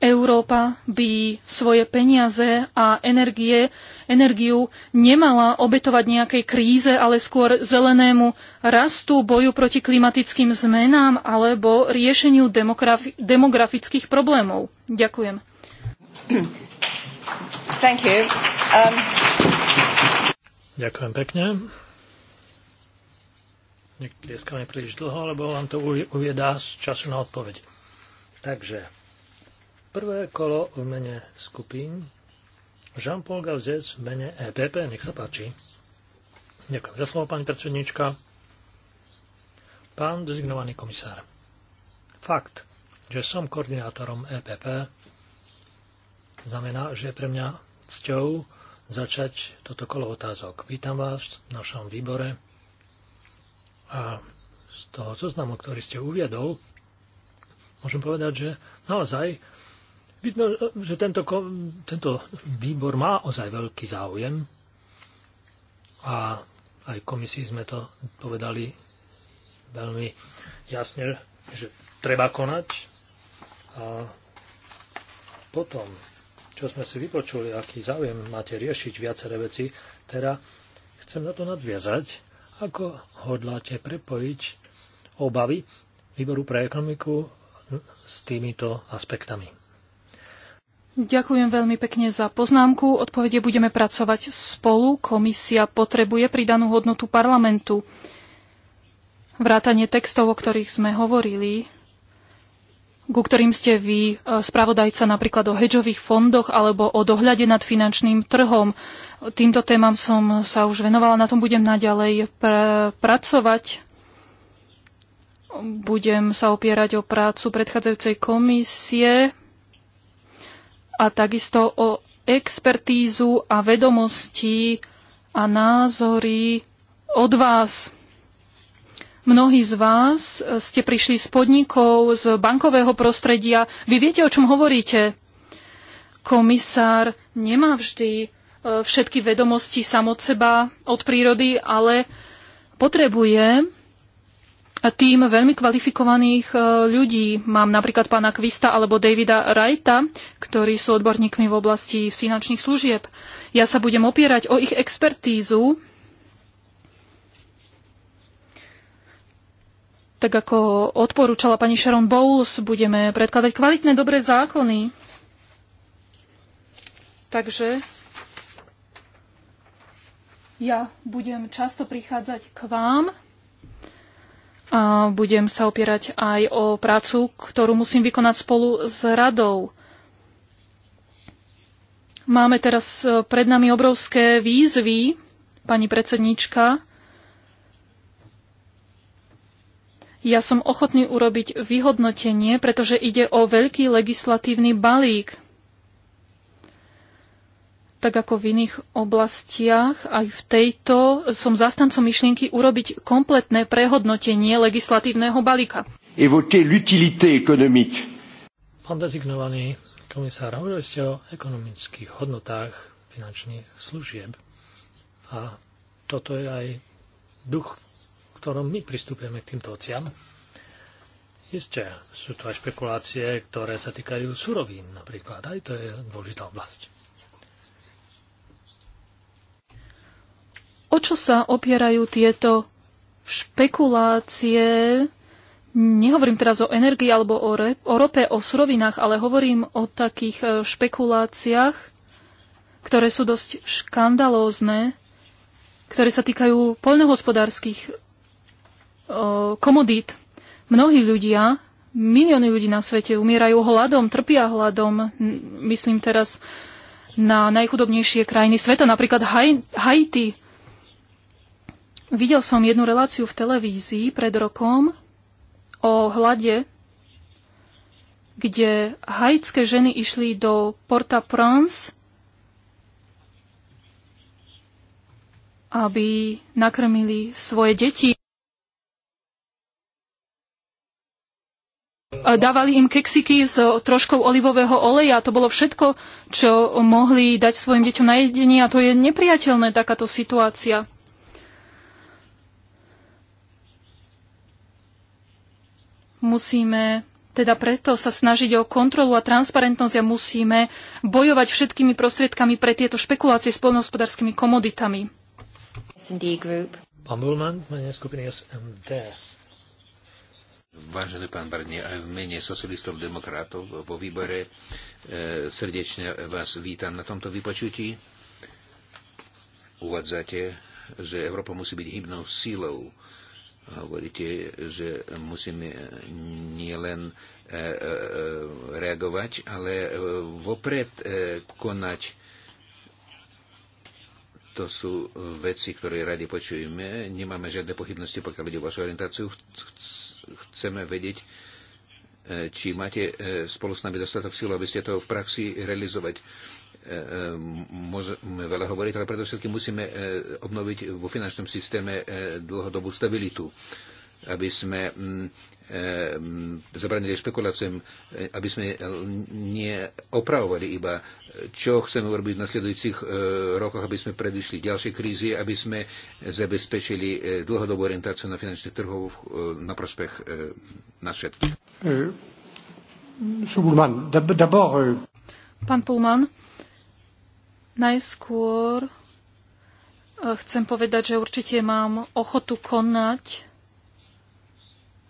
Európa by svoje peniaze a energie, energiu nemala obetovať nejakej kríze, ale skôr zelenému rastu, boju proti klimatickým zmenám alebo riešeniu demografi- demografických problémov. Ďakujem. Thank you. Um... Ďakujem pekne. Netieskame príliš dlho, lebo vám to uviedá z času na odpoveď. Takže Prvé kolo v mene skupín. Jean-Paul Gauzes v mene EPP. Nech sa páči. Ďakujem za slovo, pani predsednička. Pán dezignovaný komisár. Fakt, že som koordinátorom EPP, znamená, že je pre mňa cťou začať toto kolo otázok. Vítam vás v našom výbore a z toho zoznamu, ktorý ste uviedol, môžem povedať, že naozaj Vidno, že tento, tento výbor má ozaj veľký záujem a aj komisii sme to povedali veľmi jasne, že treba konať. A potom, čo sme si vypočuli, aký záujem máte riešiť viaceré veci, teda chcem na to nadviazať, ako hodláte prepojiť obavy výboru pre ekonomiku s týmito aspektami. Ďakujem veľmi pekne za poznámku. Odpovede budeme pracovať spolu. Komisia potrebuje pridanú hodnotu parlamentu. Vrátanie textov, o ktorých sme hovorili, ku ktorým ste vy e, spravodajca napríklad o hedžových fondoch alebo o dohľade nad finančným trhom. Týmto témam som sa už venovala, na tom budem naďalej pr- pracovať. Budem sa opierať o prácu predchádzajúcej komisie a takisto o expertízu a vedomosti a názory od vás. Mnohí z vás ste prišli z podnikov, z bankového prostredia. Vy viete, o čom hovoríte. Komisár nemá vždy e, všetky vedomosti sam od seba, od prírody, ale potrebuje tým veľmi kvalifikovaných e, ľudí. Mám napríklad pána Kvista alebo Davida Wrighta, ktorí sú odborníkmi v oblasti finančných služieb. Ja sa budem opierať o ich expertízu, tak ako odporúčala pani Sharon Bowles, budeme predkladať kvalitné, dobré zákony. Takže ja budem často prichádzať k vám a budem sa opierať aj o prácu, ktorú musím vykonať spolu s radou. Máme teraz e, pred nami obrovské výzvy, pani predsedníčka. Ja som ochotný urobiť vyhodnotenie, pretože ide o veľký legislatívny balík tak ako v iných oblastiach, aj v tejto som zastancom myšlienky urobiť kompletné prehodnotenie legislatívneho balíka. Pán dezignovaný komisár, hovorili ste o ekonomických hodnotách finančných služieb. A toto je aj duch, v ktorom my pristupujeme k týmto ociam. Isté, sú tu aj špekulácie, ktoré sa týkajú surovín napríklad. Aj to je dôležitá oblasť. O čo sa opierajú tieto špekulácie? Nehovorím teraz o energii alebo o, re, o rope, o surovinách, ale hovorím o takých e, špekuláciách, ktoré sú dosť škandalózne, ktoré sa týkajú poľnohospodárskych e, komodít. Mnohí ľudia, milióny ľudí na svete umierajú hladom, trpia hladom. Myslím teraz na najchudobnejšie krajiny sveta, napríklad Haiti. Videl som jednu reláciu v televízii pred rokom o hlade, kde haitské ženy išli do Port-au-Prince, aby nakrmili svoje deti. Dávali im keksiky s troškou olivového oleja. To bolo všetko, čo mohli dať svojim deťom na jedenie a to je nepriateľné takáto situácia. Musíme teda preto sa snažiť o kontrolu a transparentnosť a musíme bojovať všetkými prostriedkami pre tieto špekulácie s poľnohospodárskymi komoditami. Pán Bulman, skupiny SMD. Vážený pán Barnie, aj v mene socialistov demokratov vo výbore e, srdečne vás vítam na tomto vypočutí. Uvádzate, že Európa musí byť hybnou sílou Hovoríte, že musíme e, nielen e, e, reagovať, ale vopred konať. To sú veci, ktoré radi počujeme. Nemáme žiadne pochybnosti, pokiaľ ide o vašu orientáciu. Chceme vedieť, či máte spolu s nami dostatok síl, aby ste to v praxi realizovať. E, e, môžeme veľa hovoriť, ale predovšetkým musíme e, obnoviť vo finančnom systéme dlhodobú stabilitu, aby sme mm, mm, zabranili špekuláciám, aby sme neopravovali iba, čo chceme urobiť v nasledujúcich rokoch, aby sme predišli ďalšie krízy, aby sme zabezpečili dlhodobú orientáciu na finančných trhov na prospech nás všetkých. Pán Pullman, Najskôr e, chcem povedať, že určite mám ochotu konať.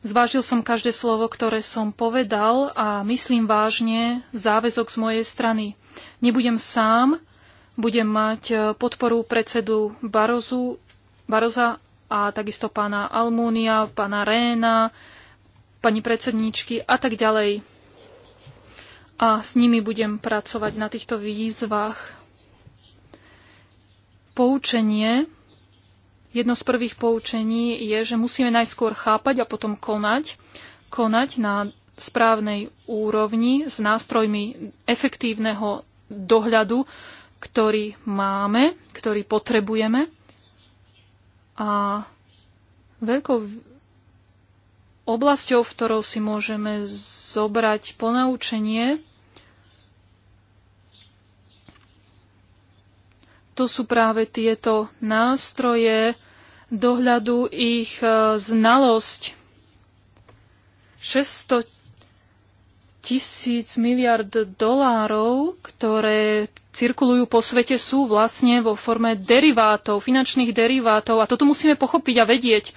Zvážil som každé slovo, ktoré som povedal a myslím vážne záväzok z mojej strany. Nebudem sám, budem mať e, podporu predsedu Barozu, Baroza a takisto pána Almúnia, pána Réna, pani predsedníčky a tak ďalej. A s nimi budem pracovať na týchto výzvach poučenie, jedno z prvých poučení je, že musíme najskôr chápať a potom konať. Konať na správnej úrovni s nástrojmi efektívneho dohľadu, ktorý máme, ktorý potrebujeme. A veľkou oblasťou, v ktorou si môžeme zobrať ponaučenie, to sú práve tieto nástroje dohľadu, ich e, znalosť. 600 tisíc miliard dolárov, ktoré cirkulujú po svete, sú vlastne vo forme derivátov, finančných derivátov. A toto musíme pochopiť a vedieť.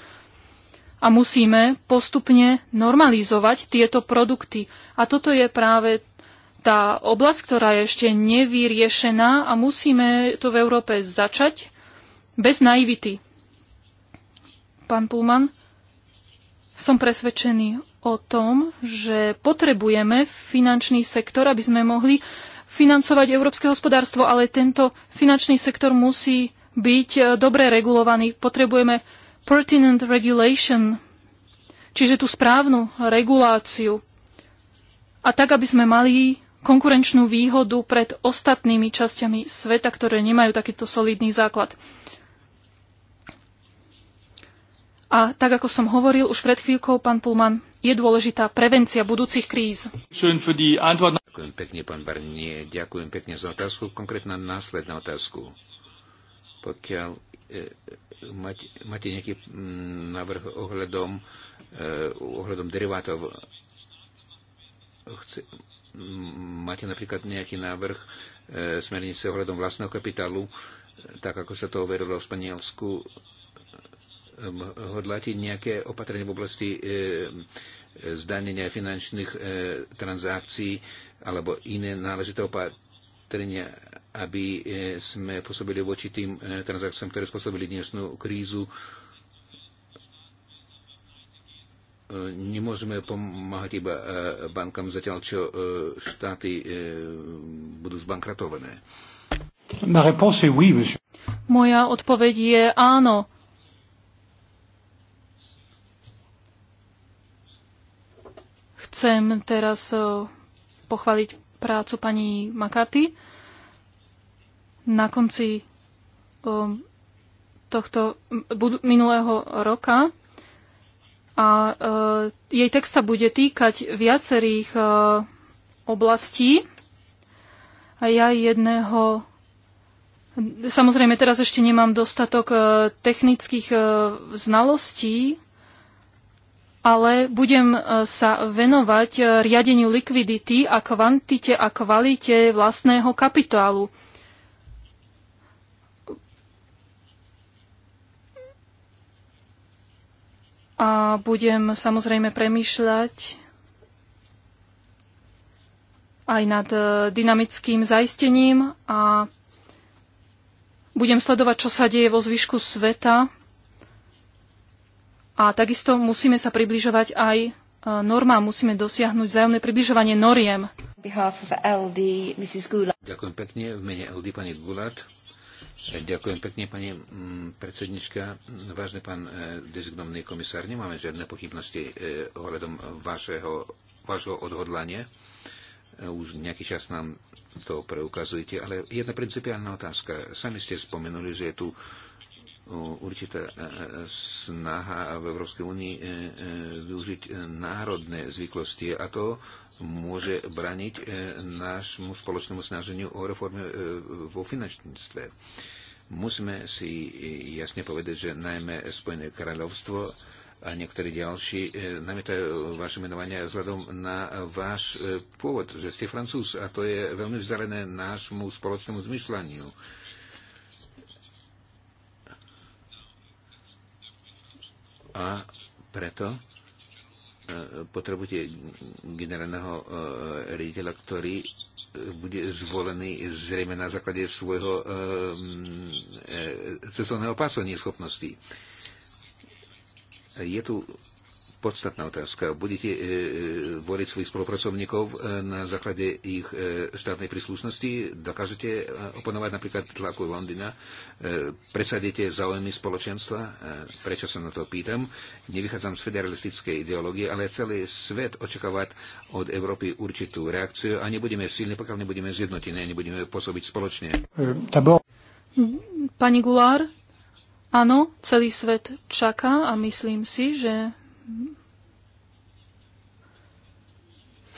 A musíme postupne normalizovať tieto produkty. A toto je práve tá oblasť, ktorá je ešte nevyriešená a musíme to v Európe začať bez naivity. Pán Pulman, som presvedčený o tom, že potrebujeme finančný sektor, aby sme mohli financovať európske hospodárstvo, ale tento finančný sektor musí byť e, dobre regulovaný. Potrebujeme pertinent regulation, čiže tú správnu reguláciu. A tak, aby sme mali konkurenčnú výhodu pred ostatnými časťami sveta, ktoré nemajú takýto solidný základ. A tak, ako som hovoril už pred chvíľkou, pán Pulman, je dôležitá prevencia budúcich kríz. Ďakujem pekne, pán Barnier. Ďakujem pekne za otázku. Konkrétna následná otázku. Pokiaľ e, máte, máte nejaký mm, návrh ohľadom, e, ohľadom derivátov, máte napríklad nejaký návrh e, smernice ohľadom vlastného kapitálu, e, tak ako sa to overilo v Španielsku, e, hodláte nejaké opatrenie v oblasti e, e, zdanenia finančných e, transakcií alebo iné náležité opatrenia, aby e, sme pôsobili voči tým e, transakciám, ktoré spôsobili dnešnú krízu, e, nemôžeme pomáhať iba e, bankám zatiaľ, что штаты будут банкротованы. Moja ответ je áno. Chcem teraz e, pochváliť prácu pani Makaty. Na konci e, tohto minulého roka a uh, jej text sa bude týkať viacerých uh, oblastí. A ja jedného. Samozrejme, teraz ešte nemám dostatok uh, technických uh, znalostí, ale budem uh, sa venovať uh, riadeniu likvidity a kvantite a kvalite vlastného kapitálu. a budem samozrejme premýšľať aj nad e, dynamickým zaistením a budem sledovať, čo sa deje vo zvyšku sveta a takisto musíme sa približovať aj e, normám, musíme dosiahnuť vzájomné približovanie noriem. Ďakujem pekne. V mene LD pani Gulat. Ďakujem pekne, pani mm, predsednička. Vážny pán e, dezignovný komisár, nemáme žiadne pochybnosti e, ohľadom vašeho, vašho odhodlania. E, už nejaký čas nám to preukazujete, ale jedna principiálna otázka. Sami ste spomenuli, že je tu určitá snaha v Európskej únii využiť národné zvyklosti a to môže braniť nášmu spoločnému snaženiu o reforme vo finančníctve. Musíme si e, jasne povedať, že najmä Spojené kráľovstvo a niektorí ďalší e, je vaše menovanie vzhľadom na váš e, pôvod, že ste francúz a to je veľmi vzdialené nášmu spoločnému zmyšľaniu. A preto E, potrebujete generálneho e, riaditeľa, ktorý e, bude zvolený zrejme na základe svojho cestovného pásu schopností. Je tu podstatná otázka. Budete e, e voliť svojich spolupracovníkov e, na základe ich e, štátnej príslušnosti? Dokážete e, oponovať napríklad tlaku Londýna? E, presadíte záujmy spoločenstva? E, prečo sa na to pýtam? Nevychádzam z federalistickej ideológie, ale celý svet očakávať od Európy určitú reakciu a nebudeme silní, pokiaľ nebudeme zjednotení a nebudeme pôsobiť spoločne. Pani Gulár, áno, celý svet čaká a myslím si, že Mhm.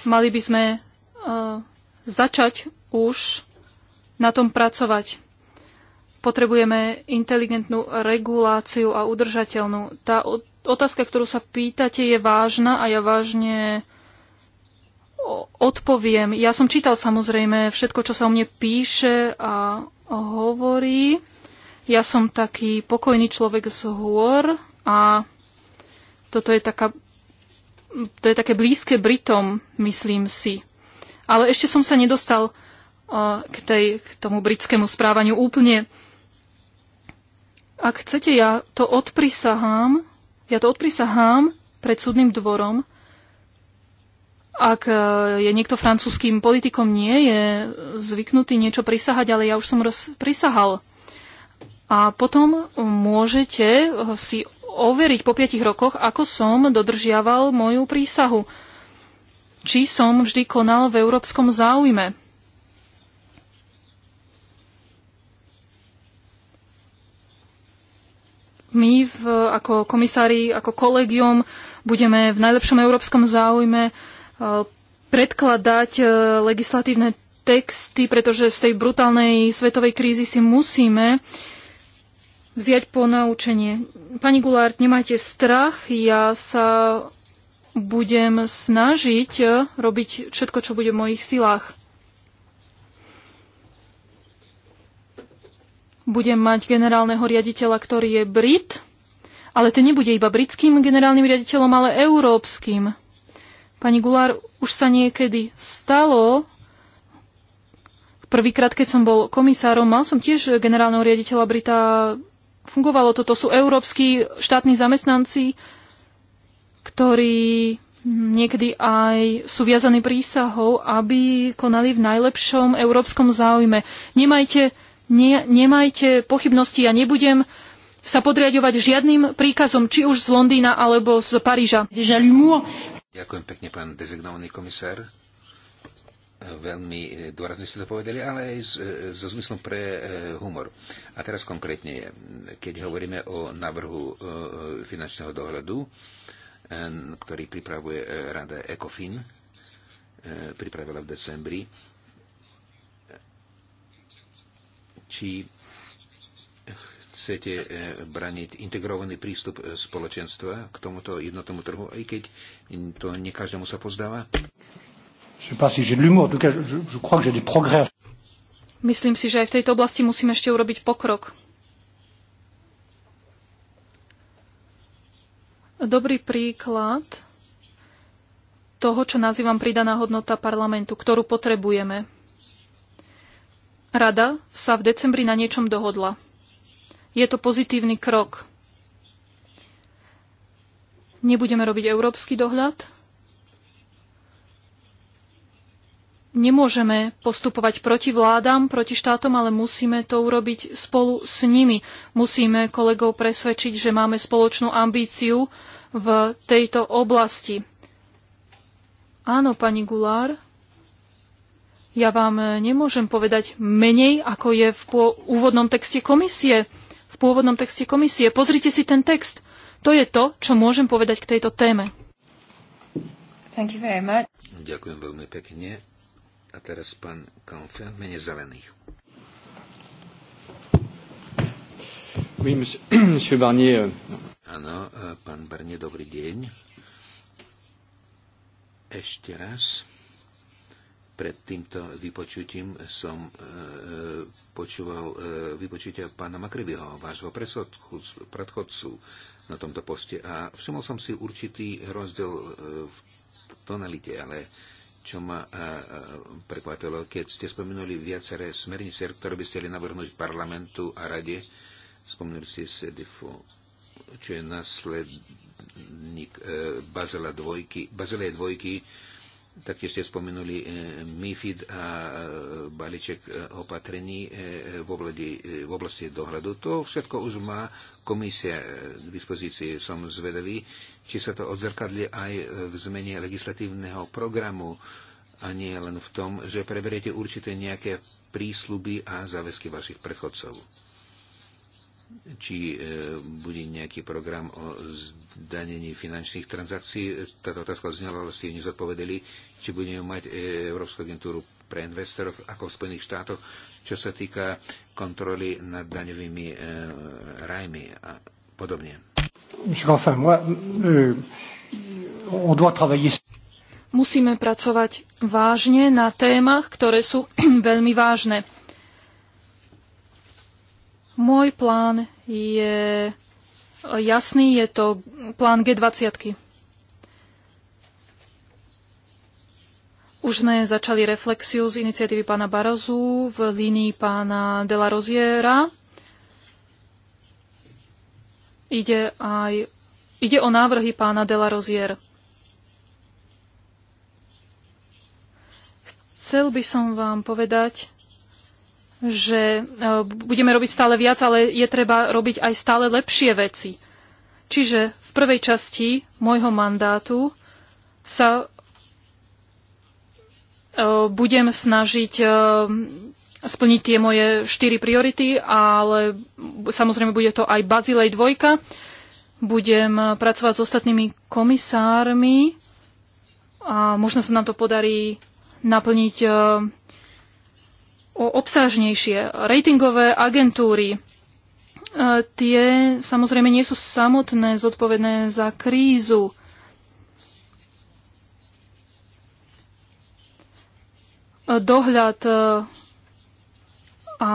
mali by sme uh, začať už na tom pracovať. Potrebujeme inteligentnú reguláciu a udržateľnú. Tá otázka, ktorú sa pýtate, je vážna a ja vážne odpoviem. Ja som čítal samozrejme všetko, čo sa o mne píše a hovorí. Ja som taký pokojný človek z hôr a toto je, taká, to je také blízke Britom, myslím si. Ale ešte som sa nedostal uh, k, tej, k tomu britskému správaniu úplne. Ak chcete, ja to odprisahám, ja to odprisahám pred súdnym dvorom, ak uh, je niekto francúzským politikom, nie je zvyknutý niečo prisahať, ale ja už som prisahal. A potom môžete si overiť po 5 rokoch, ako som dodržiaval moju prísahu. Či som vždy konal v európskom záujme. My v, ako komisári, ako kolegium budeme v najlepšom európskom záujme e, predkladať e, legislatívne texty, pretože z tej brutálnej svetovej krízy si musíme uh, vziať po naučenie. Pani Gulárd, nemajte strach, ja sa budem snažiť eh, robiť všetko, čo bude v mojich silách. Budem mať generálneho riaditeľa, ktorý je Brit, ale ten nebude iba britským generálnym riaditeľom, ale európskym. Pani Gulár, už sa niekedy stalo, prvýkrát, keď som bol komisárom, mal som tiež generálneho riaditeľa Brita fungovalo to. To sú európsky štátni zamestnanci, ktorí niekedy aj sú viazaní prísahou, aby konali v najlepšom európskom záujme. Nemajte, ne, nemajte pochybnosti, ja nebudem sa podriadovať žiadnym príkazom, či už z Londýna alebo z Paríža. Ďakujem pekne, pán dezignovaný komisár veľmi e, dôrazne ste to povedali, ale aj e, so zmyslom pre e, humor. A teraz konkrétne, keď hovoríme o návrhu finančného dohľadu, ktorý pripravuje Rada ECOFIN, pripravila v decembri, či chcete braniť integrovaný prístup spoločenstva k tomuto jednotnému trhu, aj keď to nie každému sa pozdáva? Myslím si, že aj v tejto oblasti musíme ešte urobiť pokrok. Dobrý príklad toho, čo nazývam pridaná hodnota parlamentu, ktorú potrebujeme. Rada sa v decembri na niečom dohodla. Je to pozitívny krok. Nebudeme robiť európsky dohľad, nemôžeme postupovať proti vládam, proti štátom, ale musíme to urobiť spolu s nimi. Musíme kolegov presvedčiť, že máme spoločnú ambíciu v tejto oblasti. Áno, pani Gulár, ja vám nemôžem povedať menej, ako je v úvodnom texte komisie. V pôvodnom texte komisie. Pozrite si ten text. To je to, čo môžem povedať k tejto téme. Ďakujem veľmi pekne. A teraz pán Konfiant, mene zelených. Áno, e, pán Barnier, dobrý deň. Ešte raz. Pred týmto vypočutím som e, počúval e, vypočutia pána Makrivyho, vášho predchodcu na tomto poste a všimol som si určitý rozdiel e, v tonalite, ale e, čo ma uh, prekvapilo, keď ste spomenuli viaceré smernice, ktoré by ste chceli navrhnúť parlamentu a rade. Spomenuli ste SEDIFO, čo je následník uh, e, Bazela dvojky, Bazelej dvojky, Taktiež ste spomenuli e, MIFID a e, balíček e, opatrení v, e, v oblasti dohľadu. To všetko už má komisia k dispozícii. Som zvedavý, či sa to odzrkadli aj v zmene legislatívneho programu a nie len v tom, že preberiete určité nejaké prísluby a záväzky vašich predchodcov či e, bude nejaký program o zdanení finančných transakcií. Táto otázka znela, ale ste ju nezodpovedali. Či budeme mať e, Európsku agentúru pre investorov ako v Spojených štátoch, čo sa týka kontroly nad daňovými e, rajmi a podobne. Euh, Musíme pracovať vážne na témach, ktoré sú veľmi vážne. Môj plán je jasný, je to plán G20. Už sme začali reflexiu z iniciatívy pána Barozu v línii pána Dela Roziera. Ide, aj, ide o návrhy pána Dela Rozier. Chcel by som vám povedať, že e, budeme robiť stále viac, ale je treba robiť aj stále lepšie veci. Čiže v prvej časti môjho mandátu sa e, budem snažiť e, splniť tie moje štyri priority, ale samozrejme bude to aj Bazilej dvojka. Budem pracovať s ostatnými komisármi a možno sa nám to podarí naplniť o obsážnejšie. Ratingové agentúry, e, tie samozrejme nie sú samotné zodpovedné za krízu. Dohľad e, a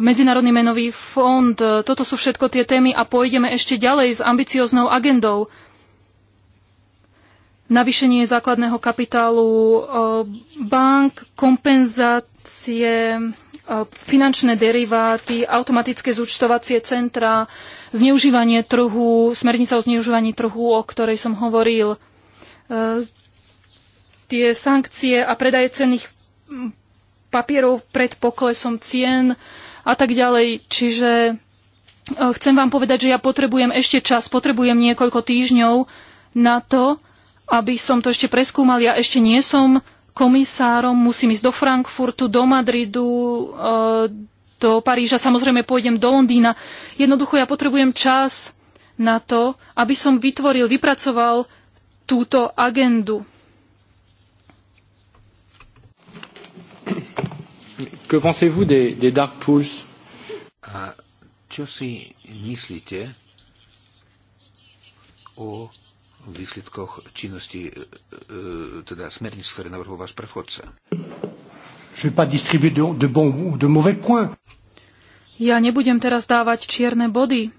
Medzinárodný menový fond, e, toto sú všetko tie témy a pôjdeme ešte ďalej s ambicioznou agendou navýšenie základného kapitálu e, bank, kompenzácie, e, finančné deriváty, automatické zúčtovacie centra, zneužívanie trhu, smernica o zneužívaní trhu, o ktorej som hovoril, e, tie sankcie a predaje cenných papierov pred poklesom cien a tak ďalej. Čiže chcem vám povedať, že ja potrebujem ešte čas, potrebujem niekoľko týždňov na to, aby som to ešte preskúmal. Ja ešte nie som komisárom, musím ísť do Frankfurtu, do Madridu, e, do Paríža, samozrejme pôjdem do Londýna. Jednoducho ja potrebujem čas na to, aby som vytvoril, vypracoval túto agendu. Que pensez-vous des, des dark pools? A čo si myslíte o výsledkoch činnosti, e, e, teda smerníc, ktoré navrhol váš predchodca. Ja nebudem teraz dávať čierne body.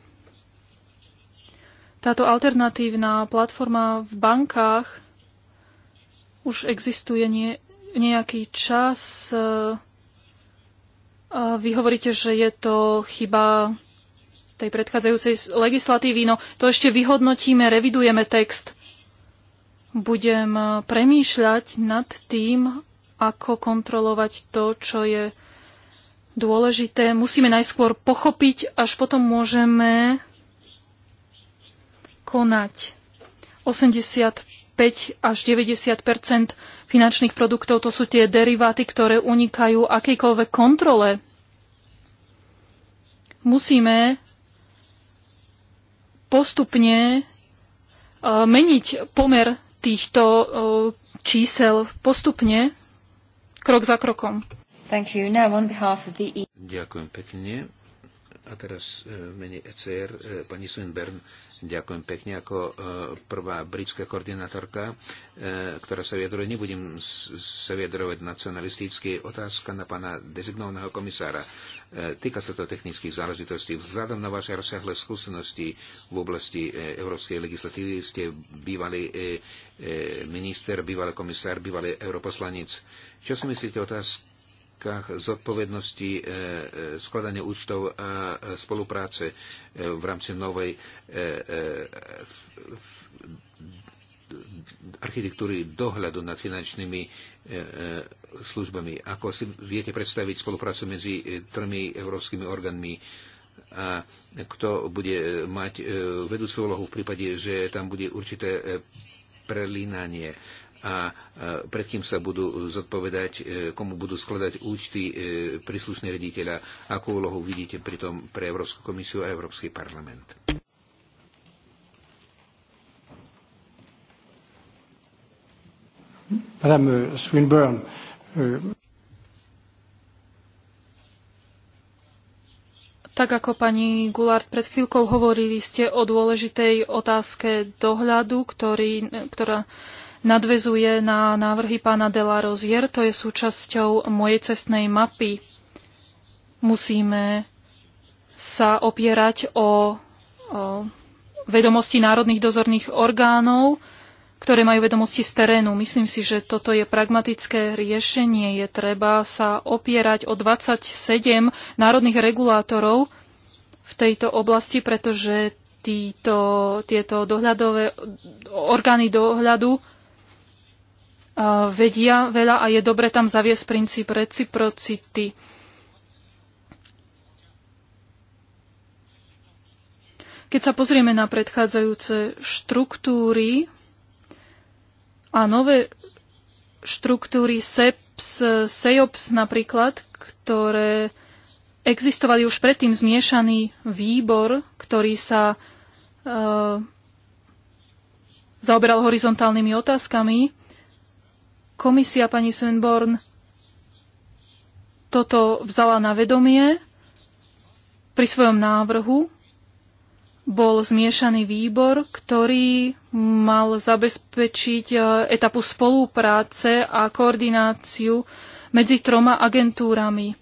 Táto alternatívna platforma v bankách už existuje nie, nejaký čas. E, Vy hovoríte, že je to chyba tej predchádzajúcej legislatívy. No to ešte vyhodnotíme, revidujeme text. Budem eh, premýšľať nad tým, ako kontrolovať to, čo je dôležité. Musíme najskôr pochopiť, až potom môžeme konať. 85 až 90 finančných produktov to sú tie deriváty, ktoré unikajú akejkoľvek kontrole. Musíme postupne e, meniť pomer týchto e, čísel postupne, krok za krokom. E- Ďakujem pekne. A teraz e, v ECR, e e, pani Swinburne, ďakujem pekne ako prvá britská koordinátorka, ktorá sa vyjadruje. Nebudem sa vyjadrovať nacionalisticky. Otázka na pána dezignovaného komisára. Týka sa to technických záležitostí. Vzhľadom na vaše rozsiahle skúsenosti v oblasti európskej legislatívy ste bývalý minister, bývalý komisár, bývalý europoslanec. Čo si myslíte otázka? otázkach zodpovednosti e, e, skladania účtov a spolupráce e, v rámci novej architektúry dohľadu nad finančnými službami. Ako si viete predstaviť spoluprácu medzi tromi európskymi orgánmi a kto bude mať vedúcu úlohu v prípade, že tam bude určité prelínanie a predtým sa budú zodpovedať, e, komu budú skladať účty e, príslušní rediteľa, akú úlohu vidíte pritom pre Európsku komisiu a Európsky parlament. Madame uh, Swinburne, uh, Tak ako pani Gulard pred chvíľkou hovorili ste o dôležitej otázke dohľadu, ktorý, ktorá nadvezuje na návrhy pána de la Rozier. To je súčasťou mojej cestnej mapy. Musíme sa opierať o, o vedomosti národných dozorných orgánov, ktoré majú vedomosti z terénu. Myslím si, že toto je pragmatické riešenie. Je treba sa opierať o 27 národných regulátorov v tejto oblasti, pretože títo, tieto dohľadové orgány dohľadu vedia veľa a je dobre tam zaviesť princíp reciprocity. Keď sa pozrieme na predchádzajúce štruktúry a nové štruktúry SEPS, SEOPS napríklad, ktoré existovali už predtým zmiešaný výbor, ktorý sa e, zaoberal horizontálnymi otázkami, Komisia pani Svenborn toto vzala na vedomie pri svojom návrhu bol zmiešaný výbor, ktorý mal zabezpečiť e, etapu spolupráce a koordináciu medzi troma agentúrami.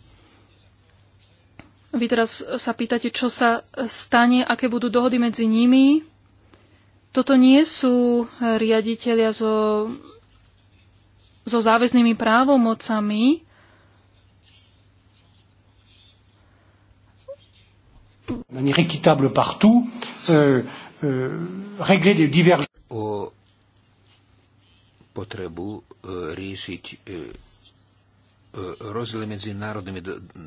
Vy teraz sa pýtate, čo sa stane, aké budú dohody medzi nimi. Toto nie sú riaditeľia zo so záväznými právomocami euh, euh, O potrebu e, riešiť e, e, rozdiely medzi národnými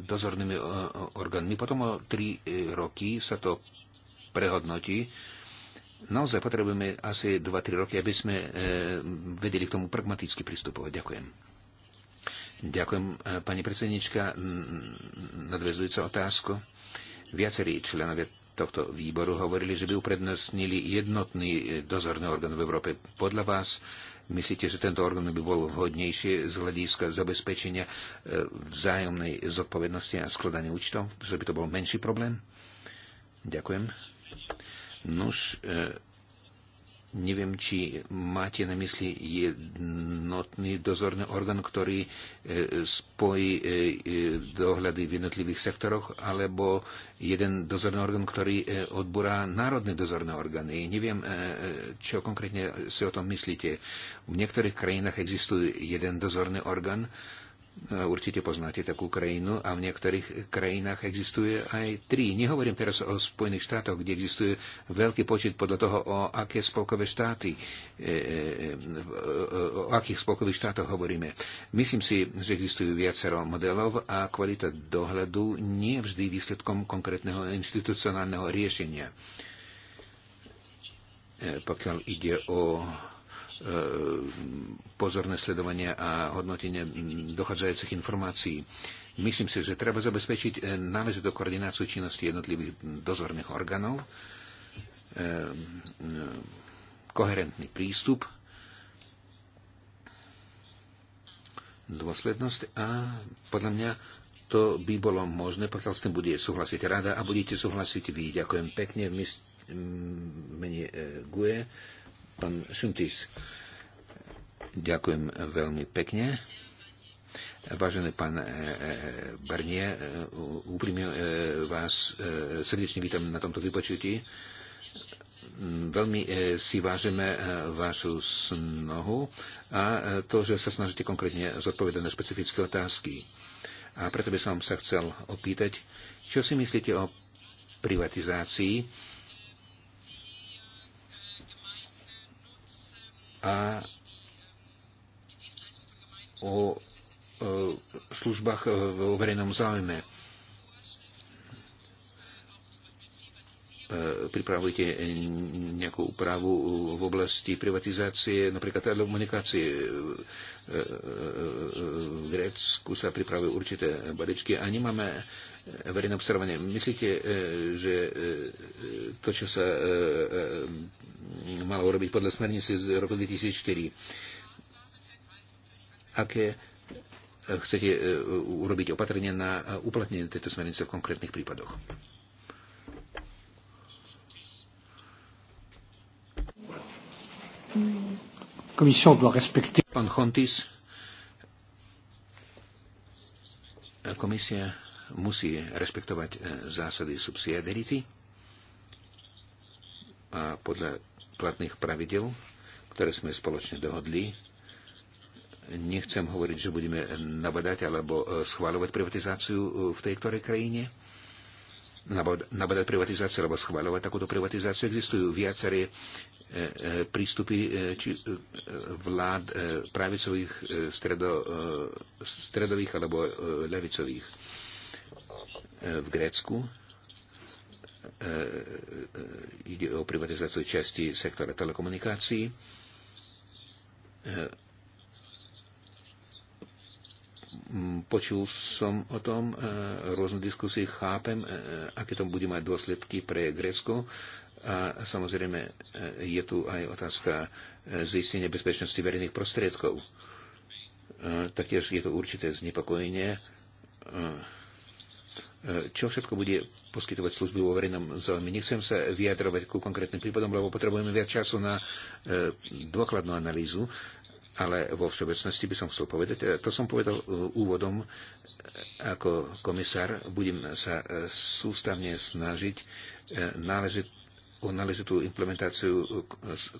dozornými orgánmi. Potom o tri roky sa to prehodnotí naozaj potrebujeme asi 2-3 roky, aby sme e, vedeli k tomu pragmaticky pristupovať. Ďakujem. Ďakujem, e, pani predsednička. Nadvezujúca otázku. Viacerí členovia tohto výboru hovorili, že by uprednostnili jednotný e, dozorný orgán v Európe. Podľa vás myslíte, že tento orgán by bol vhodnejší z hľadiska zabezpečenia vzájomnej zodpovednosti a skladania účtov? Že by to bol menší problém? Ďakujem. Nuž, e, neviem, či máte na mysli jednotný dozorný orgán, ktorý e, spojí e, dohľady v jednotlivých sektoroch, alebo jeden dozorný orgán, ktorý odbúra národné dozorné orgány. Neviem, čo konkrétne si o tom myslíte. V niektorých krajinách existuje jeden dozorný orgán, Určite poznáte takú krajinu a v niektorých krajinách existuje aj tri. Nehovorím teraz o Spojených štátoch, kde existuje veľký počet podľa toho, o aké spolkové štáty, e, e, e, o akých spolkových štátoch hovoríme. Myslím si, že existujú viacero modelov a kvalita dohľadu nie vždy výsledkom konkrétneho institucionálneho riešenia pokiaľ ide o E, pozorné sledovanie a hodnotenie dochádzajúcich informácií. Myslím si, že treba zabezpečiť e, náležitú koordináciu činnosti jednotlivých dozorných orgánov, e, koherentný prístup, dôslednosť a podľa mňa to by bolo možné, pokiaľ s tým bude súhlasiť rada a budete súhlasiť vy. Ďakujem pekne mene GUE. Pán Šuntis, ďakujem veľmi pekne. Vážený pán e, e, Barnier, e, úprimne vás srdečne vítam na tomto vypočutí. Veľmi si vážime vašu snohu a to, že sa snažíte konkrétne zodpovedať na špecifické otázky. A preto by som sa chcel opýtať, čo si myslíte o privatizácii a o e, službách vo verejnom záujme. E, pripravujete nejakú úpravu e, v oblasti privatizácie, napríklad telekomunikácie. E, v Grécku sa pripravujú určité balíčky a nemáme verejné obstarávanie. Myslíte, že to, čo sa malo urobiť podľa smernice z roku 2004, aké chcete urobiť opatrenie na uplatnenie tejto smernice v konkrétnych prípadoch? Pán Chontis, komisia musí respektovať e, zásady subsidiarity a podľa platných pravidel, ktoré sme spoločne dohodli, nechcem hovoriť, že budeme nabadať alebo e, schváľovať privatizáciu e, v tej ktorej krajine, nabadať privatizáciu alebo schváľovať takúto privatizáciu. Existujú viaceré e, e, prístupy e, či vlád pravicových, stredo, stredových alebo levicových. V Grécku ide o privatizáciu časti sektora telekomunikácií Mm, počul som o tom e, rôzne diskusie, chápem, e, aké to bude mať dôsledky pre Grécko. A samozrejme e, je tu aj otázka zistenia bezpečnosti verejných prostriedkov. Taktiež je to určité znepokojenie, čo všetko bude poskytovať služby vo verejnom záujme. Nechcem sa vyjadrovať ku konkrétnym prípadom, lebo potrebujeme viac času na dôkladnú analýzu. Ale vo všeobecnosti by som chcel povedať, e, to som povedal e, úvodom e, ako komisár, budem sa sústavne snažiť náležiť o náležitú implementáciu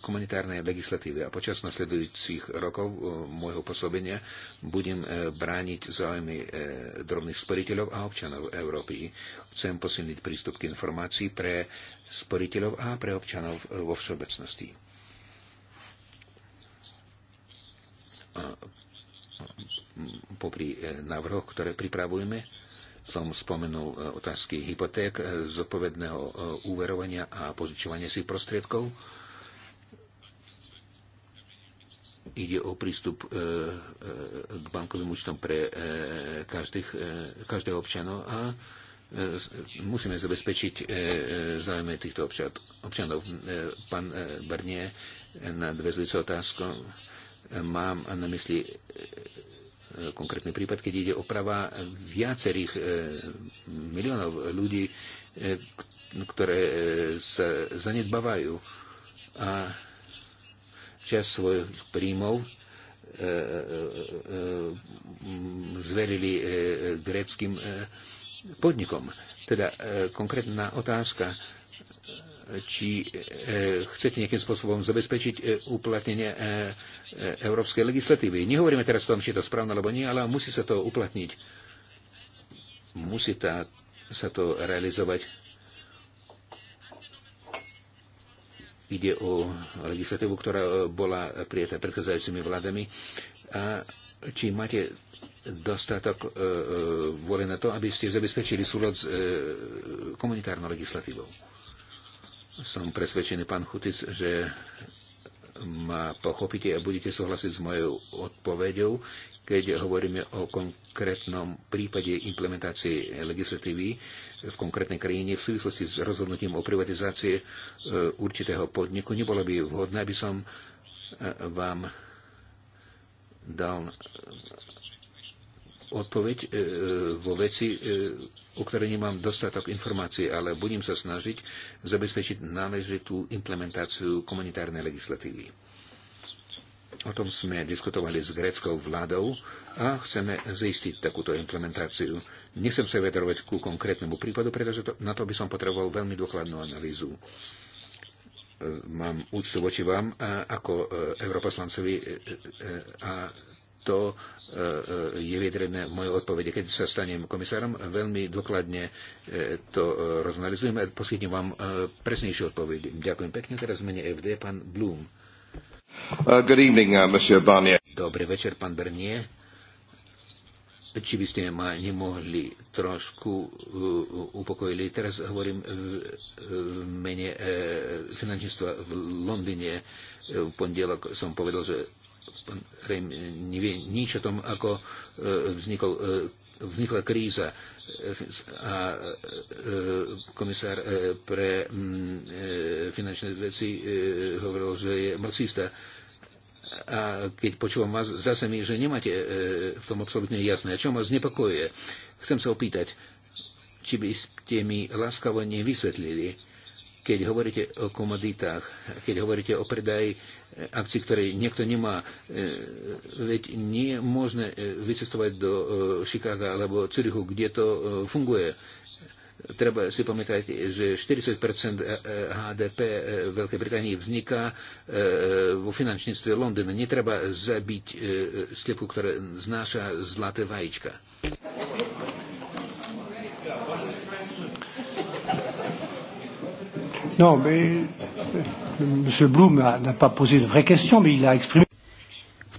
komunitárnej legislatívy a počas nasledujúcich rokov môjho pôsobenia budem brániť záujmy drobných sporiteľov a občanov Európy. Chcem posilniť prístup k informácii pre sporiteľov a pre občanov vo všeobecnosti. popri e, návrhoch, ktoré pripravujeme, som spomenul e, otázky hypoték, e, zodpovedného úverovania a požičovania si prostriedkov. Ide o prístup k bankovým účtom pre každých, každého občana a musíme zabezpečiť zájme týchto občanov. Pán Barnier, nadvezujúca otázka, Mám na mysli e, e, konkrétny prípad, keď ide o práva viacerých e, miliónov ľudí, ktoré sa zanedbávajú a časť svojich príjmov zverili gréckým podnikom. Teda konkrétna otázka, či e, e, chcete nejakým spôsobom zabezpečiť e, uplatnenie európskej legislatívy. Nehovoríme teraz o tom, či je to správne alebo nie, ale musí sa to uplatniť. Musí tá, sa to realizovať. Ide o legislatívu, ktorá bola prijatá predchádzajúcimi vládami. A či máte dostatok e, e, vôle na to, aby ste zabezpečili súlad s e, komunitárnou legislatívou. Som presvedčený, pán Chutis, že ma pochopíte a budete súhlasiť s mojou odpoveďou, keď hovoríme o konkrétnom prípade implementácie legislatívy v konkrétnej krajine v súvislosti s rozhodnutím o privatizácii e, určitého podniku. Nebolo by vhodné, aby som e, vám dal odpoveď e, e, vo veci, e, o ktorej nemám dostatok informácií, ale budem sa snažiť zabezpečiť náležitú implementáciu komunitárnej legislatívy. O tom sme diskutovali s greckou vládou a chceme zistiť takúto implementáciu. Nechcem sa vedrovať ku konkrétnemu prípadu, pretože to, na to by som potreboval veľmi dôkladnú analýzu mám úctu voči vám ako europoslancovi a to e, e, je vyjadrené v mojej odpovede. Keď sa stanem komisárom, veľmi dôkladne e, to rozanalizujem a poskytnem vám presnejšiu odpoveď. Ďakujem pekne. Teraz mene FD, pán Blum. Uh, good evening, uh, Monsieur Barnier. Dobrý večer, pán Bernier. Či by ste ma nemohli trošku upokojili? Teraz hovorím v, mene finančníctva v Londýne. V pondelok som povedal, že nevie eh, nič o tom, ako eh, vznikol, eh, vznikla kríza. A komisár pre mm, finančné veci hovoril, že je marxista. A keď počúvam vás, zdá sa mi, že nemáte v tom absolútne jasné. Čo ma znepokojuje? Chcem sa opýtať, či by ste mi láskavo nevysvetlili, keď hovoríte o komoditách, keď hovoríte o predaji eh, akcií, ktoré niekto nemá, eh, veď nie je možné eh, vycestovať do Chicaga alebo Cirichu, kde to funguje. Treba si pamätať, že 40 HDP Veľkej Británii vzniká vo finančníctve Londýna. Netreba zabiť slepku, ktorá znáša zlaté vajíčka. Non, mais M. Blum n'a pas posé de vraies questions, mais il a exprimé.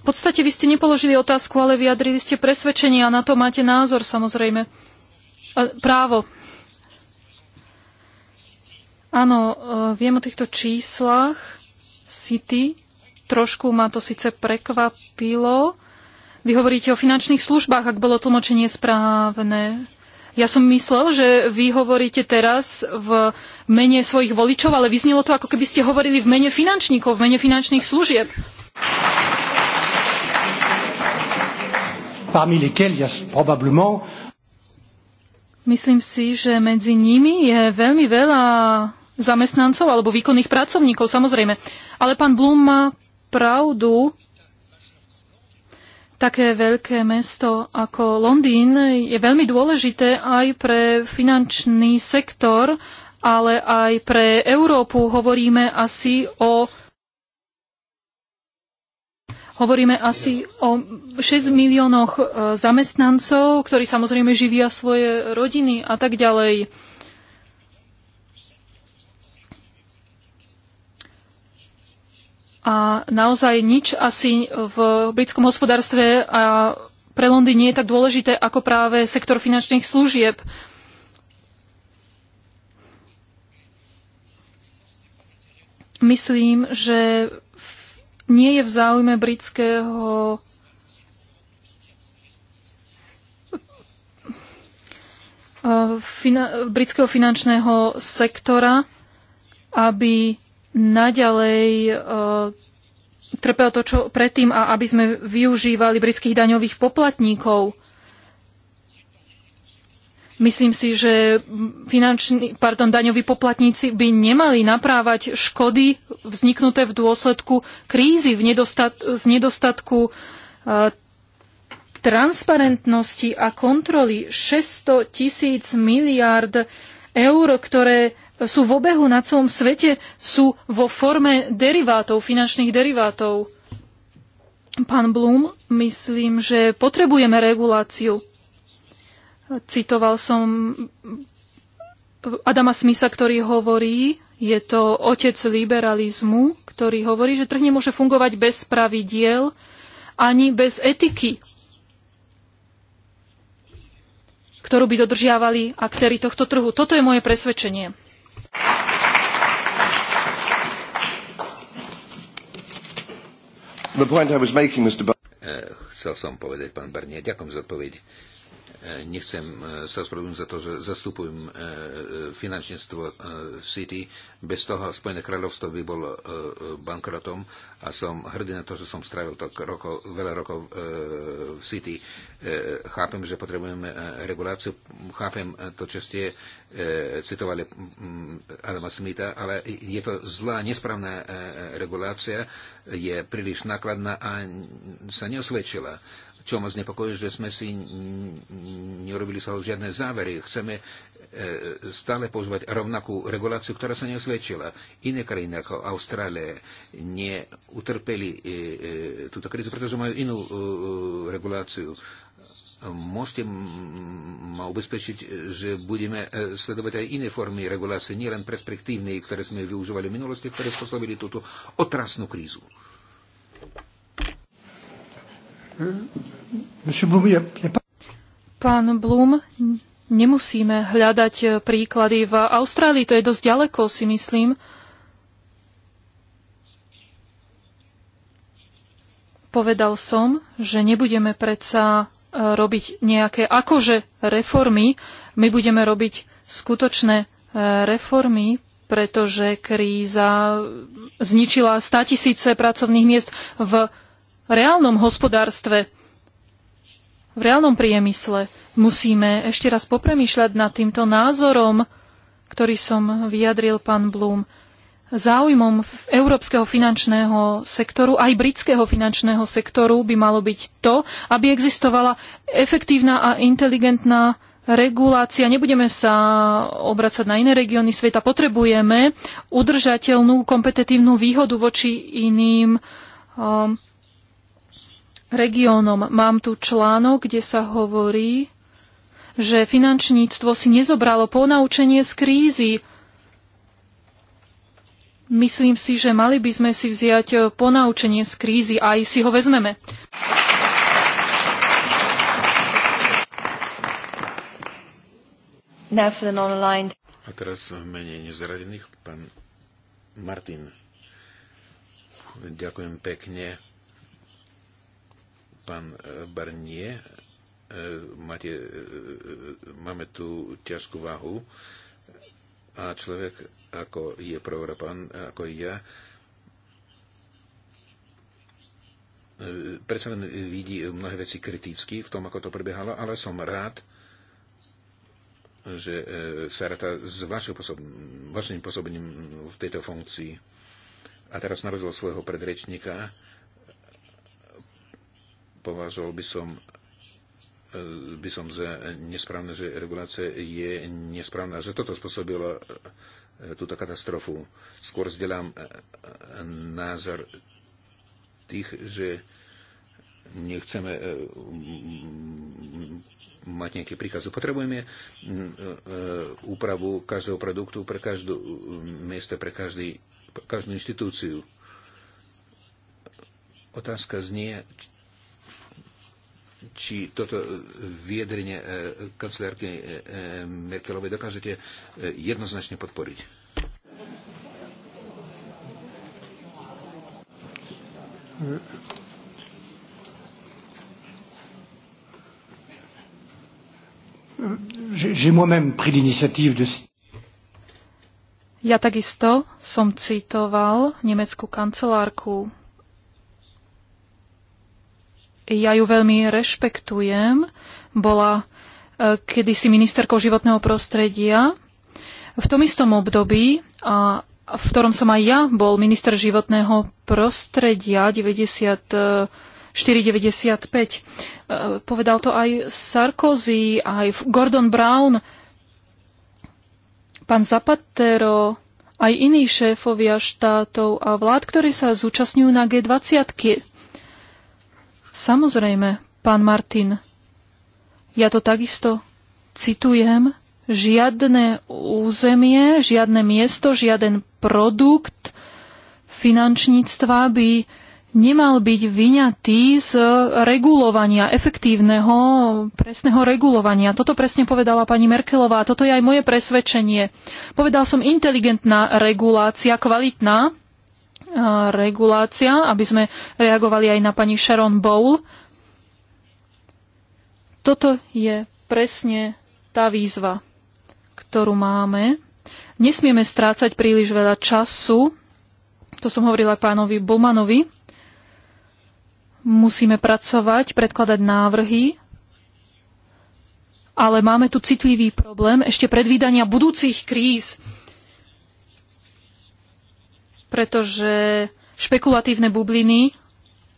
V podstate vy ste nepoložili otázku, ale vyjadrili ste presvedčenie a na to máte názor samozrejme. A, právo. Áno, e, viem o týchto číslach. City. Trošku ma to síce prekvapilo. Vy hovoríte o finančných službách, ak bolo tlmočenie správne. Ja som myslel, že vy hovoríte teraz v mene svojich voličov, ale vyznelo to, ako keby ste hovorili v mene finančníkov, v mene finančných služieb. Myslím si, že medzi nimi je veľmi veľa zamestnancov alebo výkonných pracovníkov, samozrejme. Ale pán Blum má pravdu, také veľké mesto ako Londýn je veľmi dôležité aj pre finančný sektor, ale aj pre Európu hovoríme asi o Hovoríme asi o 6 miliónoch eh, zamestnancov, ktorí samozrejme živia svoje rodiny a tak ďalej. A naozaj nič asi v britskom hospodárstve a pre Londýn nie je tak dôležité ako práve sektor finančných služieb. Myslím, že nie je v záujme britského fina, britského finančného sektora, aby naďalej eh, trpel to, čo predtým a aby sme využívali britských daňových poplatníkov. Myslím si, že finanční, pardon, daňoví poplatníci by nemali naprávať škody vzniknuté v dôsledku krízy, v nedostat, z nedostatku uh, transparentnosti a kontroly 600 tisíc miliárd eur, ktoré sú v obehu na celom svete, sú vo forme derivátov, finančných derivátov. Pán Blum, myslím, že potrebujeme reguláciu. Citoval som Adama Smisa, ktorý hovorí, je to otec liberalizmu, ktorý hovorí, že trh nemôže fungovať bez pravidiel ani bez etiky, ktorú by dodržiavali aktéry tohto trhu. Toto je moje presvedčenie. The point I was making, Mr. Bar- eh, Chcel som povedať, pán Barnier, ďakujem za odpoveď. E, nechcem e, sa spravedlniť za to, že zastupujem e, finančníctvo City. Bez toho Spojené kráľovstvo by bolo bankrotom a som hrdý na to, že som strávil tak roko, veľa rokov v City. Chápem, že potrebujeme reguláciu, chápem to, čo ste citovali Adama Smitha, ale je to zlá, nesprávna regulácia, je príliš nákladná a sa neosvedčila čo ma znepokojuje, že sme si nerobili sa žiadne závery. Chceme e, stále používať rovnakú reguláciu, ktorá sa neosvedčila. Iné krajiny ako Austrália neutrpeli e, e, túto krizu, pretože majú inú reguláciu. Môžete ma ubezpečiť, že budeme sledovať aj iné formy regulácie, nielen perspektívnej, ktoré sme využívali v minulosti, ktoré spôsobili túto otrasnú krízu. Pán Blum, nemusíme hľadať e, príklady. V Austrálii to je dosť ďaleko, si myslím. Povedal som, že nebudeme predsa e, robiť nejaké akože reformy. My budeme robiť skutočné e, reformy, pretože kríza zničila statisíce pracovných miest v reálnom hospodárstve, v reálnom priemysle. Musíme ešte raz popremýšľať nad týmto názorom, ktorý som vyjadril pán Blum, záujmom európskeho finančného sektoru, aj britského finančného sektoru by malo byť to, aby existovala efektívna a inteligentná regulácia. Nebudeme sa obracať na iné regióny sveta. Potrebujeme udržateľnú kompetitívnu výhodu voči iným um, regiónom. Mám tu článok, kde sa hovorí, že finančníctvo si nezobralo ponaučenie z krízy. Myslím si, že mali by sme si vziať ponaučenie z krízy a aj si ho vezmeme. A teraz menej nezradených, pán Martin. Ďakujem pekne Pán e, Barnie, e, máte, e, máme tu ťažkú váhu a človek, ako je proeurópan, ako ja, predsa len vidí mnohé veci kriticky v tom, ako to prebiehalo, ale som rád, že sa ráta s vašim, pôsob- vašim pôsobením v tejto funkcii. A teraz narodil svojho predrečníka, považoval by som eh, by som za nesprávne, že regulácia je nesprávna, že toto spôsobilo eh, túto katastrofu. Skôr vzdelám eh, názor tých, že nechceme mať nejaké príkazy. Potrebujeme úpravu každého produktu pre každú miesto, pre každý, každú inštitúciu. Otázka znie, či toto vyjadrenie e, kancelárky e, e, Merkelovej dokážete jednoznačne podporiť. ja takisto som citoval nemeckú kancelárku ja ju veľmi rešpektujem. Bola e, kedysi ministerkou životného prostredia. V tom istom období, a v ktorom som aj ja bol minister životného prostredia 90 4,95. E, povedal to aj Sarkozy, aj Gordon Brown, pán Zapatero, aj iní šéfovia štátov a vlád, ktorí sa zúčastňujú na G20. Samozrejme, pán Martin, ja to takisto citujem. Žiadne územie, žiadne miesto, žiaden produkt finančníctva by nemal byť vyňatý z regulovania, efektívneho, presného regulovania. Toto presne povedala pani Merkelová, toto je aj moje presvedčenie. Povedal som inteligentná regulácia, kvalitná, regulácia, aby sme reagovali aj na pani Sharon Bowl. Toto je presne tá výzva, ktorú máme. Nesmieme strácať príliš veľa času, to som hovorila pánovi Bulmanovi. Musíme pracovať, predkladať návrhy, ale máme tu citlivý problém ešte predvídania budúcich kríz pretože špekulatívne bubliny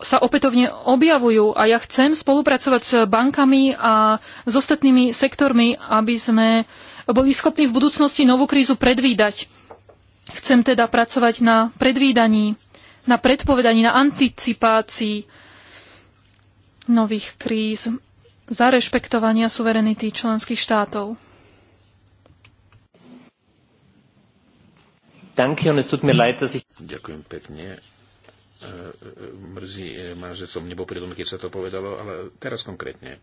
sa opätovne objavujú a ja chcem spolupracovať s bankami a s ostatnými sektormi, aby sme boli schopní v budúcnosti novú krízu predvídať. Chcem teda pracovať na predvídaní, na predpovedaní, na anticipácii nových kríz, za rešpektovania suverenity členských štátov. Danke und es tut mir leid, dass ich... Ďakujem pekne. E, e, mrzí e, ma, že som nebol tom, keď sa to povedalo, ale teraz konkrétne.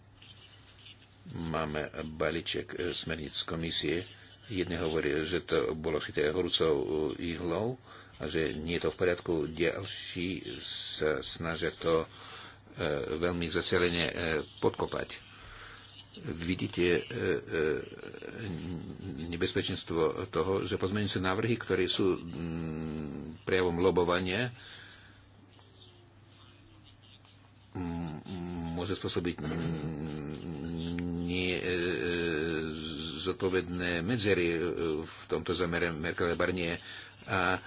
Máme balíček smerníc komisie. Jedne hovorí, že to bolo šité horúcou ihlou a že nie je to v poriadku. Ďalší sa snažia to veľmi zacelene podkopať vidíte e, e, nebezpečenstvo toho, že pozmeňujúce návrhy, ktoré sú mm, prejavom lobovania, mm, môže spôsobiť mm, nie e, zodpovedné medzery v tomto zamere Merkel Barnie Barnier. A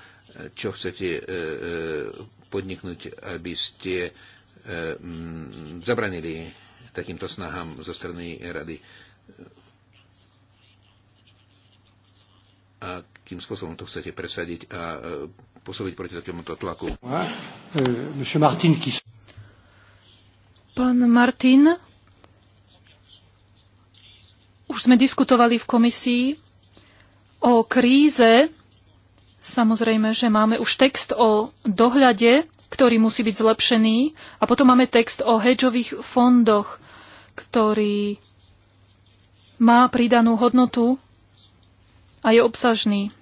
čo chcete podniknúť, aby ste zabranili takýmto snahám zo strany rady. A kým spôsobom to chcete presadiť a e, posobiť proti takémuto tlaku? Pán Martin, už sme diskutovali v komisii o kríze. Samozrejme, že máme už text o dohľade ktorý musí byť zlepšený. A potom máme text o hedžových fondoch ktorý má pridanú hodnotu a je obsažný.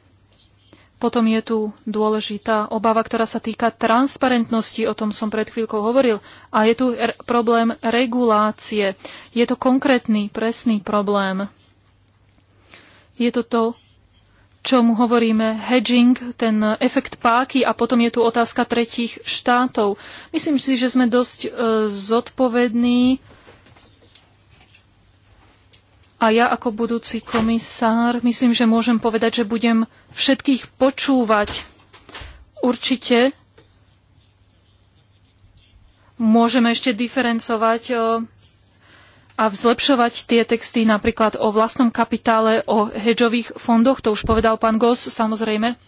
Potom je tu dôležitá obava, ktorá sa týka transparentnosti, o tom som pred chvíľkou hovoril, a je tu r- problém regulácie. Je to konkrétny, presný problém. Je to to, čo mu hovoríme hedging, ten efekt páky a potom je tu otázka tretích štátov. Myslím si, že sme dosť e, zodpovední a ja ako budúci komisár myslím, že môžem povedať, že budem všetkých počúvať. Určite môžeme ešte diferencovať a zlepšovať tie texty napríklad o vlastnom kapitále, o hedžových fondoch. To už povedal pán Gos, samozrejme.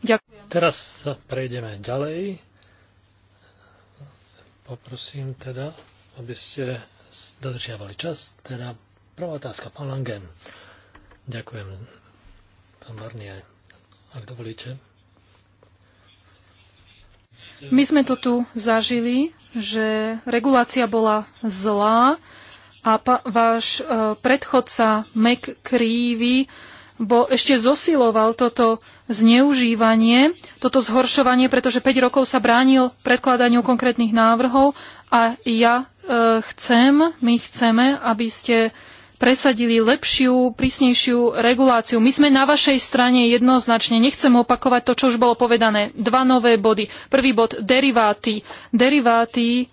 Ďakujem. Teraz sa prejdeme ďalej. Poprosím teda, aby ste dodržiavali čas. Teda prvá otázka, pán Langen. Ďakujem, pán Barnier, ak dovolíte. My sme to tu zažili, že regulácia bola zlá a váš e, predchodca McCreevy bo ešte zosiloval toto zneužívanie, toto zhoršovanie, pretože 5 rokov sa bránil predkladaniu konkrétnych návrhov a ja Eh, chcem, my chceme, aby ste presadili lepšiu, prísnejšiu reguláciu. My sme na vašej strane jednoznačne. Nechcem opakovať to, čo už bolo povedané. Dva nové body. Prvý bod, deriváty. Deriváty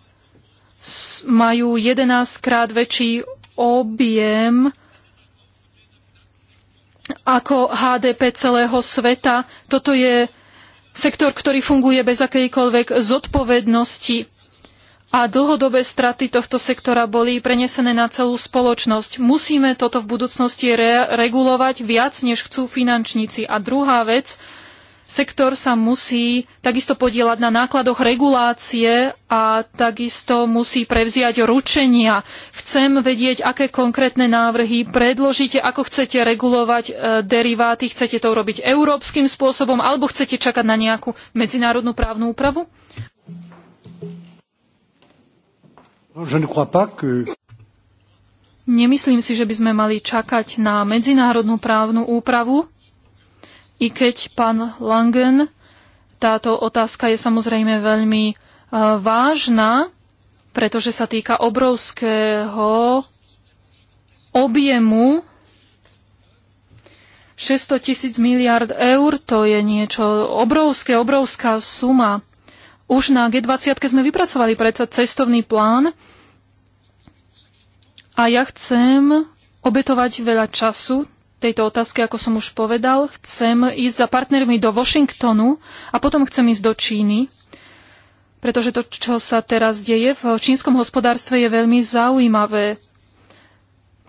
majú 11 krát väčší objem ako HDP celého sveta. Toto je sektor, ktorý funguje bez akejkoľvek zodpovednosti a dlhodobé straty tohto sektora boli prenesené na celú spoločnosť. Musíme toto v budúcnosti re- regulovať viac, než chcú finančníci. A druhá vec, sektor sa musí takisto podielať na nákladoch regulácie a takisto musí prevziať ručenia. Chcem vedieť, aké konkrétne návrhy predložíte, ako chcete regulovať e, deriváty, chcete to urobiť európskym spôsobom alebo chcete čakať na nejakú medzinárodnú právnu úpravu? Nemyslím si, že by sme mali čakať na medzinárodnú právnu úpravu, i keď pán Langen, táto otázka je samozrejme veľmi eh, vážna, pretože sa týka obrovského objemu 600 tisíc miliard eur, to je niečo obrovské, obrovská suma. Už na G20 sme vypracovali predsa cestovný plán a ja chcem obetovať veľa času tejto otázke, ako som už povedal. Chcem ísť za partnermi do Washingtonu a potom chcem ísť do Číny, pretože to, čo sa teraz deje v čínskom hospodárstve, je veľmi zaujímavé.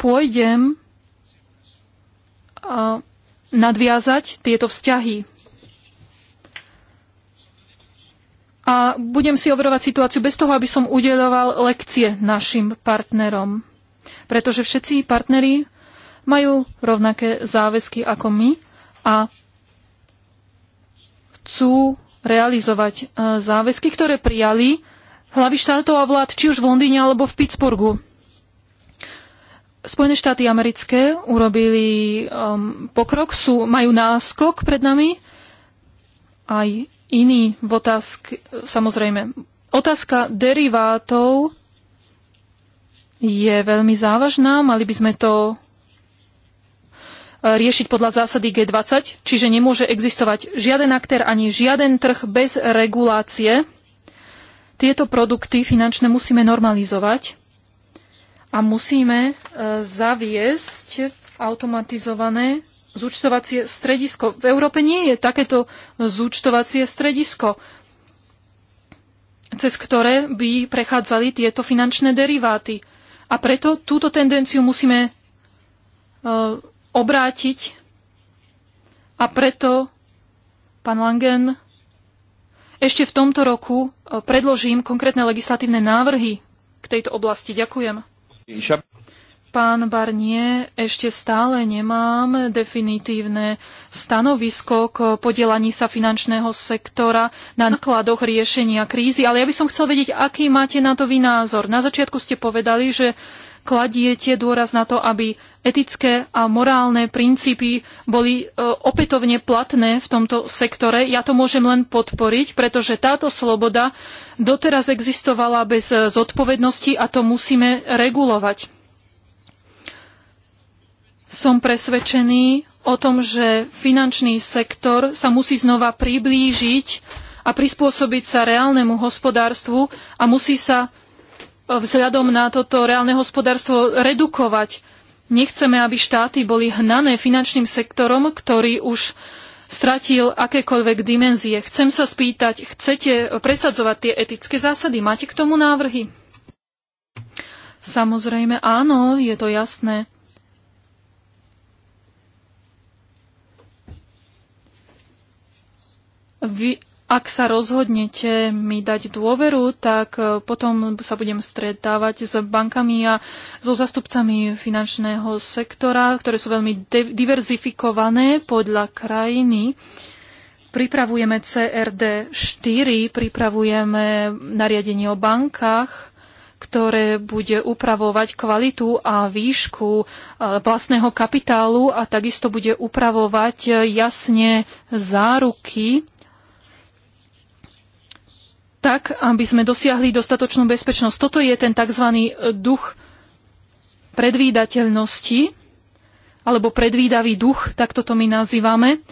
Pôjdem nadviazať tieto vzťahy a budem si obrovať situáciu bez toho, aby som udeloval lekcie našim partnerom. Pretože všetci partneri majú rovnaké záväzky ako my a chcú realizovať e, záväzky, ktoré prijali hlavy štátov a vlád, či už v Londýne alebo v Pittsburghu. Spojené štáty americké urobili um, pokrok, sú, majú náskok pred nami. Aj iný v otázke, samozrejme. Otázka derivátov je veľmi závažná. Mali by sme to eh, riešiť podľa zásady G20, čiže nemôže existovať žiaden aktér ani žiaden trh bez regulácie. Tieto produkty finančné musíme normalizovať a musíme eh, zaviesť automatizované zúčtovacie stredisko. V Európe nie je takéto zúčtovacie stredisko, cez ktoré by prechádzali tieto finančné deriváty. A preto túto tendenciu musíme e, obrátiť a preto, pán Langen, ešte v tomto roku e, predložím konkrétne legislatívne návrhy k tejto oblasti. Ďakujem. Pán Barnie, ešte stále nemám definitívne stanovisko k podielaní sa finančného sektora na nákladoch riešenia krízy, ale ja by som chcel vedieť, aký máte na to vy názor. Na začiatku ste povedali, že kladiete dôraz na to, aby etické a morálne princípy boli e, opätovne platné v tomto sektore. Ja to môžem len podporiť, pretože táto sloboda doteraz existovala bez e, zodpovednosti a to musíme regulovať. Som presvedčený o tom, že finančný sektor sa musí znova priblížiť a prispôsobiť sa reálnemu hospodárstvu a musí sa e, vzhľadom na toto reálne hospodárstvo redukovať. Nechceme, aby štáty boli hnané finančným sektorom, ktorý už stratil akékoľvek dimenzie. Chcem sa spýtať, chcete presadzovať tie etické zásady? Máte k tomu návrhy? Samozrejme áno, je to jasné. Vy, ak sa rozhodnete mi dať dôveru, tak e, potom sa budem stretávať s bankami a so zastupcami finančného sektora, ktoré sú veľmi diverzifikované podľa krajiny. Pripravujeme CRD 4, pripravujeme nariadenie o bankách, ktoré bude upravovať kvalitu a výšku e, vlastného kapitálu a takisto bude upravovať e, jasne záruky tak, aby sme dosiahli dostatočnú bezpečnosť. Toto je ten tzv. duch predvídateľnosti, alebo predvídavý duch, tak toto my nazývame.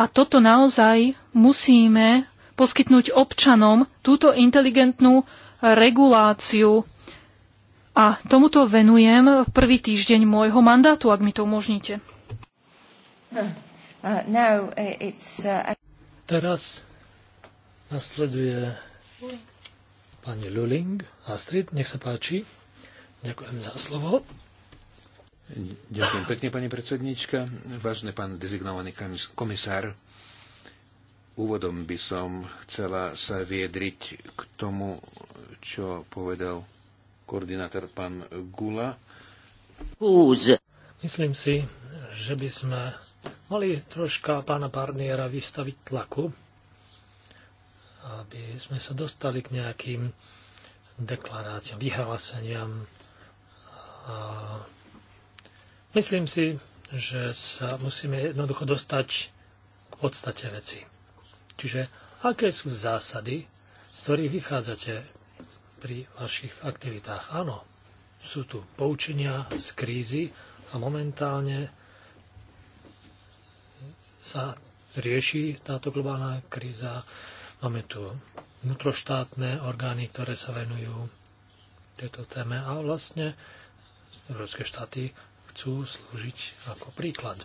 A toto naozaj musíme poskytnúť občanom túto inteligentnú reguláciu. A tomuto venujem prvý týždeň môjho mandátu, ak mi to umožníte. Uh, uh, no, uh, Teraz nasleduje Pani Luling, Astrid, nech sa páči. Ďakujem za slovo. Ďakujem pekne, pani predsednička. Vážne pán dezignovaný komisár, úvodom by som chcela sa viedriť k tomu, čo povedal koordinátor pán Gula. Úz. Myslím si, že by sme mali troška pána Parniera vystaviť tlaku, aby sme sa dostali k nejakým deklaráciám, vyhláseniam. A myslím si, že sa musíme jednoducho dostať k podstate veci. Čiže aké sú zásady, z ktorých vychádzate pri vašich aktivitách? Áno, sú tu poučenia z krízy a momentálne sa rieši táto globálna kríza Máme tu vnútroštátne orgány, ktoré sa venujú tejto téme a vlastne európske štáty chcú slúžiť ako príklad.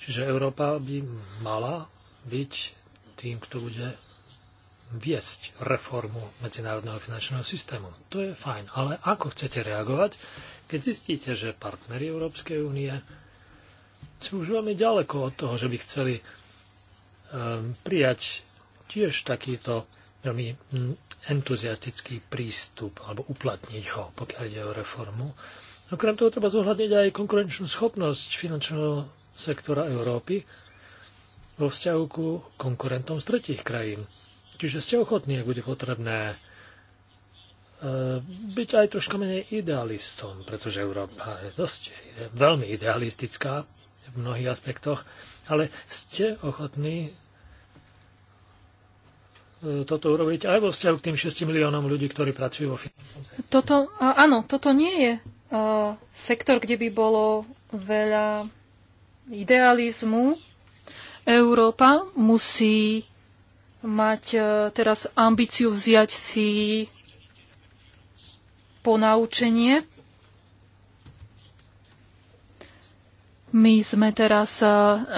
Čiže Európa by mala byť tým, kto bude viesť reformu medzinárodného finančného systému. To je fajn, ale ako chcete reagovať, keď zistíte, že partnery Európskej únie sú už veľmi ďaleko od toho, že by chceli ehm, prijať tiež takýto veľmi mm, entuziastický prístup alebo uplatniť ho, pokiaľ ide o reformu. Okrem toho treba zohľadniť aj konkurenčnú schopnosť finančného sektora Európy vo vzťahu ku konkurentom z tretich krajín. Čiže ste ochotní, ak bude potrebné, e, byť aj troška menej idealistom, pretože Európa je dosť je veľmi idealistická v mnohých aspektoch, ale ste ochotní E, toto urobiť aj vo vzťahu k tým 6 miliónom ľudí, ktorí pracujú vo finančnom sektore. Toto, áno, toto nie je uh, sektor, kde by bolo veľa idealizmu. Európa musí mať uh, teraz ambíciu vziať si ponaučenie. My sme teraz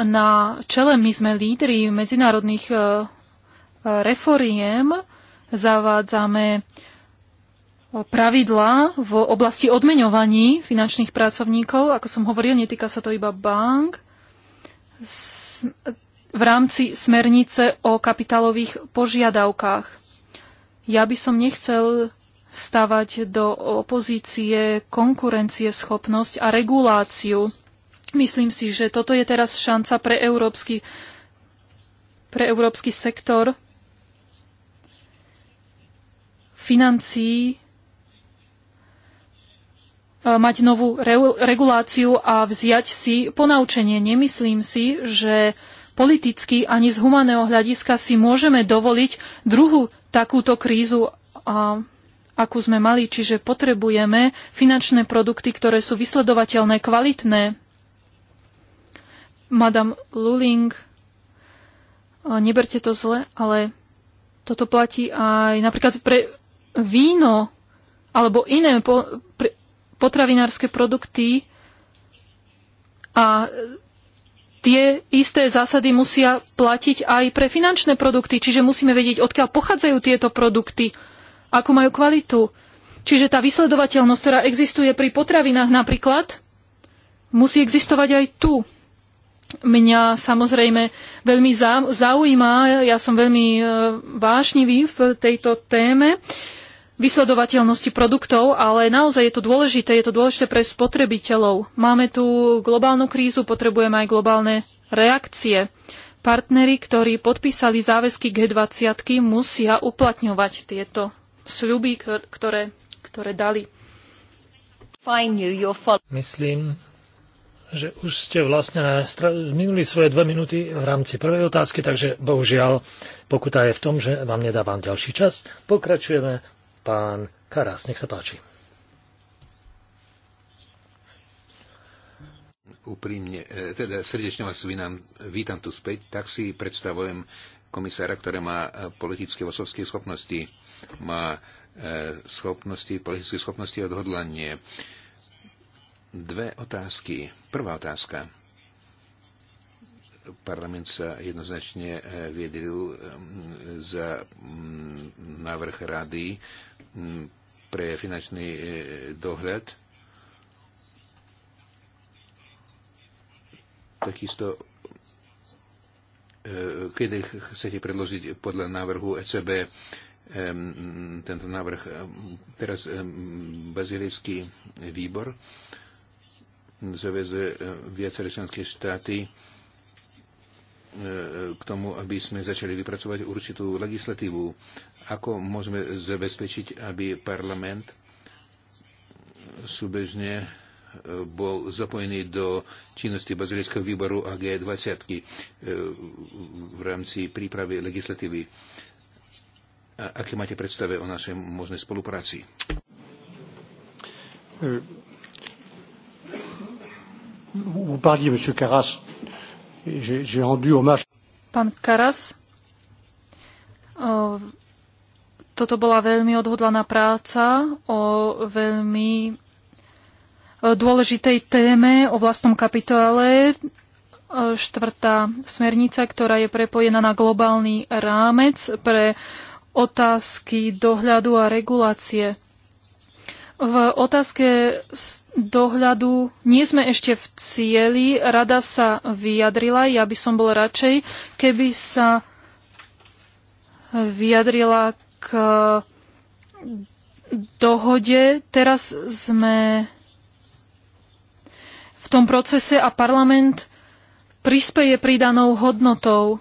na čele, my sme lídri medzinárodných reforiem zavádzame pravidlá v oblasti odmeňovaní finančných pracovníkov. Ako som hovoril, netýka sa to iba bank. V rámci smernice o kapitálových požiadavkách. Ja by som nechcel stavať do opozície schopnosť a reguláciu. Myslím si, že toto je teraz šanca pre európsky, pre európsky sektor financií e, mať novú reguláciu a vziať si ponaučenie. Nemyslím si, že politicky ani z humaného hľadiska si môžeme dovoliť druhú takúto krízu, a, akú sme mali. Čiže potrebujeme finančné produkty, ktoré sú vysledovateľné, kvalitné. Madame Luling, e, neberte to zle, ale toto platí aj napríklad pre víno alebo iné potravinárske produkty a tie isté zásady musia platiť aj pre finančné produkty, čiže musíme vedieť, odkiaľ pochádzajú tieto produkty, akú majú kvalitu. Čiže tá vysledovateľnosť, ktorá existuje pri potravinách napríklad, musí existovať aj tu. Mňa samozrejme veľmi zaujíma, ja som veľmi e, vášnivý v tejto téme, vysledovateľnosti produktov, ale naozaj je to dôležité, je to dôležité pre spotrebiteľov. Máme tu globálnu krízu, potrebujeme aj globálne reakcie. Partnery, ktorí podpísali záväzky G20, musia uplatňovať tieto sľuby, ktoré, ktoré dali. Myslím, že už ste vlastne minuli svoje dve minúty v rámci prvej otázky, takže bohužiaľ pokuta je v tom, že vám nedávam ďalší čas. Pokračujeme pán Karas. Nech sa páči. Úprimne, e, teda srdečne vás vynám, vítam tu späť. Tak si predstavujem komisára, ktoré má e, politické osobské schopnosti. Má e, schopnosti, politické schopnosti a odhodlanie. Dve otázky. Prvá otázka parlament sa jednoznačne viedil za návrh rady pre finančný e, dohľad. Takisto, e, kedy chcete predložiť podľa návrhu ECB e, tento návrh teraz bazilický výbor zavezuje viaceré členské štáty k tomu, aby sme začali vypracovať určitú legislatívu ako môžeme zabezpečiť, aby parlament súbežne e, bol zapojený do činnosti Bazilejského výboru AG20 e, v rámci prípravy legislatívy. A aké máte predstave o našej možnej spolupráci? Pán Karas, toto bola veľmi odhodlaná práca o veľmi e, dôležitej téme o vlastnom kapitále. E, štvrtá smernica, ktorá je prepojená na globálny rámec pre otázky dohľadu a regulácie. V otázke dohľadu nie sme ešte v cieli. Rada sa vyjadrila. Ja by som bol radšej, keby sa vyjadrila k eh, dohode. Teraz sme v tom procese a parlament prispeje pridanou hodnotou.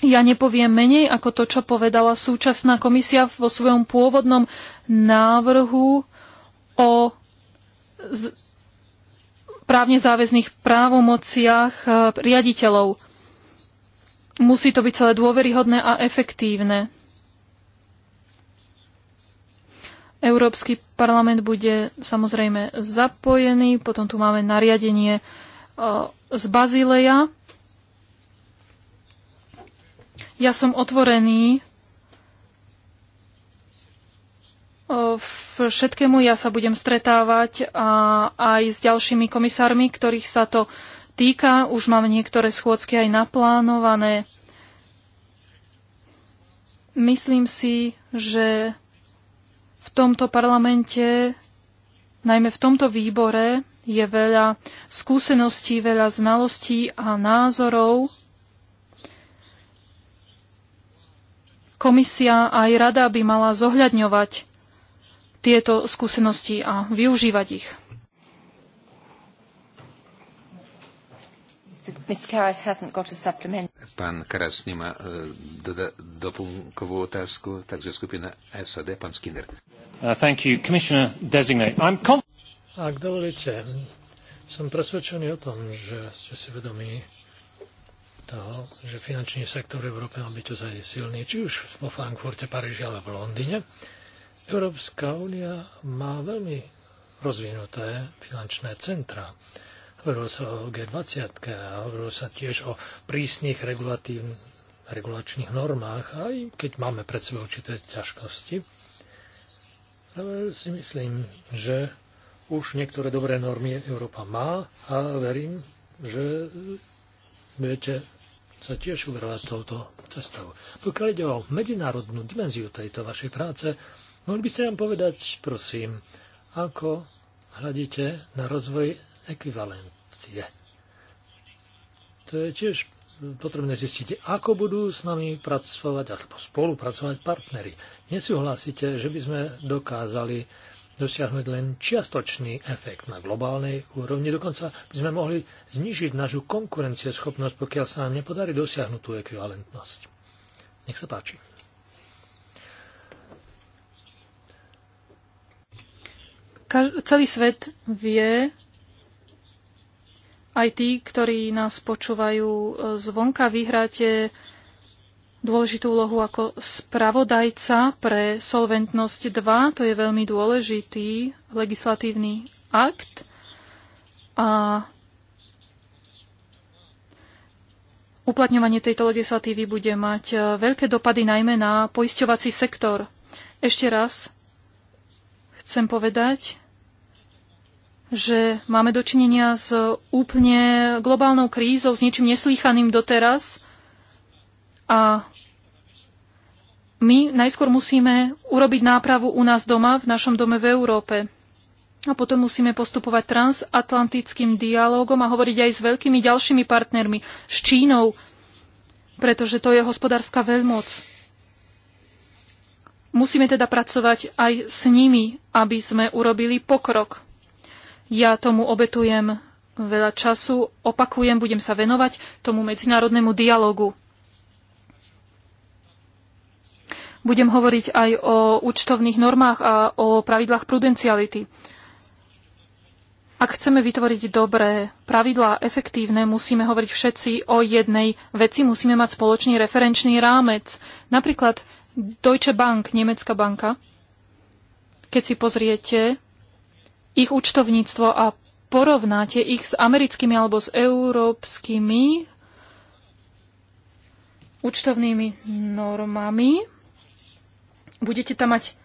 Ja nepoviem menej ako to, čo povedala súčasná komisia vo svojom pôvodnom návrhu o právne záväzných právomociach eh, riaditeľov. Musí to byť celé dôveryhodné a efektívne. Európsky parlament bude samozrejme zapojený, potom tu máme nariadenie e, z Bazileja. Ja som otvorený e, všetkému. Ja sa budem stretávať aj s ďalšími komisármi, ktorých sa to týka. Už máme niektoré schôdzky aj naplánované. Myslím si, že v tomto parlamente, najmä v tomto výbore, je veľa skúseností, veľa znalostí a názorov. Komisia aj rada by mala zohľadňovať tieto skúsenosti a využívať ich. Pán Karas nemá e, doda- doplnkovú otázku, takže skupina SAD, pán Skinner. Uh, thank you, Commissioner Designate. I'm conf- Ak dovolíte, som presvedčený o tom, že ste si vedomí toho, že finančný sektor v Európe má byť ozaj silný, či už vo Frankfurte, Paríži alebo v Londýne. Európska únia má veľmi rozvinuté finančné centra. Hovorilo sa o G20 a hovorilo sa tiež o prísnych regulačných normách, aj keď máme pred sebou určité ťažkosti. Ale si myslím, že už niektoré dobré normy Európa má a verím, že budete sa tiež uverovať touto cestou. Pokiaľ ide o medzinárodnú dimenziu tejto vašej práce, mohli by ste nám povedať, prosím, ako hľadíte na rozvoj ekvivalencie. To je tiež potrebné zistiť, ako budú s nami pracovať a spolupracovať partnery. Nesúhlasíte, že by sme dokázali dosiahnuť len čiastočný efekt na globálnej úrovni. Dokonca by sme mohli znižiť našu konkurencieschopnosť, pokiaľ sa nám nepodarí dosiahnuť tú ekvivalentnosť. Nech sa páči. celý svet vie, aj tí, ktorí nás počúvajú e, zvonka, vyhráte dôležitú úlohu ako spravodajca pre Solventnosť 2. To je veľmi dôležitý legislatívny akt. A uplatňovanie tejto legislatívy bude mať e, veľké dopady najmä na poisťovací sektor. Ešte raz chcem povedať, že máme dočinenia s úplne globálnou krízou, s niečím neslýchaným doteraz. A my najskôr musíme urobiť nápravu u nás doma, v našom dome v Európe. A potom musíme postupovať transatlantickým dialogom a hovoriť aj s veľkými ďalšími partnermi, s Čínou, pretože to je hospodárska veľmoc. Musíme teda pracovať aj s nimi, aby sme urobili pokrok. Ja tomu obetujem veľa času, opakujem, budem sa venovať tomu medzinárodnému dialogu. Budem hovoriť aj o účtovných normách a o pravidlách prudenciality. Ak chceme vytvoriť dobré pravidlá, efektívne, musíme hovoriť všetci o jednej veci, musíme mať spoločný referenčný rámec. Napríklad Deutsche Bank, nemecká banka, keď si pozriete ich účtovníctvo a porovnáte ich s americkými alebo s európskymi účtovnými normami, budete tam mať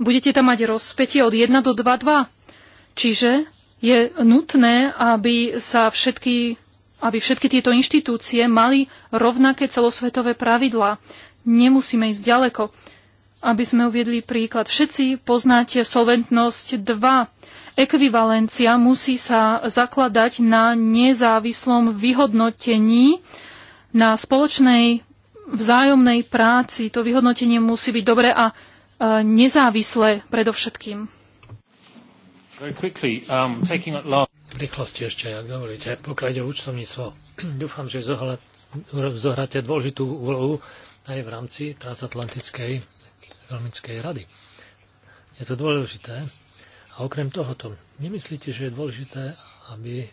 budete tam mať rozpätie od 1 do 2,2. Čiže je nutné, aby sa všetky, aby všetky tieto inštitúcie mali rovnaké celosvetové pravidlá. Nemusíme ísť ďaleko aby sme uviedli príklad. Všetci poznáte solventnosť 2. Ekvivalencia musí sa zakladať na nezávislom vyhodnotení, na spoločnej vzájomnej práci. To vyhodnotenie musí byť dobre a e, nezávislé predovšetkým. Um, v rýchlosti ešte, ak dovolíte, pokiaľ ide účtovníctvo. Dúfam, že zohráte dôležitú úlohu aj v rámci transatlantickej ekonomickej rady. Je to dôležité. A okrem tohoto, nemyslíte, že je dôležité, aby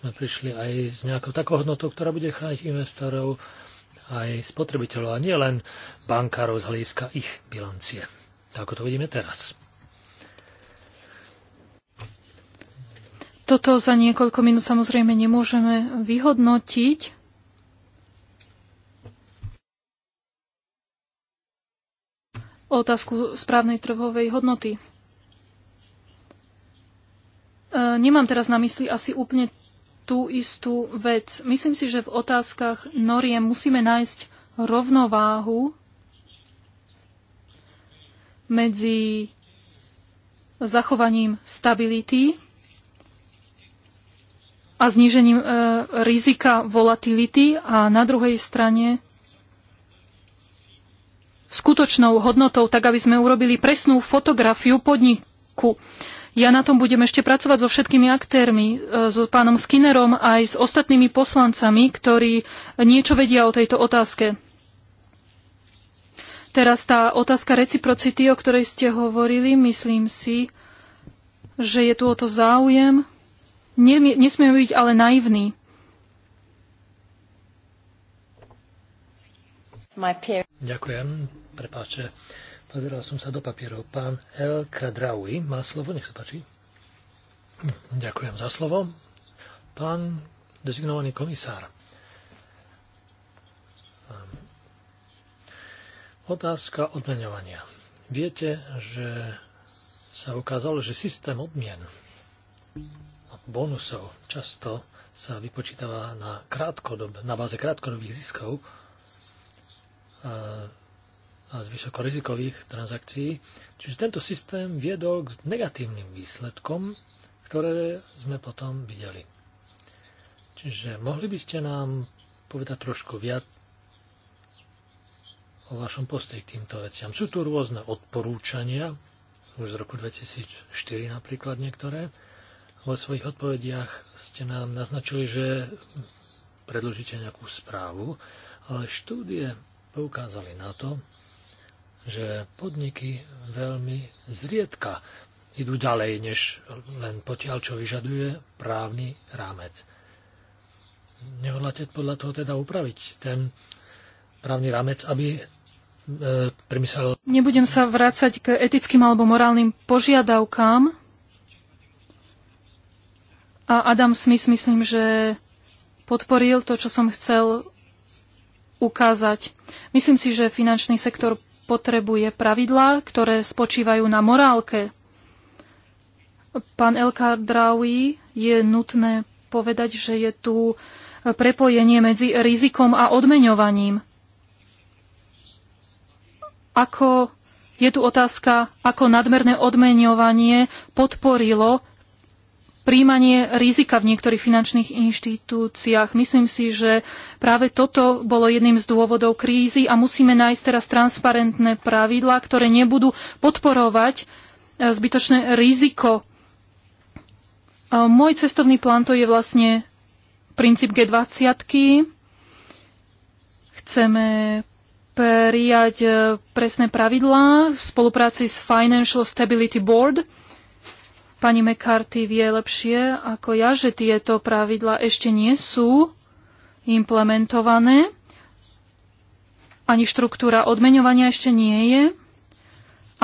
sme prišli aj s nejakou takou hodnotou, ktorá bude chrániť investorov aj spotrebiteľov a nie len bankárov z hľadiska ich bilancie. Ako to vidíme teraz. Toto za niekoľko minút samozrejme nemôžeme vyhodnotiť, otázku správnej trhovej hodnoty. E, nemám teraz na mysli asi úplne tú istú vec. Myslím si, že v otázkach noriem musíme nájsť rovnováhu medzi zachovaním stability a znížením e, rizika volatility a na druhej strane skutočnou hodnotou, tak aby sme urobili presnú fotografiu podniku. Ja na tom budem ešte pracovať so všetkými aktérmi, e, s pánom Skinnerom aj s ostatnými poslancami, ktorí niečo vedia o tejto otázke. Teraz tá otázka reciprocity, o ktorej ste hovorili, myslím si, že je tu o to záujem. Nesmieme byť ale naivní. Ďakujem prepáče, pozeral som sa do papierov. Pán El Kadraui má slovo, nech sa páči. Ďakujem za slovo. Pán dezignovaný komisár. Otázka odmenovania. Viete, že sa ukázalo, že systém odmien a bonusov často sa vypočítava na, krátkodob, na báze krátkodobých ziskov a z vysokorizikových transakcií. Čiže tento systém viedol k negatívnym výsledkom, ktoré sme potom videli. Čiže mohli by ste nám povedať trošku viac o vašom postoji k týmto veciam. Sú tu rôzne odporúčania, už z roku 2004 napríklad niektoré. Vo svojich odpovediach ste nám naznačili, že predložíte nejakú správu, ale štúdie poukázali na to, že podniky veľmi zriedka idú ďalej, než len potiaľ, čo vyžaduje právny rámec. Nehodláte podľa toho teda upraviť ten právny rámec, aby e, primysel... Nebudem sa vrácať k etickým alebo morálnym požiadavkám. A Adam Smith myslím, že podporil to, čo som chcel ukázať. Myslím si, že finančný sektor potrebuje pravidlá, ktoré spočívajú na morálke. Pán Elkar Draui je nutné povedať, že je tu prepojenie medzi rizikom a odmeňovaním. Ako je tu otázka, ako nadmerné odmeňovanie podporilo príjmanie rizika v niektorých finančných inštitúciách. Myslím si, že práve toto bolo jedným z dôvodov krízy a musíme nájsť teraz transparentné pravidlá, ktoré nebudú podporovať e, zbytočné riziko. E, môj cestovný plán to je vlastne princíp G20. Chceme prijať e, presné pravidlá v spolupráci s Financial Stability Board – Pani McCarthy vie lepšie ako ja, že tieto pravidla ešte nie sú implementované. Ani štruktúra odmeňovania ešte nie je.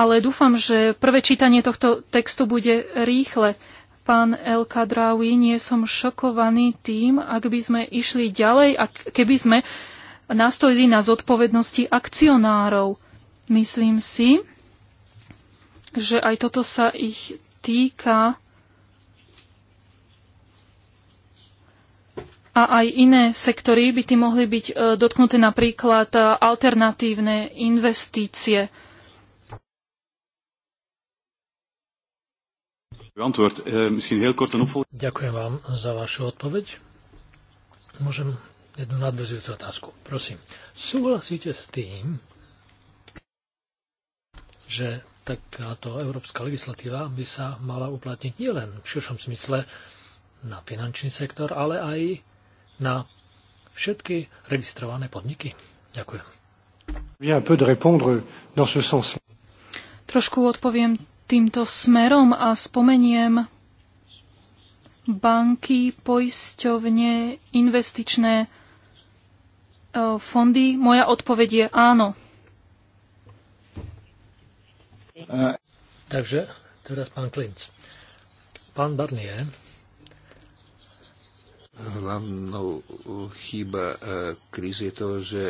Ale dúfam, že prvé čítanie tohto textu bude rýchle. Pán El Kadrawi, nie som šokovaný tým, ak by sme išli ďalej, ak, keby sme nastojili na zodpovednosti akcionárov. Myslím si, že aj toto sa ich týka a aj iné sektory by tým mohli byť e, dotknuté napríklad e, alternatívne investície. E, Ďakujem vám za vašu odpoveď. Môžem jednu nadvezujúcu otázku. Prosím, súhlasíte s tým, že takáto európska legislatíva by sa mala uplatniť nielen v širšom smysle na finančný sektor, ale aj na všetky registrované podniky. Ďakujem. Trošku odpoviem týmto smerom a spomeniem banky, poisťovne, investičné e, fondy. Moja odpoveď je áno. Takže teraz pán Klinc. Pán Barnier. Hlavnou chyba e, krízy je to, že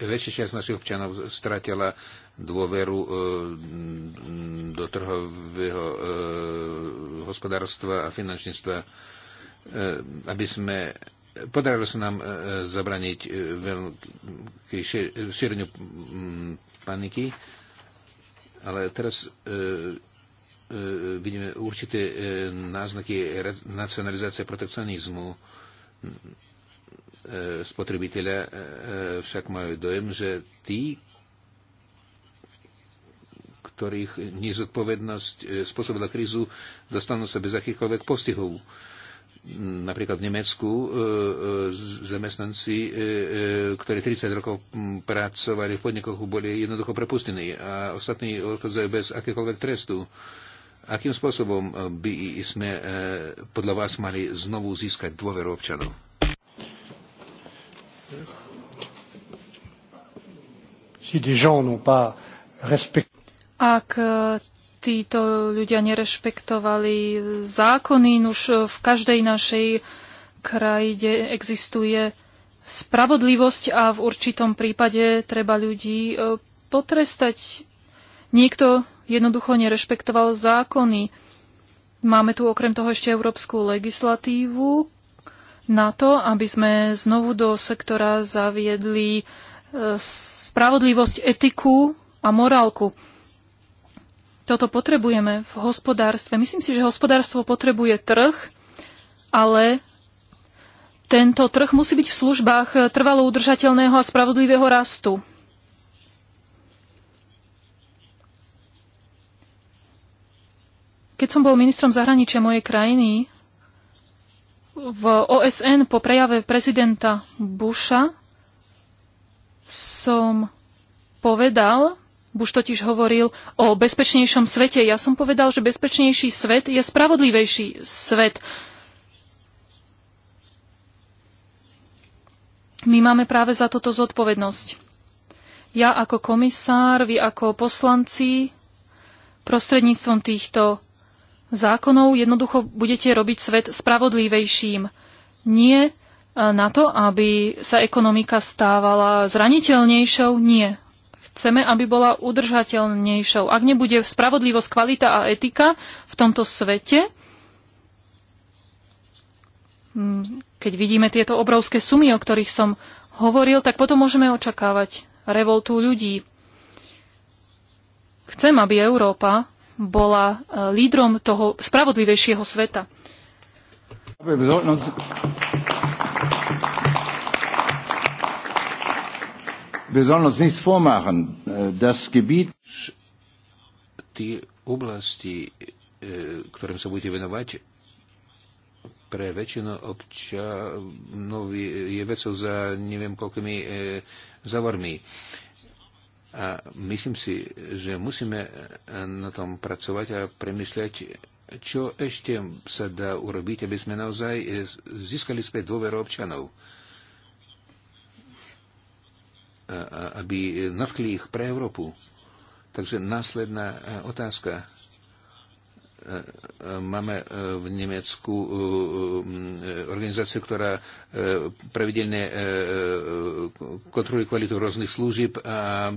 väčšia časť našich občanov stratila dôveru e, do trhového e, hospodárstva a finančníctva, aby sme podarilo sa nám zabraniť veľkej šíreniu paniky ale teraz e, e, vidíme určité e, náznaky nacionalizácie protekcionizmu. Spotrebitelia však majú dojem, že tí, ktorých nezodpovednosť spôsobila krízu, dostanú sa bez akýchkoľvek postihov. Napríklad v Nemecku e, e, zamestnanci, e, ktorí 30 rokov pracovali v podnikoch, boli jednoducho prepustení a ostatní odchádzajú bez akékoľvek trestu. Akým spôsobom by sme podľa vás mali znovu získať dôveru občanov? Si des gens n'ont pas respecté ak títo ľudia nerešpektovali zákony. Už e, v každej našej krajine existuje spravodlivosť a v určitom prípade treba ľudí e, potrestať. Niekto jednoducho nerešpektoval zákony. Máme tu okrem toho ešte európsku legislatívu na to, aby sme znovu do sektora zaviedli e, spravodlivosť, etiku a morálku. Toto potrebujeme v hospodárstve. Myslím si, že hospodárstvo potrebuje trh, ale tento trh musí byť v službách trvalo udržateľného a spravodlivého rastu. Keď som bol ministrom zahraničia mojej krajiny, v OSN po prejave prezidenta Busha som povedal, Bush totiž hovoril o bezpečnejšom svete. Ja som povedal, že bezpečnejší svet je spravodlivejší svet. My máme práve za toto zodpovednosť. Ja ako komisár, vy ako poslanci, prostredníctvom týchto zákonov jednoducho budete robiť svet spravodlivejším. Nie eh, na to, aby sa ekonomika stávala zraniteľnejšou, nie Chceme, aby bola udržateľnejšou. Ak nebude spravodlivosť, kvalita a etika v tomto svete, mm, keď vidíme tieto obrovské sumy, o ktorých som hovoril, tak potom môžeme očakávať revoltu ľudí. Chcem, aby Európa bola e, lídrom toho spravodlivejšieho sveta. Wir sollen uns nichts vormachen. Äh, das Gebiet... Tie oblasti, e, ktorým sa budete venovať, pre väčšinu občanov je vecou za neviem koľkými e, zavormi. A myslím si, že musíme na tom pracovať a premyšľať, čo ešte sa dá urobiť, aby sme naozaj e, získali späť dôveru občanov aby navkli ich pre Európu. Takže následná e, otázka. E, e, máme v Nemecku organizáciu, ktorá pravidelne kontroluje kvalitu rôznych služieb a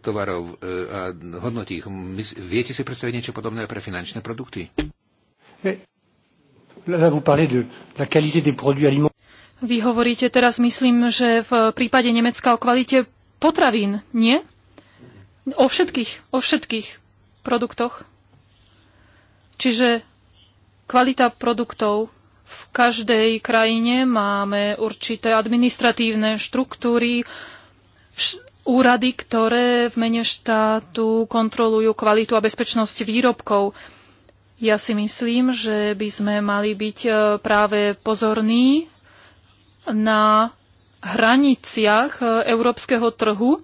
tovarov a hodnotí ich. Viete si predstaviť niečo podobné pre finančné produkty? Hey. Là, vous parlez de la qualité des produits alimentaires. Vy hovoríte teraz, myslím, že v prípade Nemecka o kvalite potravín, nie? O všetkých, o všetkých produktoch. Čiže kvalita produktov v každej krajine máme určité administratívne štruktúry, úrady, ktoré v mene štátu kontrolujú kvalitu a bezpečnosť výrobkov. Ja si myslím, že by sme mali byť e, práve pozorní na hraniciach e, európskeho trhu,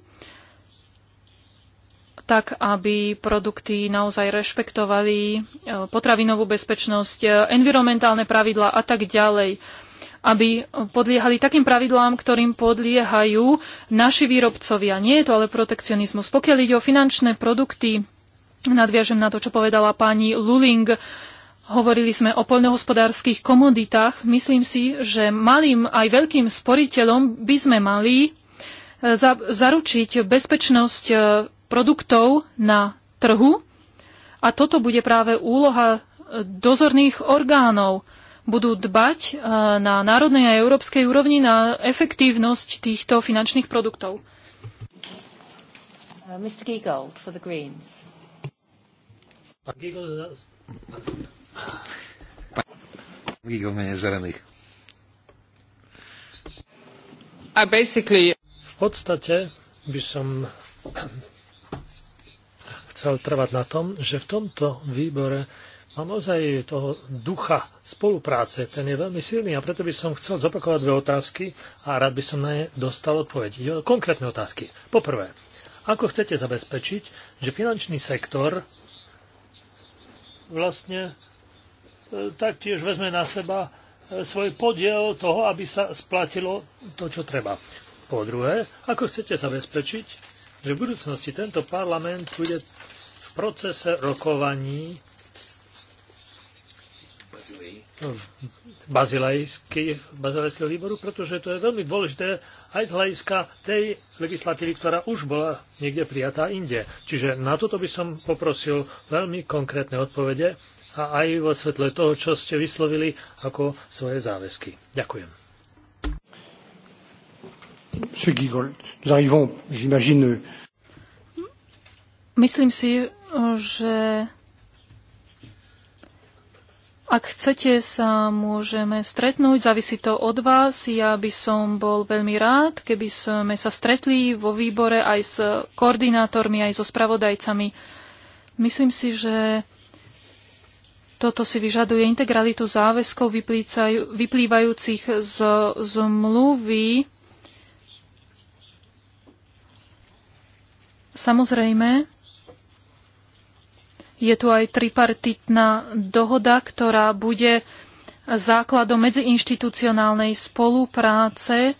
tak aby produkty naozaj rešpektovali e, potravinovú bezpečnosť, e, environmentálne pravidlá a tak ďalej aby podliehali takým pravidlám, ktorým podliehajú naši výrobcovia. Nie je to ale protekcionizmus. Pokiaľ ide o finančné produkty, nadviažem na to, čo povedala pani Luling, Hovorili sme o poľnohospodárskych komoditách. Myslím si, že malým aj veľkým sporiteľom by sme mali e, za, zaručiť bezpečnosť e, produktov na trhu. A toto bude práve úloha e, dozorných orgánov. Budú dbať na národnej a európskej úrovni na efektívnosť týchto finančných produktov. Uh, Mr. Giegold for the Greens. Giegold, v podstate by som chcel trvať na tom, že v tomto výbore mám ozaj toho ducha spolupráce. Ten je veľmi silný a preto by som chcel zopakovať dve otázky a rád by som na ne dostal odpoveď. Konkrétne otázky. Poprvé, ako chcete zabezpečiť, že finančný sektor vlastne E, taktiež vezme na seba e, svoj podiel toho, aby sa splatilo to, čo treba. Po druhé, ako chcete zabezpečiť, že v budúcnosti tento parlament bude v procese rokovaní v bazilejského výboru, pretože to je veľmi dôležité aj z hľadiska tej legislatívy, ktorá už bola niekde prijatá inde. Čiže na toto by som poprosil veľmi konkrétne odpovede a aj vo svetle toho, čo ste vyslovili ako svoje záväzky. Ďakujem. Myslím si, že ak chcete, sa môžeme stretnúť. Závisí to od vás. Ja by som bol veľmi rád, keby sme sa stretli vo výbore aj s koordinátormi, aj so spravodajcami. Myslím si, že toto si vyžaduje integralitu záväzkov vyplývajúcich z zmluvy. Samozrejme, je tu aj tripartitná dohoda, ktorá bude základom medziinštitucionálnej spolupráce,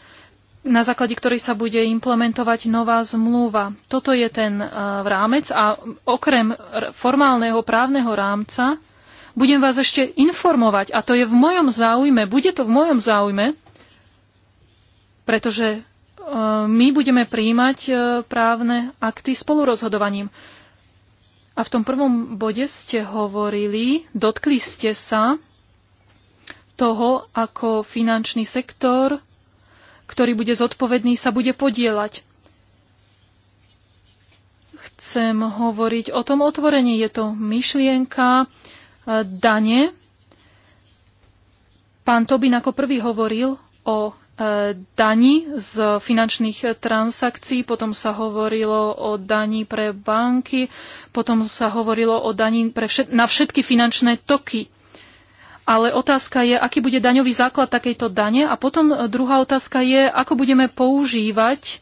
na základe ktorej sa bude implementovať nová zmluva. Toto je ten eh, rámec a okrem formálneho právneho rámca budem vás ešte informovať a to je v mojom záujme, bude to v mojom záujme, pretože e, my budeme príjmať e, právne akty spolurozhodovaním. A v tom prvom bode ste hovorili, dotkli ste sa toho, ako finančný sektor, ktorý bude zodpovedný, sa bude podielať. Chcem hovoriť o tom otvorení. Je to myšlienka, dane. Pán Tobin ako prvý hovoril o e, daní z finančných transakcií, potom sa hovorilo o daní pre banky, potom sa hovorilo o daní pre všet- na všetky finančné toky. Ale otázka je, aký bude daňový základ takejto dane a potom e, druhá otázka je, ako budeme používať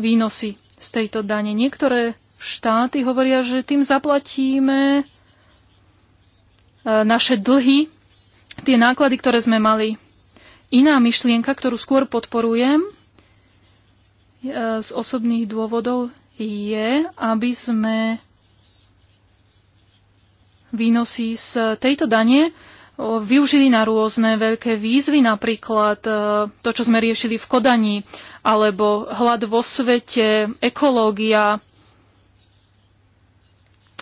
výnosy z tejto dane. Niektoré štáty hovoria, že tým zaplatíme E, naše dlhy, tie náklady, ktoré sme mali. Iná myšlienka, ktorú skôr podporujem e, z osobných dôvodov, je, aby sme výnosy z tejto dane e, využili na rôzne veľké výzvy, napríklad to, čo sme riešili v Kodani, alebo hlad vo svete, ekológia,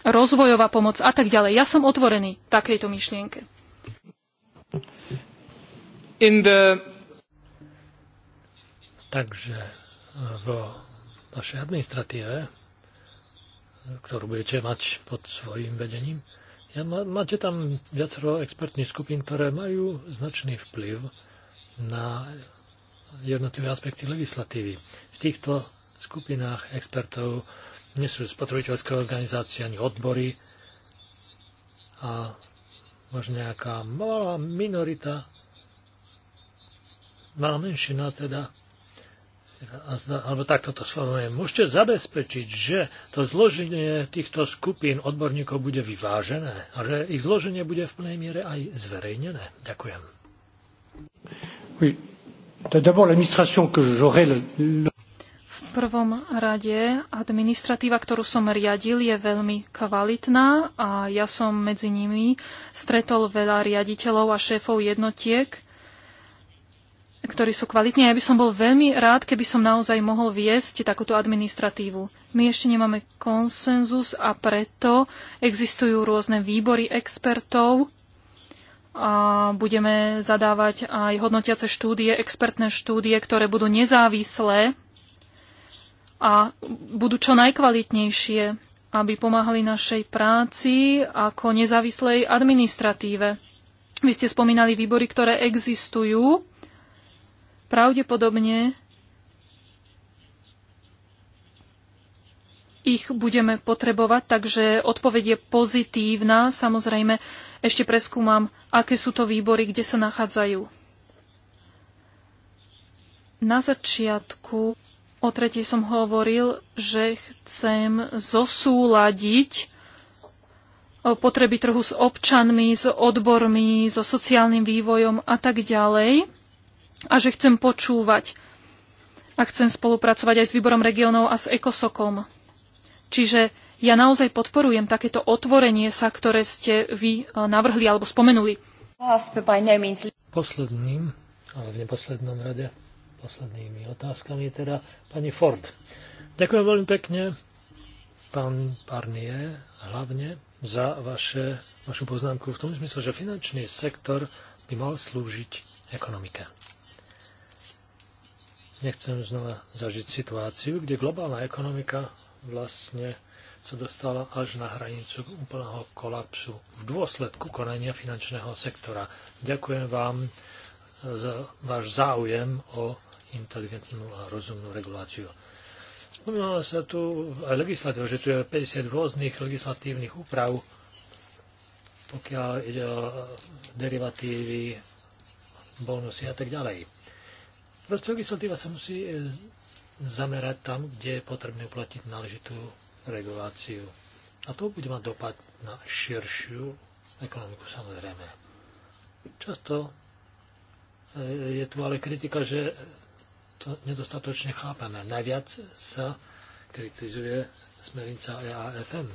rozvojová pomoc a tak ďalej. Ja som otvorený takejto myšlienke. In the... Takže eh, v našej administratíve, ktorú budete mať pod svojim vedením, ja, máte tam viacero expertných skupín, ktoré majú značný vplyv na jednotlivé aspekty legislatívy. V týchto skupinách expertov nie sú spotrebiteľské organizácie ani odbory a možno nejaká malá minorita, malá menšina teda, alebo takto to sformulujem, môžete zabezpečiť, že to zloženie týchto skupín odborníkov bude vyvážené a že ich zloženie bude v plnej miere aj zverejnené. Ďakujem. Oui. D'abord, l'administration que j'aurai le prvom rade administratíva, ktorú som riadil, je veľmi kvalitná a ja som medzi nimi stretol veľa riaditeľov a šéfov jednotiek, ktorí sú kvalitní. Ja by som bol veľmi rád, keby som naozaj mohol viesť takúto administratívu. My ešte nemáme konsenzus a preto existujú rôzne výbory expertov, a budeme zadávať aj hodnotiace štúdie, expertné štúdie, ktoré budú nezávislé a budú čo najkvalitnejšie, aby pomáhali našej práci ako nezávislej administratíve. Vy ste spomínali výbory, ktoré existujú. Pravdepodobne ich budeme potrebovať, takže odpoveď je pozitívna. Samozrejme, ešte preskúmam, aké sú to výbory, kde sa nachádzajú. Na začiatku O tretej som hovoril, že chcem zosúladiť e, potreby trhu s občanmi, s odbormi, so sociálnym vývojom a tak ďalej. A že chcem počúvať a chcem spolupracovať aj s výborom regionov a s ekosokom. Čiže ja naozaj podporujem takéto otvorenie sa, ktoré ste vy e, navrhli alebo spomenuli. No Posledným, ale v neposlednom rade, poslednými otázkami, teda pani Ford. Ďakujem veľmi pekne, pán Parnie, hlavne za vaše, vašu poznámku v tom zmysle, že finančný sektor by mal slúžiť ekonomike. Nechcem znova zažiť situáciu, kde globálna ekonomika vlastne sa dostala až na hranicu úplného kolapsu v dôsledku konania finančného sektora. Ďakujem vám za váš záujem o inteligentnú a rozumnú reguláciu. Spomínala sa tu aj legislatíva, že tu je 50 rôznych legislatívnych úprav, pokiaľ ide o derivatívy, bonusy a tak ďalej. Proste legislatíva sa musí e, zamerať tam, kde je potrebné platiť náležitú reguláciu. A to bude mať dopad na širšiu ekonomiku samozrejme. Často e, je tu ale kritika, že nedostatočne chápame. Najviac sa kritizuje smernica EAFM.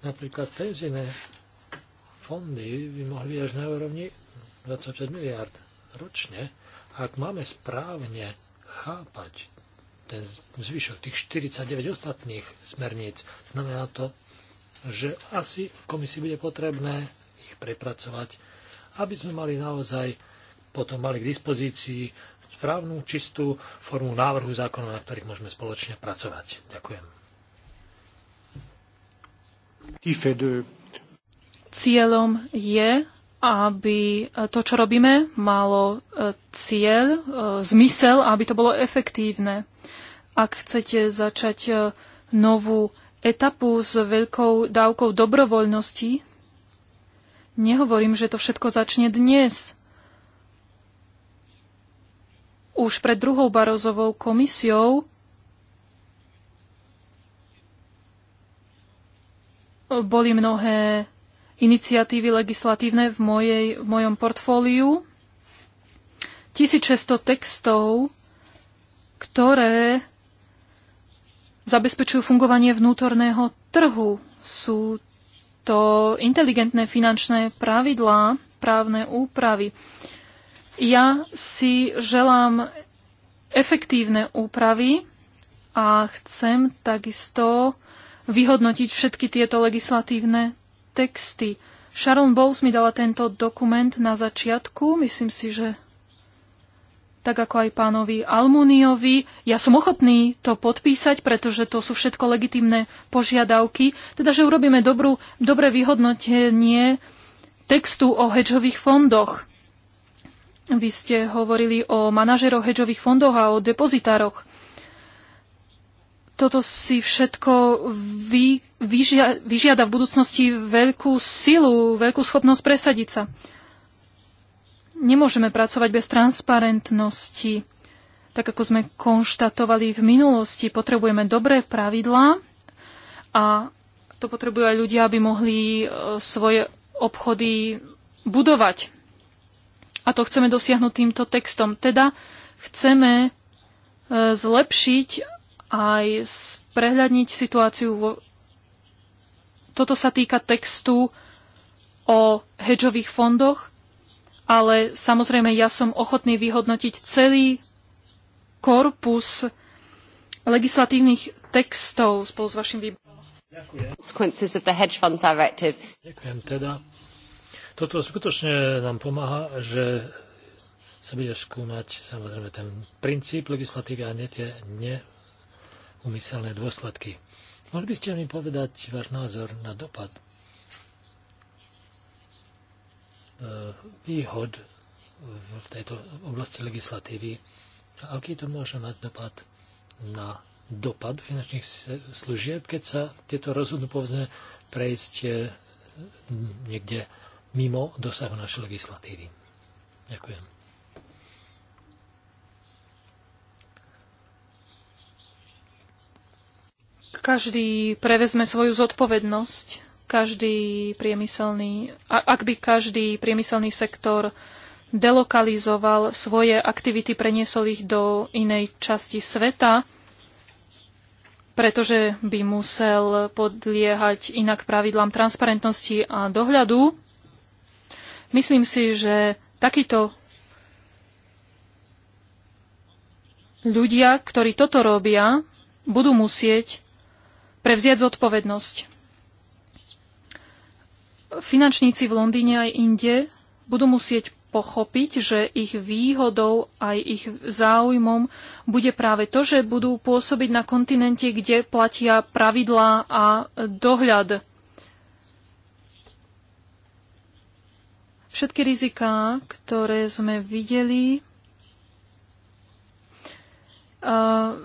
Napríklad penzíne fondy by mohli byť až na úrovni 25 miliard ročne. Ak máme správne chápať ten zvyšok tých 49 ostatných smerníc, znamená to, že asi v komisii bude potrebné ich prepracovať, aby sme mali naozaj potom mali k dispozícii správnu, čistú formu návrhu zákonov, na ktorých môžeme spoločne pracovať. Ďakujem. Cieľom je, aby to, čo robíme, malo e, cieľ, e, zmysel aby to bolo efektívne. Ak chcete začať e, novú etapu s veľkou dávkou dobrovoľnosti, nehovorím, že to všetko začne dnes už pred druhou Barozovou komisiou boli mnohé iniciatívy legislatívne v, mojej, v mojom portfóliu. 1600 textov, ktoré zabezpečujú fungovanie vnútorného trhu. Sú to inteligentné finančné pravidlá, právne úpravy. Ja si želám efektívne úpravy a chcem takisto vyhodnotiť všetky tieto legislatívne texty. Sharon Bowles mi dala tento dokument na začiatku, myslím si, že tak ako aj pánovi Almuniovi. Ja som ochotný to podpísať, pretože to sú všetko legitimné požiadavky, teda že urobíme dobrú, dobré vyhodnotenie textu o hedžových fondoch. Vy ste hovorili o manažeroch hedžových fondov a o depozitároch. Toto si všetko vy, vyžia, vyžiada v budúcnosti veľkú silu, veľkú schopnosť presadiť sa. Nemôžeme pracovať bez transparentnosti. Tak ako sme konštatovali v minulosti, potrebujeme dobré pravidlá a to potrebujú aj ľudia, aby mohli e, svoje obchody budovať a to chceme dosiahnuť týmto textom. Teda chceme e, zlepšiť aj sprehľadniť situáciu. Vo... Toto sa týka textu o hedžových fondoch, ale samozrejme ja som ochotný vyhodnotiť celý korpus legislatívnych textov spolu s vašim výborom. Ďakujem. Ďakujem teda toto skutočne nám pomáha, že sa bude skúmať samozrejme ten princíp legislatívy a nie tie neumyselné dôsledky. Mohli by ste mi povedať váš názor na dopad eh, výhod v tejto oblasti legislatívy a aký to môže mať dopad na dopad finančných služieb, keď sa tieto rozhodnú povedzme prejsť eh, niekde mimo dosahu našej legislatívy. Ďakujem. Každý prevezme svoju zodpovednosť. Každý priemyselný, ak by každý priemyselný sektor delokalizoval svoje aktivity, preniesol ich do inej časti sveta, pretože by musel podliehať inak pravidlám transparentnosti a dohľadu, Myslím si, že takíto ľudia, ktorí toto robia, budú musieť prevziať zodpovednosť. Finančníci v Londýne aj inde budú musieť pochopiť, že ich výhodou aj ich záujmom bude práve to, že budú pôsobiť na kontinente, kde platia pravidlá a dohľad. Všetky riziká, ktoré sme videli, eh,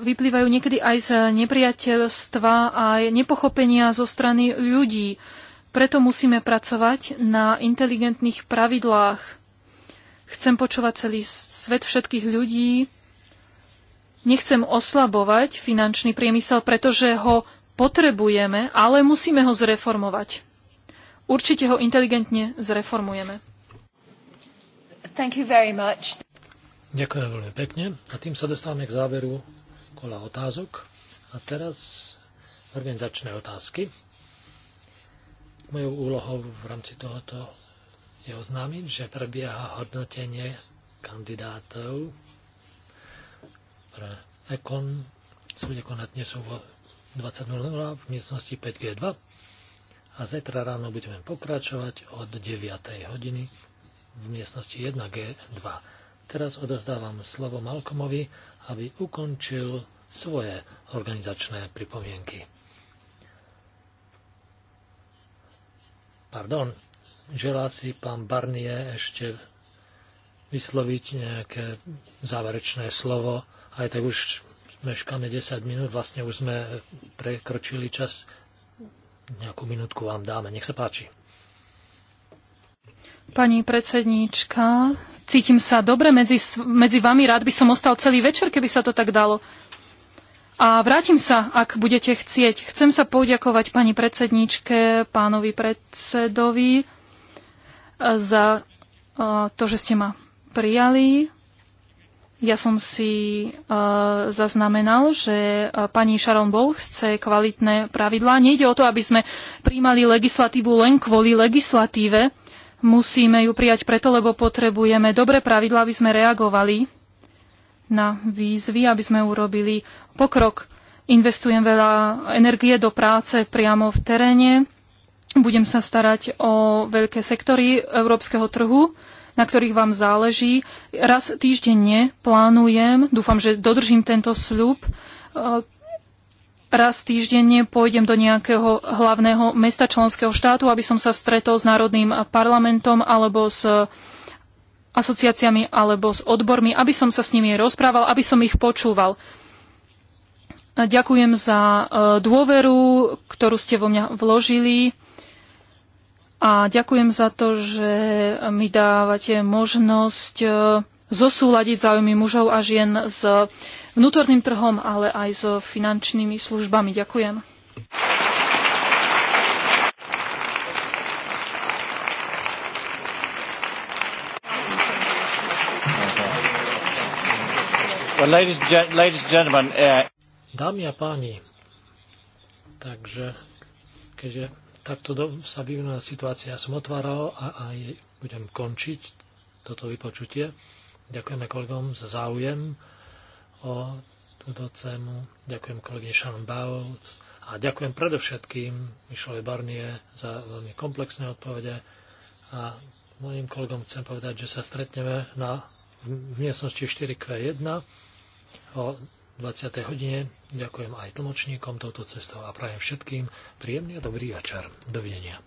vyplývajú niekedy aj z nepriateľstva a nepochopenia zo strany ľudí. Preto musíme pracovať na inteligentných pravidlách. Chcem počúvať celý svet všetkých ľudí. Nechcem oslabovať finančný priemysel, pretože ho potrebujeme, ale musíme ho zreformovať. Určite ho inteligentne zreformujeme. Thank you very much. Ďakujem veľmi pekne. A tým sa dostávame k záveru kola otázok. A teraz organizačné otázky. Mojou úlohou v rámci tohoto je oznámiť, že prebieha hodnotenie kandidátov pre Ekon. Súde konať dnes sú v 20.00 v miestnosti 5G2 a zajtra ráno budeme pokračovať od 9.00 hodiny v miestnosti 1G2. Teraz odozdávam slovo Malkomovi, aby ukončil svoje organizačné pripomienky. Pardon, želá si pán Barnie ešte vysloviť nejaké záverečné slovo. Aj tak už meškáme 10 minút, vlastne už sme prekročili čas. Nejakú minútku vám dáme, nech sa páči. Pani predsedníčka, cítim sa dobre medzi, medzi vami. Rád by som ostal celý večer, keby sa to tak dalo. A vrátim sa, ak budete chcieť. Chcem sa poďakovať pani predsedníčke, pánovi predsedovi e, za e, to, že ste ma prijali. Ja som si e, zaznamenal, že pani Sharon Bowles chce kvalitné pravidlá. Nejde o to, aby sme príjmali legislatívu len kvôli legislatíve, Musíme ju prijať preto, lebo potrebujeme dobré pravidlá, aby sme reagovali na výzvy, aby sme urobili pokrok. Investujem veľa energie do práce priamo v teréne. Budem sa starať o veľké sektory európskeho trhu, na ktorých vám záleží. Raz týždenne plánujem, dúfam, že dodržím tento sľub, raz týždenne pôjdem do nejakého hlavného mesta členského štátu, aby som sa stretol s Národným parlamentom alebo s asociáciami alebo s odbormi, aby som sa s nimi rozprával, aby som ich počúval. Ďakujem za e, dôveru, ktorú ste vo mňa vložili a ďakujem za to, že mi dávate možnosť e, zosúľadiť záujmy mužov a žien s vnútorným trhom, ale aj s finančnými službami. Ďakujem. Uh, Dámy a páni, takže keďže takto sa vyvinula situácia, som otváral a aj budem končiť toto vypočutie. Ďakujeme kolegom za záujem o túto tému. Ďakujem kolegyne Sharon Bowles a ďakujem predovšetkým Mišovi Barnie za veľmi komplexné odpovede a mojim kolegom chcem povedať, že sa stretneme na, v miestnosti 4Q1 o 20. hodine. Ďakujem aj tlmočníkom touto cestou a prajem všetkým príjemný a dobrý večer. Dovidenia.